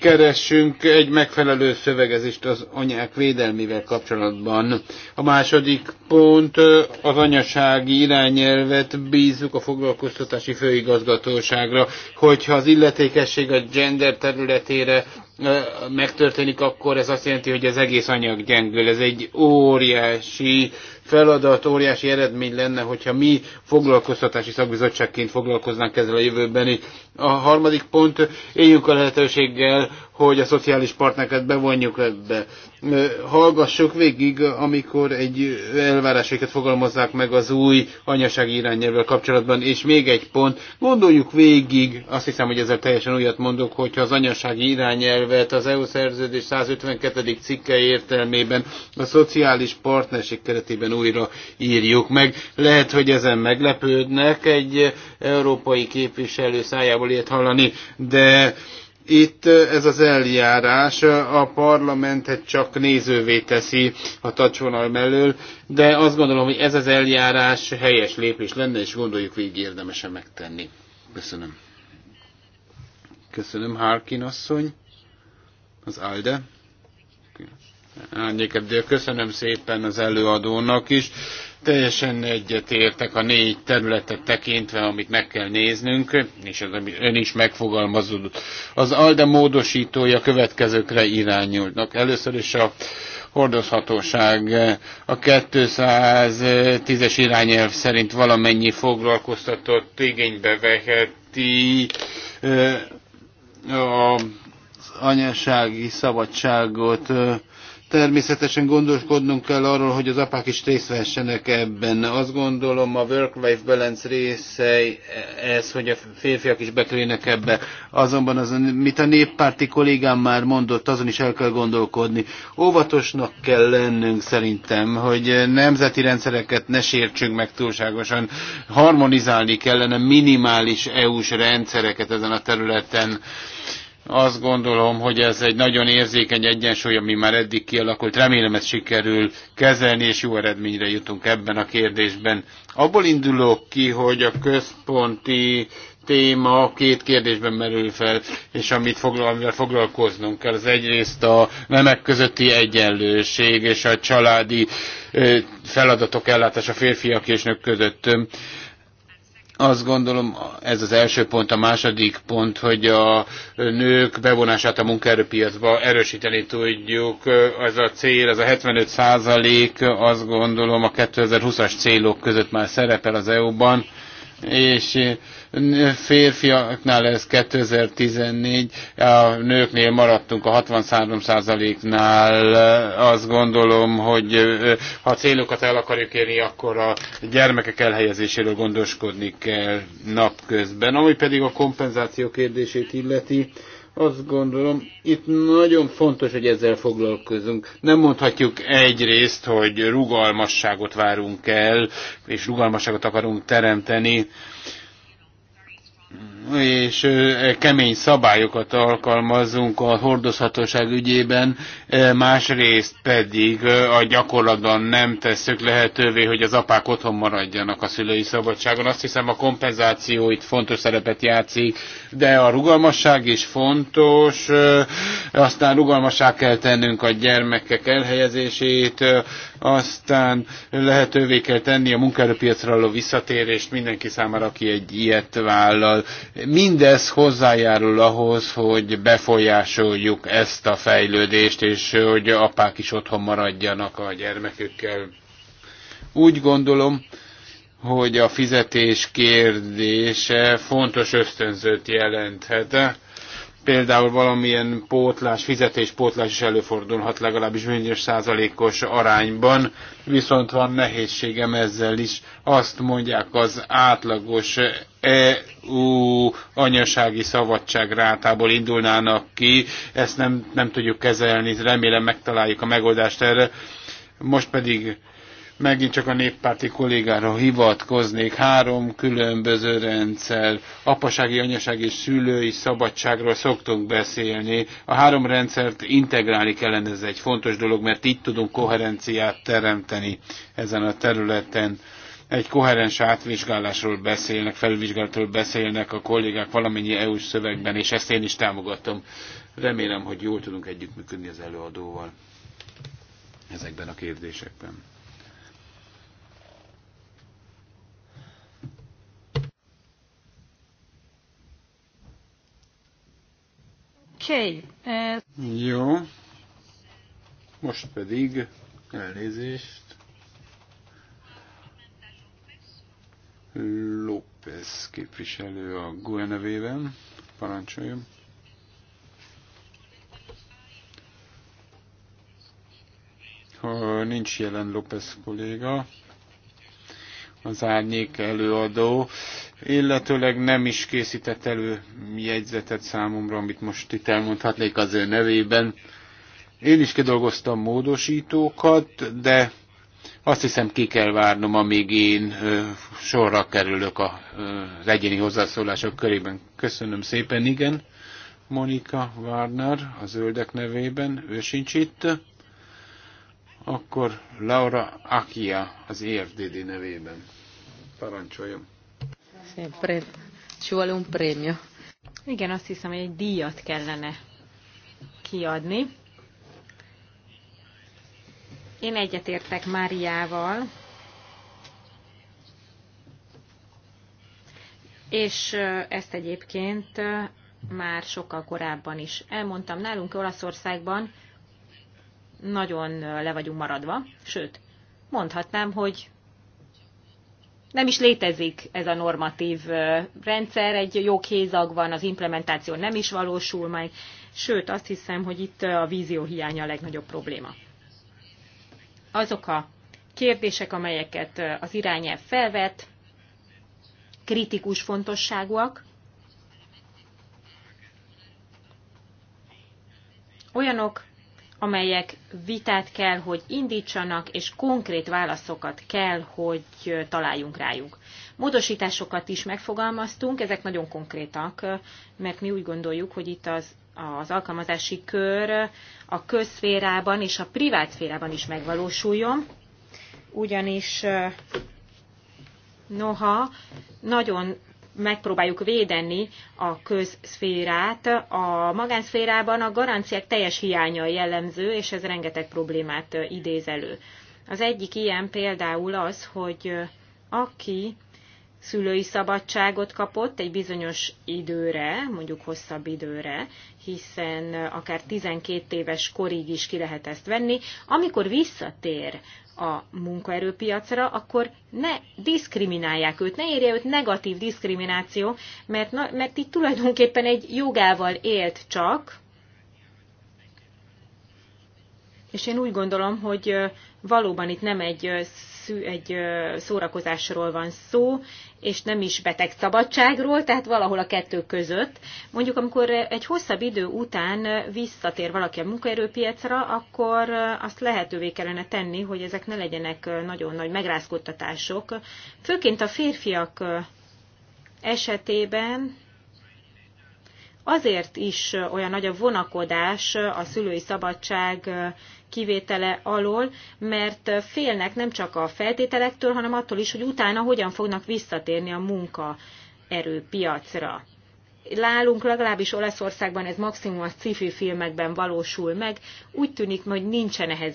keressünk egy megfelelő szövegezést az anyák védelmével kapcsolatban. A második pont az anyasági irányelvet bízzuk a foglalkoztatási főigazgatóságra, hogyha az illetékesség a gender területére megtörténik, akkor ez azt jelenti, hogy az egész anyag gyengül. Ez egy óriási feladat, óriási eredmény lenne, hogyha mi foglalkoztatási szakbizottságként foglalkoznánk ezzel a jövőben. A harmadik pont, éljünk a lehetőséggel, hogy a szociális partnereket bevonjuk ebbe. Hallgassuk végig, amikor egy elvárásokat fogalmazzák meg az új anyasági irányelvvel kapcsolatban, és még egy pont, gondoljuk végig, azt hiszem, hogy ezzel teljesen újat mondok, hogyha az anyasági irányelvet az EU szerződés 152. cikke értelmében a szociális partnerség keretében újra írjuk meg. Lehet, hogy ezen meglepődnek egy európai képviselő szájából ilyet hallani, de itt ez az eljárás a parlamentet csak nézővé teszi a tacsvonal mellől, de azt gondolom, hogy ez az eljárás helyes lépés lenne, és gondoljuk végig érdemesen megtenni. Köszönöm. Köszönöm, Harkin asszony. Az Alde. Árnyékedél, köszönöm szépen az előadónak is. Teljesen egyetértek a négy területet tekintve, amit meg kell néznünk, és az, amit ön is megfogalmazódott. Az ALDE módosítója következőkre irányulnak. Először is a hordozhatóság a 210-es irányelv szerint valamennyi foglalkoztatott igénybe veheti a anyasági szabadságot Természetesen gondoskodnunk kell arról, hogy az apák is részt vessenek ebben. Azt gondolom a work-life balance része ez, hogy a férfiak is bekerülnek ebbe. Azonban az, mit a néppárti kollégám már mondott, azon is el kell gondolkodni. Óvatosnak kell lennünk szerintem, hogy nemzeti rendszereket ne sértsünk meg túlságosan. Harmonizálni kellene minimális EU-s rendszereket ezen a területen azt gondolom, hogy ez egy nagyon érzékeny egyensúly, ami már eddig kialakult. Remélem ez sikerül kezelni, és jó eredményre jutunk ebben a kérdésben. Abból indulok ki, hogy a központi téma két kérdésben merül fel, és amit foglal, amivel foglalkoznunk kell, az egyrészt a nemek közötti egyenlőség és a családi feladatok ellátása férfiak és nők között azt gondolom, ez az első pont, a második pont, hogy a nők bevonását a munkaerőpiacba erősíteni tudjuk. Ez a cél, ez a 75 százalék, azt gondolom a 2020-as célok között már szerepel az EU-ban, és Férfiaknál ez 2014, a nőknél maradtunk a 63%-nál. Azt gondolom, hogy ha célokat el akarjuk érni, akkor a gyermekek elhelyezéséről gondoskodni kell napközben. Ami pedig a kompenzáció kérdését illeti, azt gondolom, itt nagyon fontos, hogy ezzel foglalkozunk. Nem mondhatjuk egyrészt, hogy rugalmasságot várunk el, és rugalmasságot akarunk teremteni, Hmm és kemény szabályokat alkalmazunk a hordozhatóság ügyében, másrészt pedig a gyakorlatban nem tesszük lehetővé, hogy az apák otthon maradjanak a szülői szabadságon. Azt hiszem a kompenzáció itt fontos szerepet játszik, de a rugalmasság is fontos, aztán rugalmasság kell tennünk a gyermekek elhelyezését, aztán lehetővé kell tenni a munkaerőpiacra való visszatérést mindenki számára, aki egy ilyet vállal, Mindez hozzájárul ahhoz, hogy befolyásoljuk ezt a fejlődést, és hogy apák is otthon maradjanak a gyermekükkel. Úgy gondolom, hogy a fizetés kérdése fontos ösztönzőt jelenthet például valamilyen pótlás, fizetéspótlás is előfordulhat legalábbis bizonyos százalékos arányban, viszont van nehézségem ezzel is. Azt mondják az átlagos EU anyasági szabadság rátából indulnának ki, ezt nem, nem tudjuk kezelni, remélem megtaláljuk a megoldást erre. Most pedig megint csak a néppárti kollégára hivatkoznék, három különböző rendszer, apasági, anyasági és szülői szabadságról szoktunk beszélni. A három rendszert integrálni kellene, ez egy fontos dolog, mert itt tudunk koherenciát teremteni ezen a területen. Egy koherens átvizsgálásról beszélnek, felvizsgálatról beszélnek a kollégák valamennyi EU-s szövegben, és ezt én is támogatom. Remélem, hogy jól tudunk együttműködni az előadóval ezekben a kérdésekben. Okay. Uh... Eh, Jó. Most pedig elnézést. López képviselő a GUE nevében. Parancsoljon. Ha nincs jelen López kolléga, az árnyék előadó illetőleg nem is készített elő jegyzetet számomra, amit most itt elmondhatnék az ő nevében. Én is kidolgoztam módosítókat, de azt hiszem ki kell várnom, amíg én sorra kerülök a egyéni hozzászólások körében. Köszönöm szépen, igen. Monika Warner a zöldek nevében, ő sincs itt. Akkor Laura Akia az EFDD nevében. Parancsoljon. Ci vuole un premio. Igen, azt hiszem, hogy egy díjat kellene kiadni. Én egyetértek Máriával, és ezt egyébként már sokkal korábban is elmondtam. Nálunk Olaszországban nagyon le vagyunk maradva, sőt, mondhatnám, hogy nem is létezik ez a normatív rendszer, egy jó kézag van, az implementáció nem is valósul majd. sőt azt hiszem, hogy itt a vízió hiánya a legnagyobb probléma. Azok a kérdések, amelyeket az irányelv felvet, kritikus fontosságúak, olyanok, amelyek vitát kell, hogy indítsanak, és konkrét válaszokat kell, hogy találjunk rájuk. Módosításokat is megfogalmaztunk, ezek nagyon konkrétak, mert mi úgy gondoljuk, hogy itt az, az alkalmazási kör a közszférában és a privát szférában is megvalósuljon, ugyanis noha nagyon megpróbáljuk védeni a közszférát. A magánszférában a garanciák teljes hiánya jellemző, és ez rengeteg problémát idéz elő. Az egyik ilyen például az, hogy aki szülői szabadságot kapott egy bizonyos időre, mondjuk hosszabb időre, hiszen akár 12 éves korig is ki lehet ezt venni. Amikor visszatér a munkaerőpiacra, akkor ne diszkriminálják őt, ne érje őt negatív diszkrimináció, mert, na, mert itt tulajdonképpen egy jogával élt csak, és én úgy gondolom, hogy valóban itt nem egy szű, egy szórakozásról van szó, és nem is beteg szabadságról, tehát valahol a kettő között. Mondjuk, amikor egy hosszabb idő után visszatér valaki a munkaerőpiacra, akkor azt lehetővé kellene tenni, hogy ezek ne legyenek nagyon nagy megrázkodtatások. Főként a férfiak esetében azért is olyan nagy a vonakodás a szülői szabadság kivétele alól, mert félnek nem csak a feltételektől, hanem attól is, hogy utána hogyan fognak visszatérni a munkaerőpiacra. Lálunk legalábbis Olaszországban ez maximum a sci-fi filmekben valósul meg. Úgy tűnik, hogy nincsen ehhez,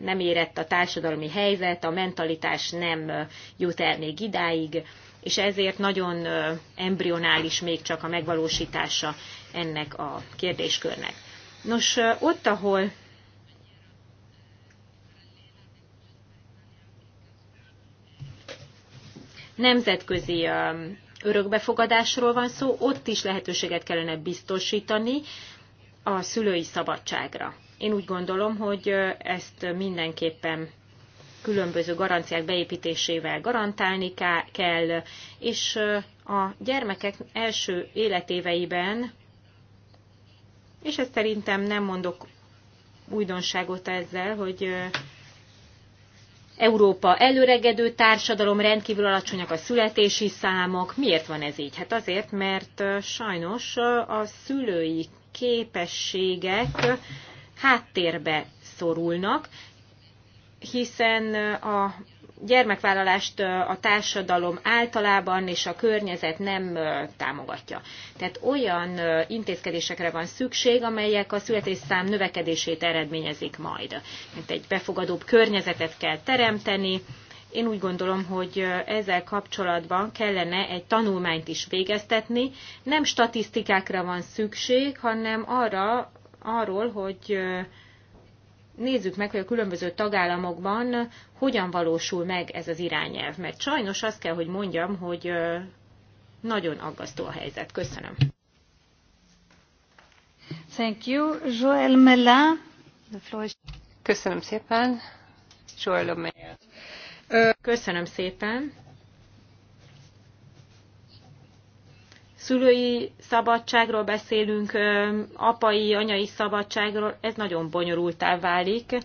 nem érett a társadalmi helyzet, a mentalitás nem jut el még idáig, és ezért nagyon embrionális még csak a megvalósítása ennek a kérdéskörnek. Nos, ott, ahol nemzetközi um, örökbefogadásról van szó, ott is lehetőséget kellene biztosítani a szülői szabadságra. Én úgy gondolom, hogy ezt mindenképpen különböző garanciák beépítésével garantálni kell, és a gyermekek első életéveiben, és ezt szerintem nem mondok újdonságot ezzel, hogy Európa előregedő társadalom, rendkívül alacsonyak a születési számok. Miért van ez így? Hát azért, mert sajnos a szülői képességek háttérbe szorulnak, hiszen a gyermekvállalást a társadalom általában és a környezet nem támogatja. Tehát olyan intézkedésekre van szükség, amelyek a születésszám növekedését eredményezik majd. Mint egy befogadóbb környezetet kell teremteni, én úgy gondolom, hogy ezzel kapcsolatban kellene egy tanulmányt is végeztetni. Nem statisztikákra van szükség, hanem arra, arról, hogy nézzük meg, hogy a különböző tagállamokban hogyan valósul meg ez az irányelv. Mert sajnos azt kell, hogy mondjam, hogy nagyon aggasztó a helyzet. Köszönöm. Thank you. Joël Mella. The floor is... Köszönöm szépen. Joël Mella. Köszönöm szépen. szülői szabadságról beszélünk, apai, anyai szabadságról, ez nagyon bonyolultá válik.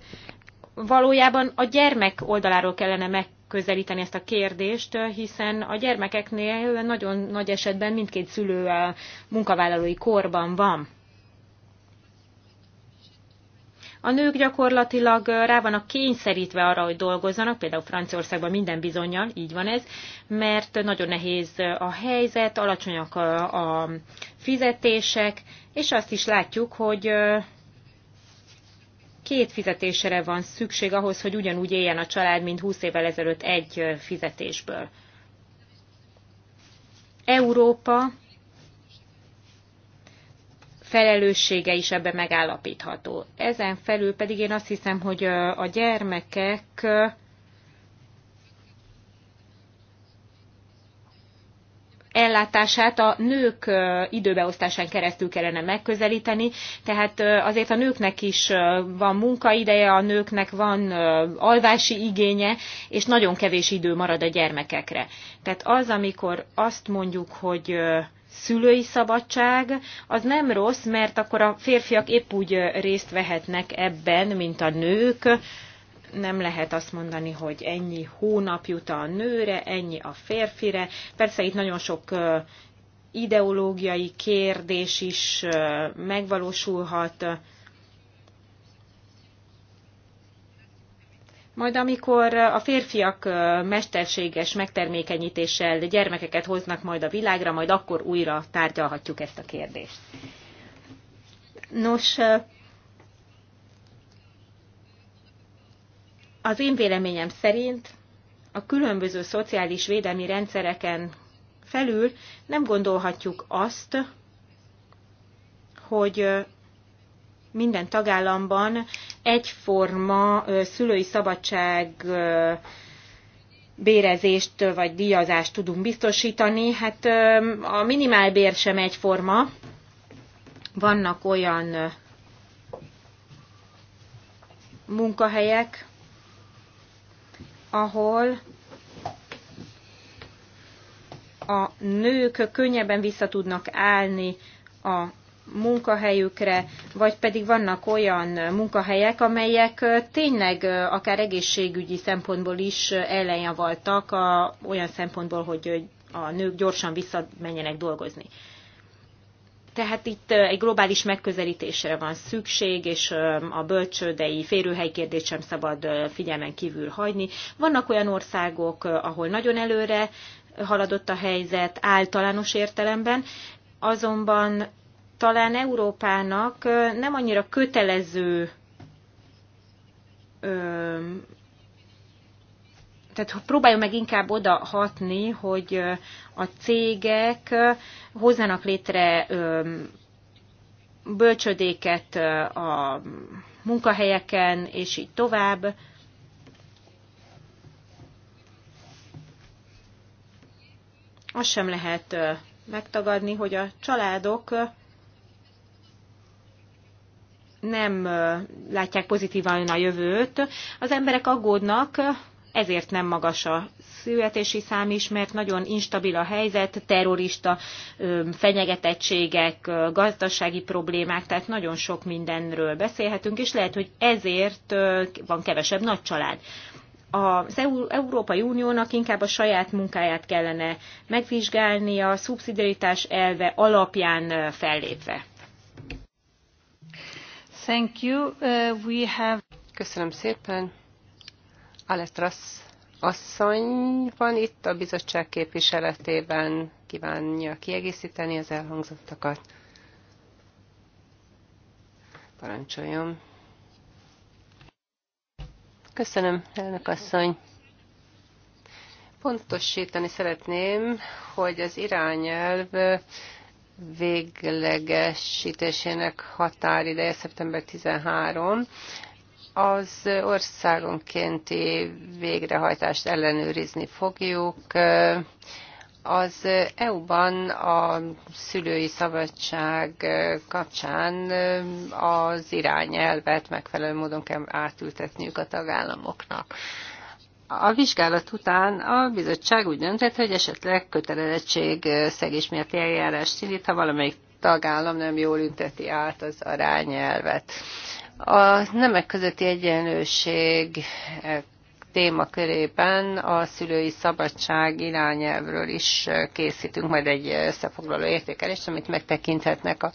Valójában a gyermek oldaláról kellene megközelíteni ezt a kérdést, hiszen a gyermekeknél nagyon nagy esetben mindkét szülő a munkavállalói korban van. A nők gyakorlatilag rá vannak kényszerítve arra, hogy dolgozzanak, például Franciaországban minden bizonyal, így van ez, mert nagyon nehéz a helyzet, alacsonyak a, a fizetések, és azt is látjuk, hogy két fizetésre van szükség ahhoz, hogy ugyanúgy éljen a család, mint 20 évvel ezelőtt egy fizetésből. Európa felelőssége is ebbe megállapítható. Ezen felül pedig én azt hiszem, hogy a gyermekek ellátását a nők időbeosztásán keresztül kellene megközelíteni, tehát azért a nőknek is van munkaideje, a nőknek van alvási igénye, és nagyon kevés idő marad a gyermekekre. Tehát az, amikor azt mondjuk, hogy szülői szabadság, az nem rossz, mert akkor a férfiak épp úgy részt vehetnek ebben, mint a nők. Nem lehet azt mondani, hogy ennyi hónap jut a nőre, ennyi a férfire. Persze itt nagyon sok ideológiai kérdés is megvalósulhat, Majd amikor a férfiak mesterséges megtermékenyítéssel gyermekeket hoznak majd a világra, majd akkor újra tárgyalhatjuk ezt a kérdést. Nos, az én véleményem szerint a különböző szociális védelmi rendszereken felül nem gondolhatjuk azt, hogy minden tagállamban egyforma szülői szabadság bérezést vagy díjazást tudunk biztosítani. Hát a minimálbér sem egyforma. Vannak olyan munkahelyek, ahol a nők könnyebben vissza tudnak állni a munkahelyükre, vagy pedig vannak olyan munkahelyek, amelyek tényleg akár egészségügyi szempontból is ellenjavaltak, a, olyan szempontból, hogy a nők gyorsan visszamenjenek dolgozni. Tehát itt egy globális megközelítésre van szükség, és a bölcsődei kérdés sem szabad figyelmen kívül hagyni. Vannak olyan országok, ahol nagyon előre haladott a helyzet általános értelemben, azonban talán Európának nem annyira kötelező, tehát próbáljuk meg inkább oda hatni, hogy a cégek hozzanak létre bölcsödéket a munkahelyeken, és így tovább. Azt sem lehet megtagadni, hogy a családok nem látják pozitívan a jövőt. Az emberek aggódnak, ezért nem magas a születési szám is, mert nagyon instabil a helyzet, terrorista fenyegetettségek, gazdasági problémák, tehát nagyon sok mindenről beszélhetünk, és lehet, hogy ezért van kevesebb nagy család. Az e Európai Uniónak inkább a saját munkáját kellene megvizsgálni a szubszidiaritás elve alapján fellépve. Thank you. Uh, we have... Köszönöm szépen. Aletrasz asszony van itt a bizottság képviseletében, kívánja kiegészíteni az elhangzottakat. Parancsoljon. Köszönöm, elnök asszony. Pontosítani szeretném, hogy az irányelv véglegesítésének határideje szeptember 13. Az országonkénti végrehajtást ellenőrizni fogjuk. Az EU-ban a szülői szabadság kapcsán az irányelvet megfelelő módon kell átültetniük a tagállamoknak. A vizsgálat után a bizottság úgy döntött, hogy esetleg kötelezettség szegés miatt eljárást indít, ha valamelyik tagállam nem jól ünteti át az arányelvet. A nemek közötti egyenlőség témakörében a szülői szabadság irányelvről is készítünk majd egy összefoglaló értékelést, amit megtekinthetnek a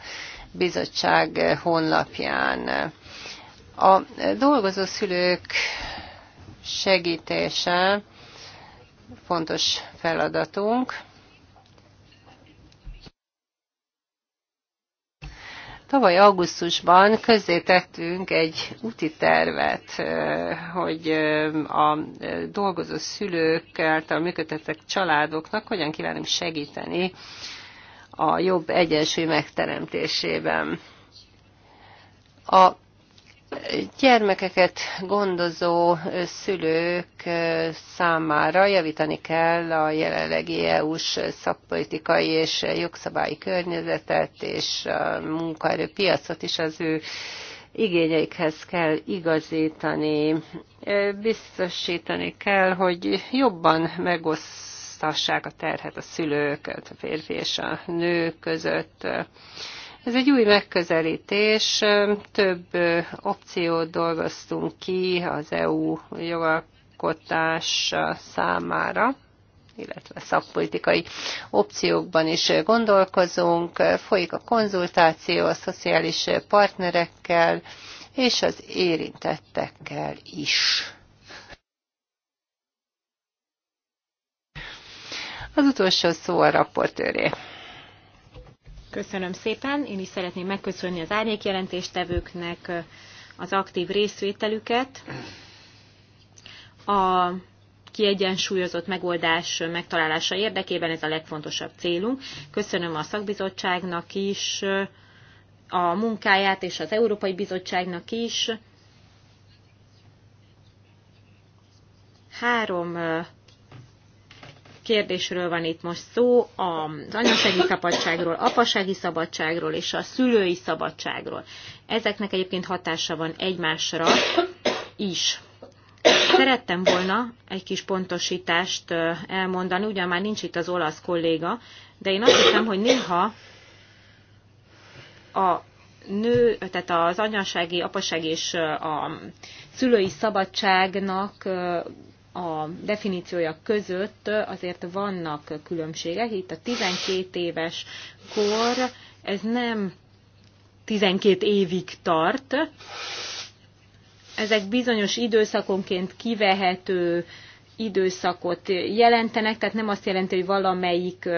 bizottság honlapján. A dolgozó szülők segítése fontos feladatunk. Tavaly augusztusban közzétettünk egy úti tervet, hogy a dolgozó szülők által működtetett családoknak hogyan kívánunk segíteni a jobb egyensúly megteremtésében. A gyermekeket gondozó szülők számára javítani kell a jelenlegi EU-s szakpolitikai és jogszabályi környezetet és a munkaerőpiacot is az ő igényeikhez kell igazítani. Biztosítani kell, hogy jobban megosztassák a terhet a szülők, a férfi és a nő között ez egy új megközelítés, több opciót dolgoztunk ki az EU jogalkotás számára illetve szakpolitikai opciókban is gondolkozunk, folyik a konzultáció a szociális partnerekkel és az érintettekkel is. Az utolsó szó a raportőré. Köszönöm szépen. Én is szeretném megköszönni az árnyékjelentéstevőknek az aktív részvételüket. A kiegyensúlyozott megoldás megtalálása érdekében ez a legfontosabb célunk. Köszönöm a szakbizottságnak is a munkáját, és az Európai Bizottságnak is. Három kérdésről van itt most szó, az anyasági szabadságról, apasági szabadságról és a szülői szabadságról. Ezeknek egyébként hatása van egymásra is. Szerettem volna egy kis pontosítást elmondani, ugyan már nincs itt az olasz kolléga, de én azt hiszem, hogy néha a nő, tehát az anyasági, apasági és a szülői szabadságnak a definíciója között azért vannak különbségek. Itt a 12 éves kor, ez nem 12 évig tart, ezek bizonyos időszakonként kivehető időszakot jelentenek, tehát nem azt jelenti, hogy valamelyik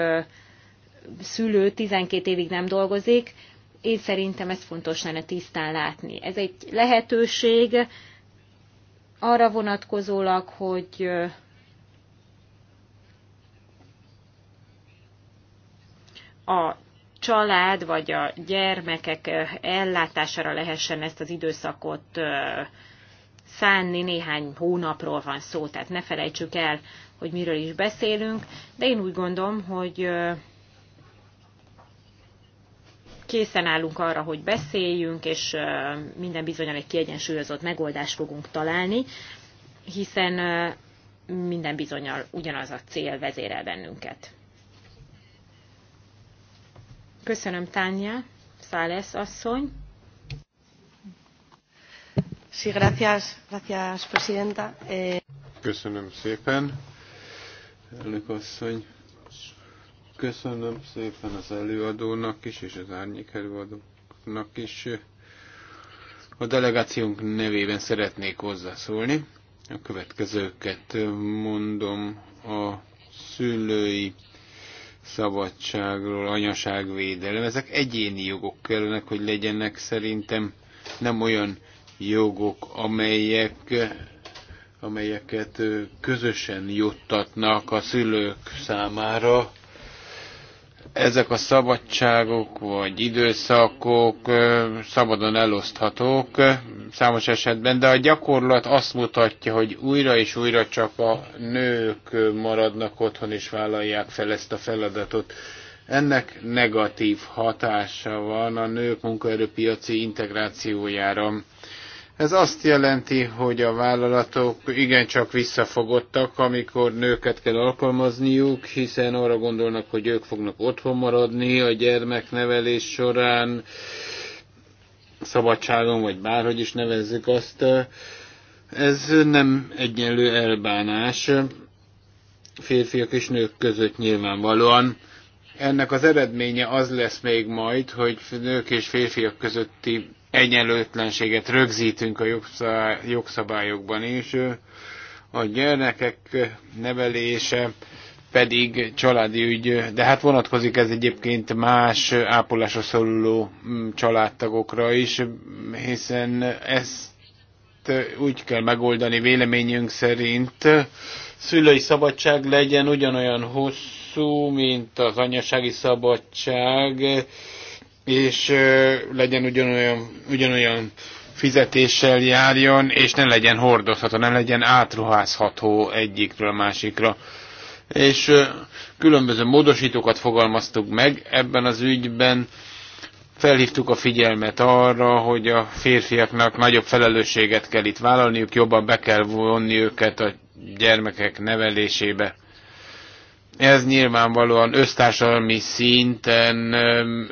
szülő 12 évig nem dolgozik. Én szerintem ez fontos lenne tisztán látni. Ez egy lehetőség, arra vonatkozólag, hogy a család vagy a gyermekek ellátására lehessen ezt az időszakot szánni, néhány hónapról van szó, tehát ne felejtsük el, hogy miről is beszélünk, de én úgy gondolom, hogy készen állunk arra, hogy beszéljünk, és minden bizonyal egy kiegyensúlyozott megoldást fogunk találni, hiszen minden bizonyal ugyanaz a cél vezérel bennünket. Köszönöm, Tánja, Szálesz asszony. Sí, gracias, gracias, presidenta. Eh, Köszönöm szépen, elnök asszony. Köszönöm szépen az előadónak is, és az árnyék előadónak is. A delegációnk nevében szeretnék hozzászólni. A következőket mondom a szülői szabadságról, anyaságvédelem. Ezek egyéni jogok kellene, hogy legyenek szerintem nem olyan jogok, amelyek, amelyeket közösen juttatnak a szülők számára ezek a szabadságok vagy időszakok szabadon eloszthatók számos esetben, de a gyakorlat azt mutatja, hogy újra és újra csak a nők maradnak otthon és vállalják fel ezt a feladatot. Ennek negatív hatása van a nők munkaerőpiaci integrációjára ez azt jelenti, hogy a vállalatok igencsak visszafogottak, amikor nőket kell alkalmazniuk, hiszen arra gondolnak, hogy ők fognak otthon maradni a gyermeknevelés során, szabadságon, vagy bárhogy is nevezzük azt. Ez nem egyenlő elbánás férfiak és nők között nyilvánvalóan. Ennek az eredménye az lesz még majd, hogy nők és férfiak közötti egyenlőtlenséget rögzítünk a jogszabályokban is. A gyermekek nevelése pedig családi ügy, de hát vonatkozik ez egyébként más ápolásra szoruló mm, családtagokra is, hiszen ezt úgy kell megoldani véleményünk szerint, szülői szabadság legyen ugyanolyan hosszú, mint az anyasági szabadság, és legyen ugyanolyan, ugyanolyan fizetéssel járjon, és ne legyen hordozható, ne legyen átruházható egyikről a másikra. És különböző módosítókat fogalmaztuk meg ebben az ügyben, felhívtuk a figyelmet arra, hogy a férfiaknak nagyobb felelősséget kell itt vállalniuk, jobban be kell vonni őket a gyermekek nevelésébe. Ez nyilvánvalóan össztársadalmi szinten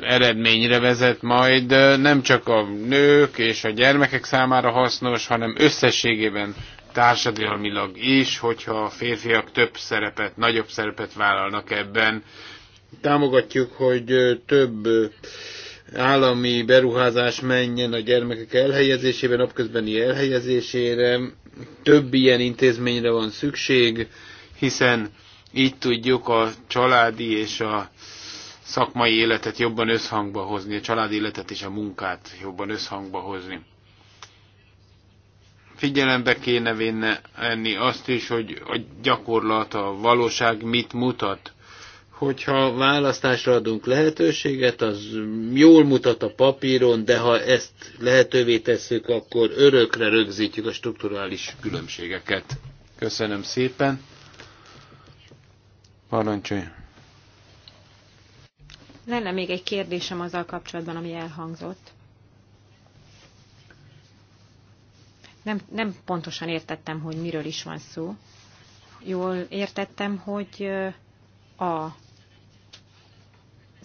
eredményre vezet majd, nem csak a nők és a gyermekek számára hasznos, hanem összességében társadalmilag is, hogyha a férfiak több szerepet, nagyobb szerepet vállalnak ebben. Támogatjuk, hogy több állami beruházás menjen a gyermekek elhelyezésében, napközbeni elhelyezésére. Több ilyen intézményre van szükség, hiszen így tudjuk a családi és a szakmai életet jobban összhangba hozni, a családi életet és a munkát jobban összhangba hozni. Figyelembe kéne venni azt is, hogy a gyakorlat, a valóság mit mutat. Hogyha választásra adunk lehetőséget, az jól mutat a papíron, de ha ezt lehetővé tesszük, akkor örökre rögzítjük a strukturális különbségeket. Köszönöm szépen! Parancsolj! Lenne még egy kérdésem azzal kapcsolatban, ami elhangzott. Nem, nem pontosan értettem, hogy miről is van szó. Jól értettem, hogy a, az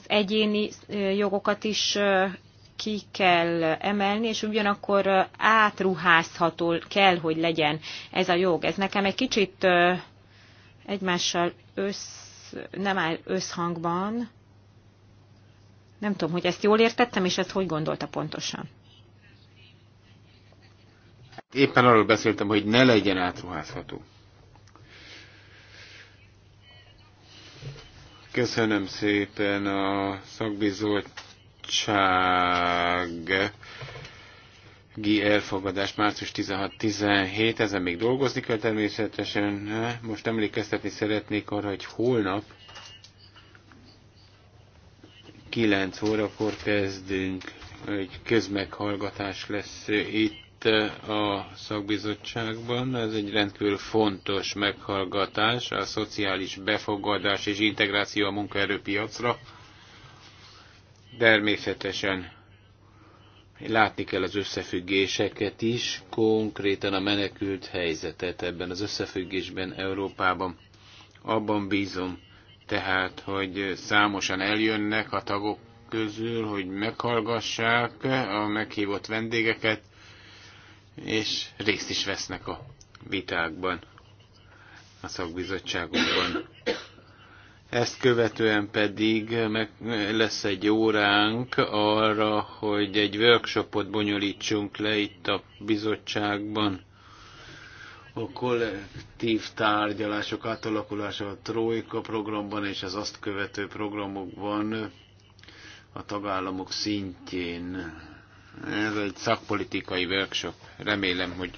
egyéni jogokat is ki kell emelni, és ugyanakkor átruházható kell, hogy legyen ez a jog. Ez nekem egy kicsit egymással össz, nem áll összhangban. Nem tudom, hogy ezt jól értettem, és ezt hogy gondolta pontosan. Éppen arról beszéltem, hogy ne legyen átruházható. Köszönöm szépen a szakbizottság Gi elfogadás március 16-17, ezen még dolgozni kell természetesen. Most emlékeztetni szeretnék arra, hogy holnap 9 órakor kezdünk, egy közmeghallgatás lesz itt a szakbizottságban. Ez egy rendkívül fontos meghallgatás, a szociális befogadás és integráció a munkaerőpiacra. Természetesen Látni kell az összefüggéseket is, konkrétan a menekült helyzetet ebben az összefüggésben Európában. Abban bízom tehát, hogy számosan eljönnek a tagok közül, hogy meghallgassák a meghívott vendégeket, és részt is vesznek a vitákban, a szakbizottságokban. Ezt követően pedig meg lesz egy óránk arra, hogy egy workshopot bonyolítsunk le itt a bizottságban a kollektív tárgyalások átalakulása a Trójka programban és az azt követő programokban a tagállamok szintjén. Ez egy szakpolitikai workshop. Remélem, hogy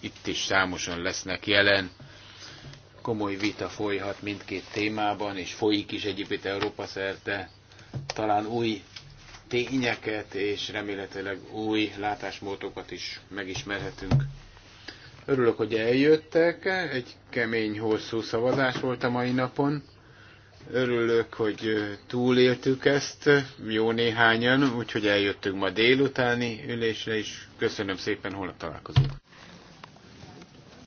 itt is számosan lesznek jelen komoly vita folyhat mindkét témában, és folyik is egyébként Európa szerte. Talán új tényeket és remélhetőleg új látásmódokat is megismerhetünk. Örülök, hogy eljöttek. Egy kemény, hosszú szavazás volt a mai napon. Örülök, hogy túléltük ezt, jó néhányan, úgyhogy eljöttünk ma délutáni ülésre, és köszönöm szépen, holnap találkozunk.